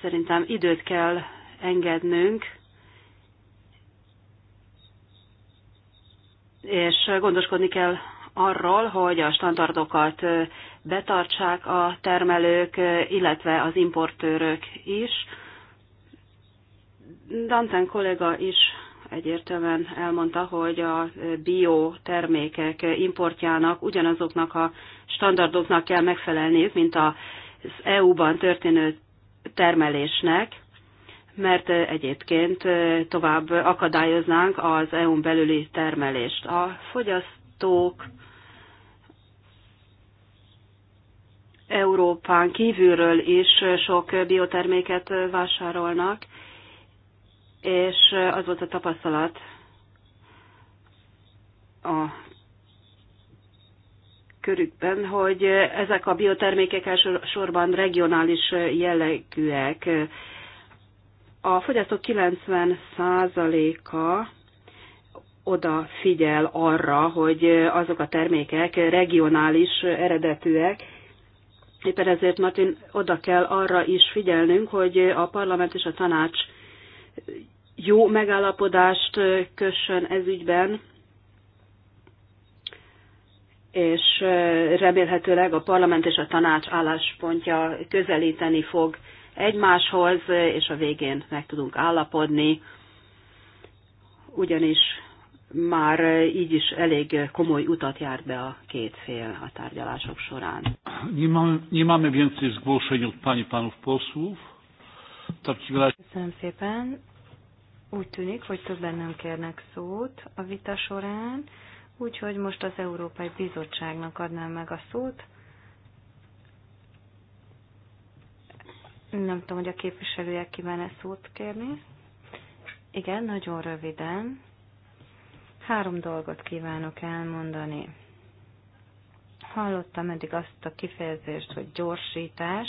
szerintem időt kell engednünk, és gondoskodni kell arról, hogy a standardokat betartsák a termelők, illetve az importőrök is. Danten kollega is egyértelműen elmondta, hogy a bio termékek importjának ugyanazoknak a standardoknak kell megfelelni, mint az EU-ban történő termelésnek, mert egyébként tovább akadályoznánk az EU-n belüli termelést. A fogyasztók Európán kívülről is sok bioterméket vásárolnak, és az volt a tapasztalat a körükben, hogy ezek a biotermékek elsősorban regionális jellegűek. A fogyasztók 90%-a odafigyel arra, hogy azok a termékek regionális eredetűek, Éppen ezért, Martin, oda kell arra is figyelnünk, hogy a parlament és a tanács jó megállapodást kössön ez ügyben, és remélhetőleg a parlament és a tanács álláspontja közelíteni fog egymáshoz, és a végén meg tudunk állapodni, ugyanis már így is elég komoly utat jár be a két fél a tárgyalások során. Nie mamy, więcej zgłoszeń od pani panów posłów. Köszönöm szépen. Úgy tűnik, hogy többen nem kérnek szót a vita során, úgyhogy most az Európai Bizottságnak adnám meg a szót. Nem tudom, hogy a képviselője kíván-e szót kérni. Igen, nagyon röviden. Három dolgot kívánok elmondani. Hallottam eddig azt a kifejezést, hogy gyorsítás,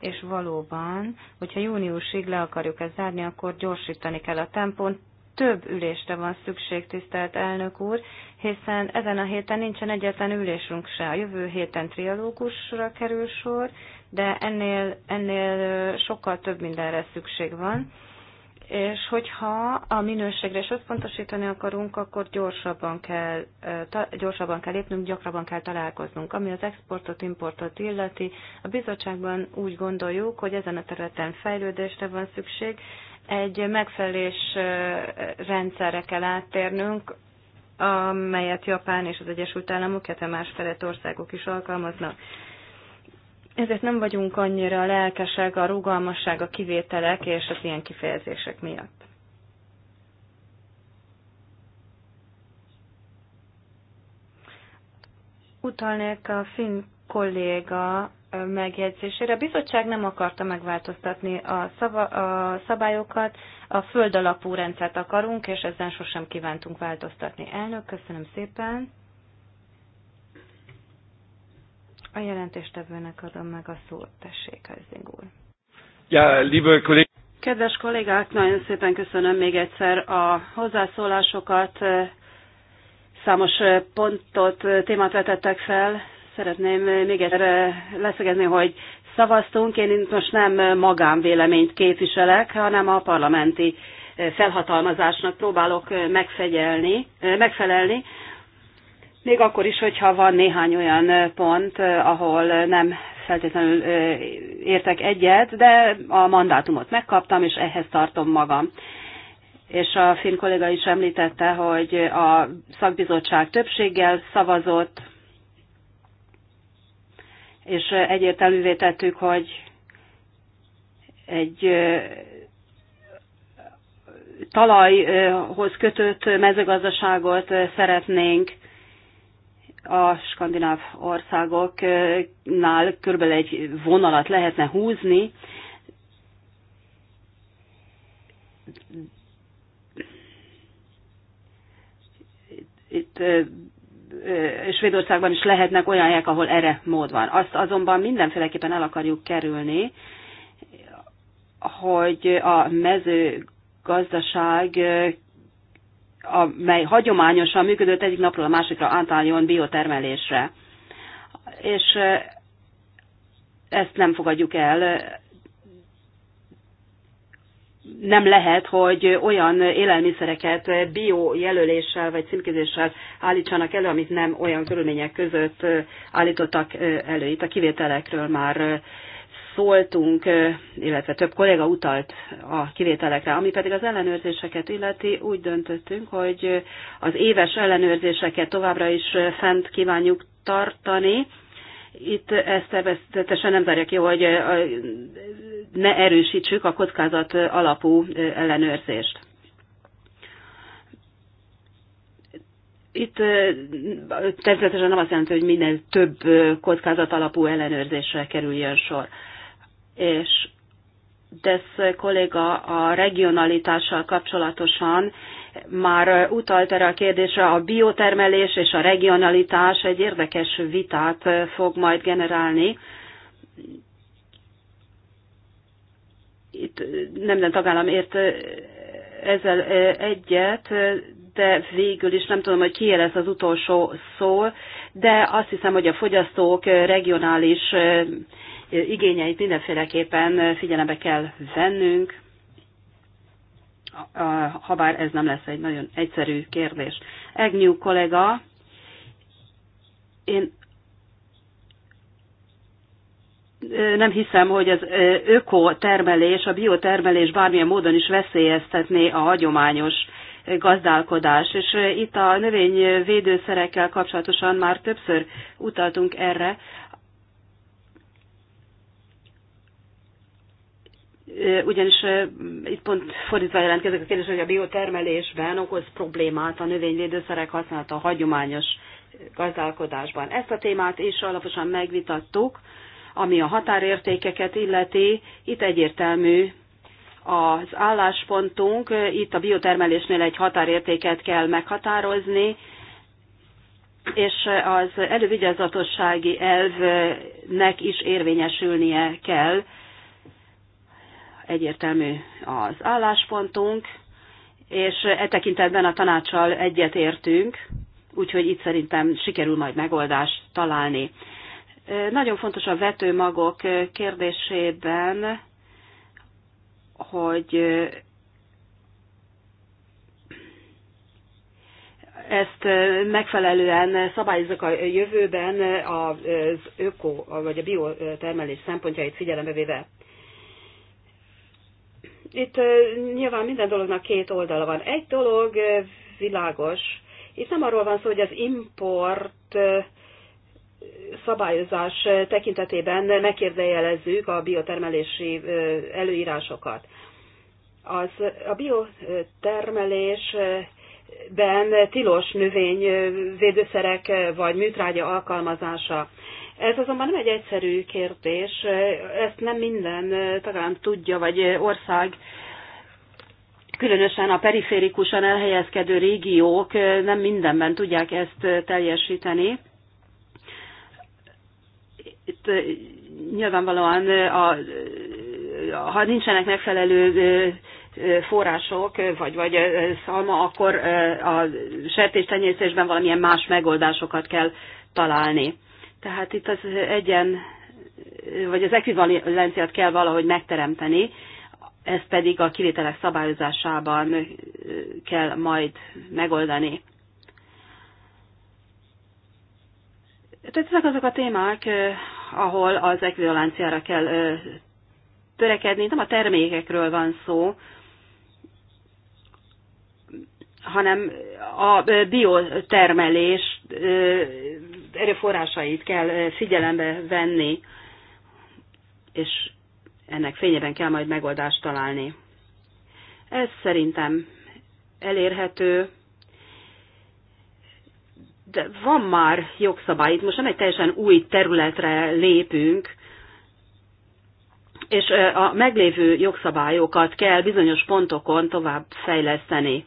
és valóban, hogyha júniusig le akarjuk ezt zárni, akkor gyorsítani kell a tempón. Több ülésre van szükség, tisztelt elnök úr, hiszen ezen a héten nincsen egyetlen ülésünk se. A jövő héten trialógusra kerül sor, de ennél, ennél sokkal több mindenre szükség van és hogyha a minőségre is összpontosítani akarunk, akkor gyorsabban kell, gyorsabban kell lépnünk, gyakrabban kell találkoznunk. Ami az exportot, importot illeti, a bizottságban úgy gondoljuk, hogy ezen a területen fejlődésre van szükség, egy megfelelés rendszerre kell áttérnünk, amelyet Japán és az Egyesült Államok, illetve más felett országok is alkalmaznak ezért nem vagyunk annyira lelkesek a rugalmasság, a kivételek és az ilyen kifejezések miatt. Utalnék a finn kolléga megjegyzésére. A bizottság nem akarta megváltoztatni a, szava, a szabályokat, a föld alapú rendszert akarunk, és ezen sosem kívántunk változtatni. Elnök, köszönöm szépen. A jelentéstevőnek adom meg a szót, tessék, Heizing úr. Ja, liebe kollég... Kedves kollégák, nagyon szépen köszönöm még egyszer a hozzászólásokat. Számos pontot, témát vetettek fel. Szeretném még egyszer leszögezni, hogy szavaztunk. Én most nem magánvéleményt képviselek, hanem a parlamenti felhatalmazásnak próbálok megfelelni még akkor is, hogyha van néhány olyan pont, ahol nem feltétlenül értek egyet, de a mandátumot megkaptam, és ehhez tartom magam. És a finn kolléga is említette, hogy a szakbizottság többséggel szavazott, és egyértelművé tettük, hogy egy talajhoz kötött mezőgazdaságot szeretnénk, a skandináv országoknál körülbelül egy vonalat lehetne húzni, itt Svédországban is lehetnek olyan helyek, ahol erre mód van. Azt azonban mindenféleképpen el akarjuk kerülni, hogy a mezőgazdaság amely hagyományosan működött egyik napról a másikra átálljon biotermelésre. És ezt nem fogadjuk el. Nem lehet, hogy olyan élelmiszereket biojelöléssel vagy címkézéssel állítsanak elő, amit nem olyan körülmények között állítottak elő. Itt a kivételekről már szóltunk, illetve több kolléga utalt a kivételekre, ami pedig az ellenőrzéseket illeti, úgy döntöttünk, hogy az éves ellenőrzéseket továbbra is fent kívánjuk tartani. Itt ezt természetesen nem zárja ki, hogy ne erősítsük a kockázat alapú ellenőrzést. Itt természetesen nem azt jelenti, hogy minél több kockázat alapú ellenőrzésre kerüljön sor és Dess kolléga a regionalitással kapcsolatosan már utalt erre a kérdésre, a biotermelés és a regionalitás egy érdekes vitát fog majd generálni. Itt nem tagállam ért ezzel egyet, de végül is nem tudom, hogy ki lesz az utolsó szó, de azt hiszem, hogy a fogyasztók regionális igényeit mindenféleképpen figyelembe kell vennünk, ha bár ez nem lesz egy nagyon egyszerű kérdés. Egnyú kollega, én nem hiszem, hogy az ökotermelés, a biotermelés bármilyen módon is veszélyeztetné a hagyományos gazdálkodás. És itt a növényvédőszerekkel kapcsolatosan már többször utaltunk erre. ugyanis itt pont fordítva jelentkezik a kérdés, hogy a biotermelésben okoz problémát a növényvédőszerek használata a hagyományos gazdálkodásban. Ezt a témát is alaposan megvitattuk, ami a határértékeket illeti, itt egyértelmű az álláspontunk, itt a biotermelésnél egy határértéket kell meghatározni, és az elővigyázatossági elvnek is érvényesülnie kell, egyértelmű az álláspontunk, és e tekintetben a tanácssal egyetértünk, úgyhogy itt szerintem sikerül majd megoldást találni. Nagyon fontos a vetőmagok kérdésében, hogy ezt megfelelően szabályozok a jövőben az öko vagy a biotermelés szempontjait figyelembe véve. Itt nyilván minden dolognak két oldala van. Egy dolog világos. Itt nem arról van szó, hogy az import szabályozás tekintetében megkérdejelezzük a biotermelési előírásokat. Az, a biotermelésben tilos növényvédőszerek vagy műtrágya alkalmazása. Ez azonban nem egy egyszerű kérdés, ezt nem minden tagállam tudja, vagy ország, különösen a periférikusan elhelyezkedő régiók nem mindenben tudják ezt teljesíteni. Itt eh, nyilvánvalóan, eh, a, eh, ha nincsenek megfelelő források, vagy, vagy szalma, akkor a sertéstenyészésben valamilyen más megoldásokat kell találni. Tehát itt az egyen, vagy az ekvivalenciát kell valahogy megteremteni, ez pedig a kivételek szabályozásában kell majd megoldani. Tehát ezek azok a témák, ahol az ekvivalenciára kell törekedni. Nem a termékekről van szó, hanem a biotermelés erőforrásait kell figyelembe venni, és ennek fényében kell majd megoldást találni. Ez szerintem elérhető, de van már jogszabály, itt most nem egy teljesen új területre lépünk, és a meglévő jogszabályokat kell bizonyos pontokon tovább fejleszteni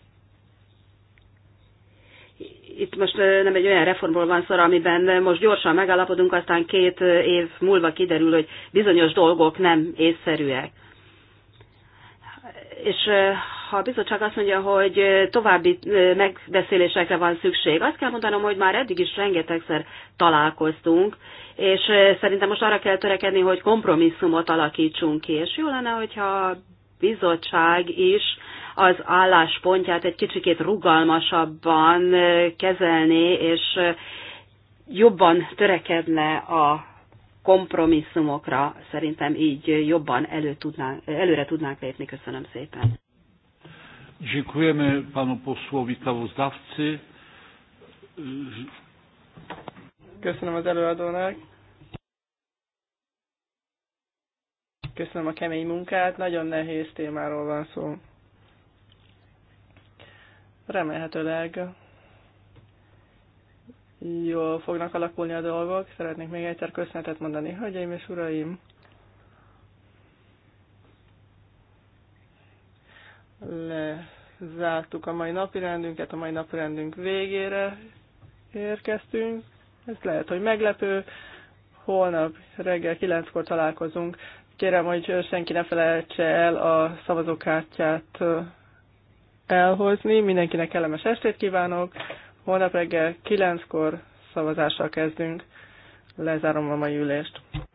itt most nem egy olyan reformról van szó, amiben most gyorsan megállapodunk, aztán két év múlva kiderül, hogy bizonyos dolgok nem észszerűek. És ha a bizottság azt mondja, hogy további megbeszélésekre van szükség, azt kell mondanom, hogy már eddig is rengetegszer találkoztunk, és szerintem most arra kell törekedni, hogy kompromisszumot alakítsunk ki, és jó lenne, hogyha a bizottság is az álláspontját egy kicsikét rugalmasabban kezelné, és jobban törekedne a kompromisszumokra, szerintem így jobban elő tudnánk, előre tudnánk lépni. Köszönöm szépen. Dziękujemy panu posłowi sprawozdawcy. Köszönöm az előadónak. Köszönöm a kemény munkát, nagyon nehéz témáról van szó remélhetőleg jól fognak alakulni a dolgok. Szeretnék még egyszer köszönetet mondani, hölgyeim és uraim! Lezártuk a mai napi rendünket, a mai napi rendünk végére érkeztünk. Ez lehet, hogy meglepő. Holnap reggel 9-kor találkozunk. Kérem, hogy senki ne felejtse el a szavazókártyát elhozni. Mindenkinek kellemes estét kívánok. Holnap reggel 9-kor szavazással kezdünk. Lezárom a mai ülést.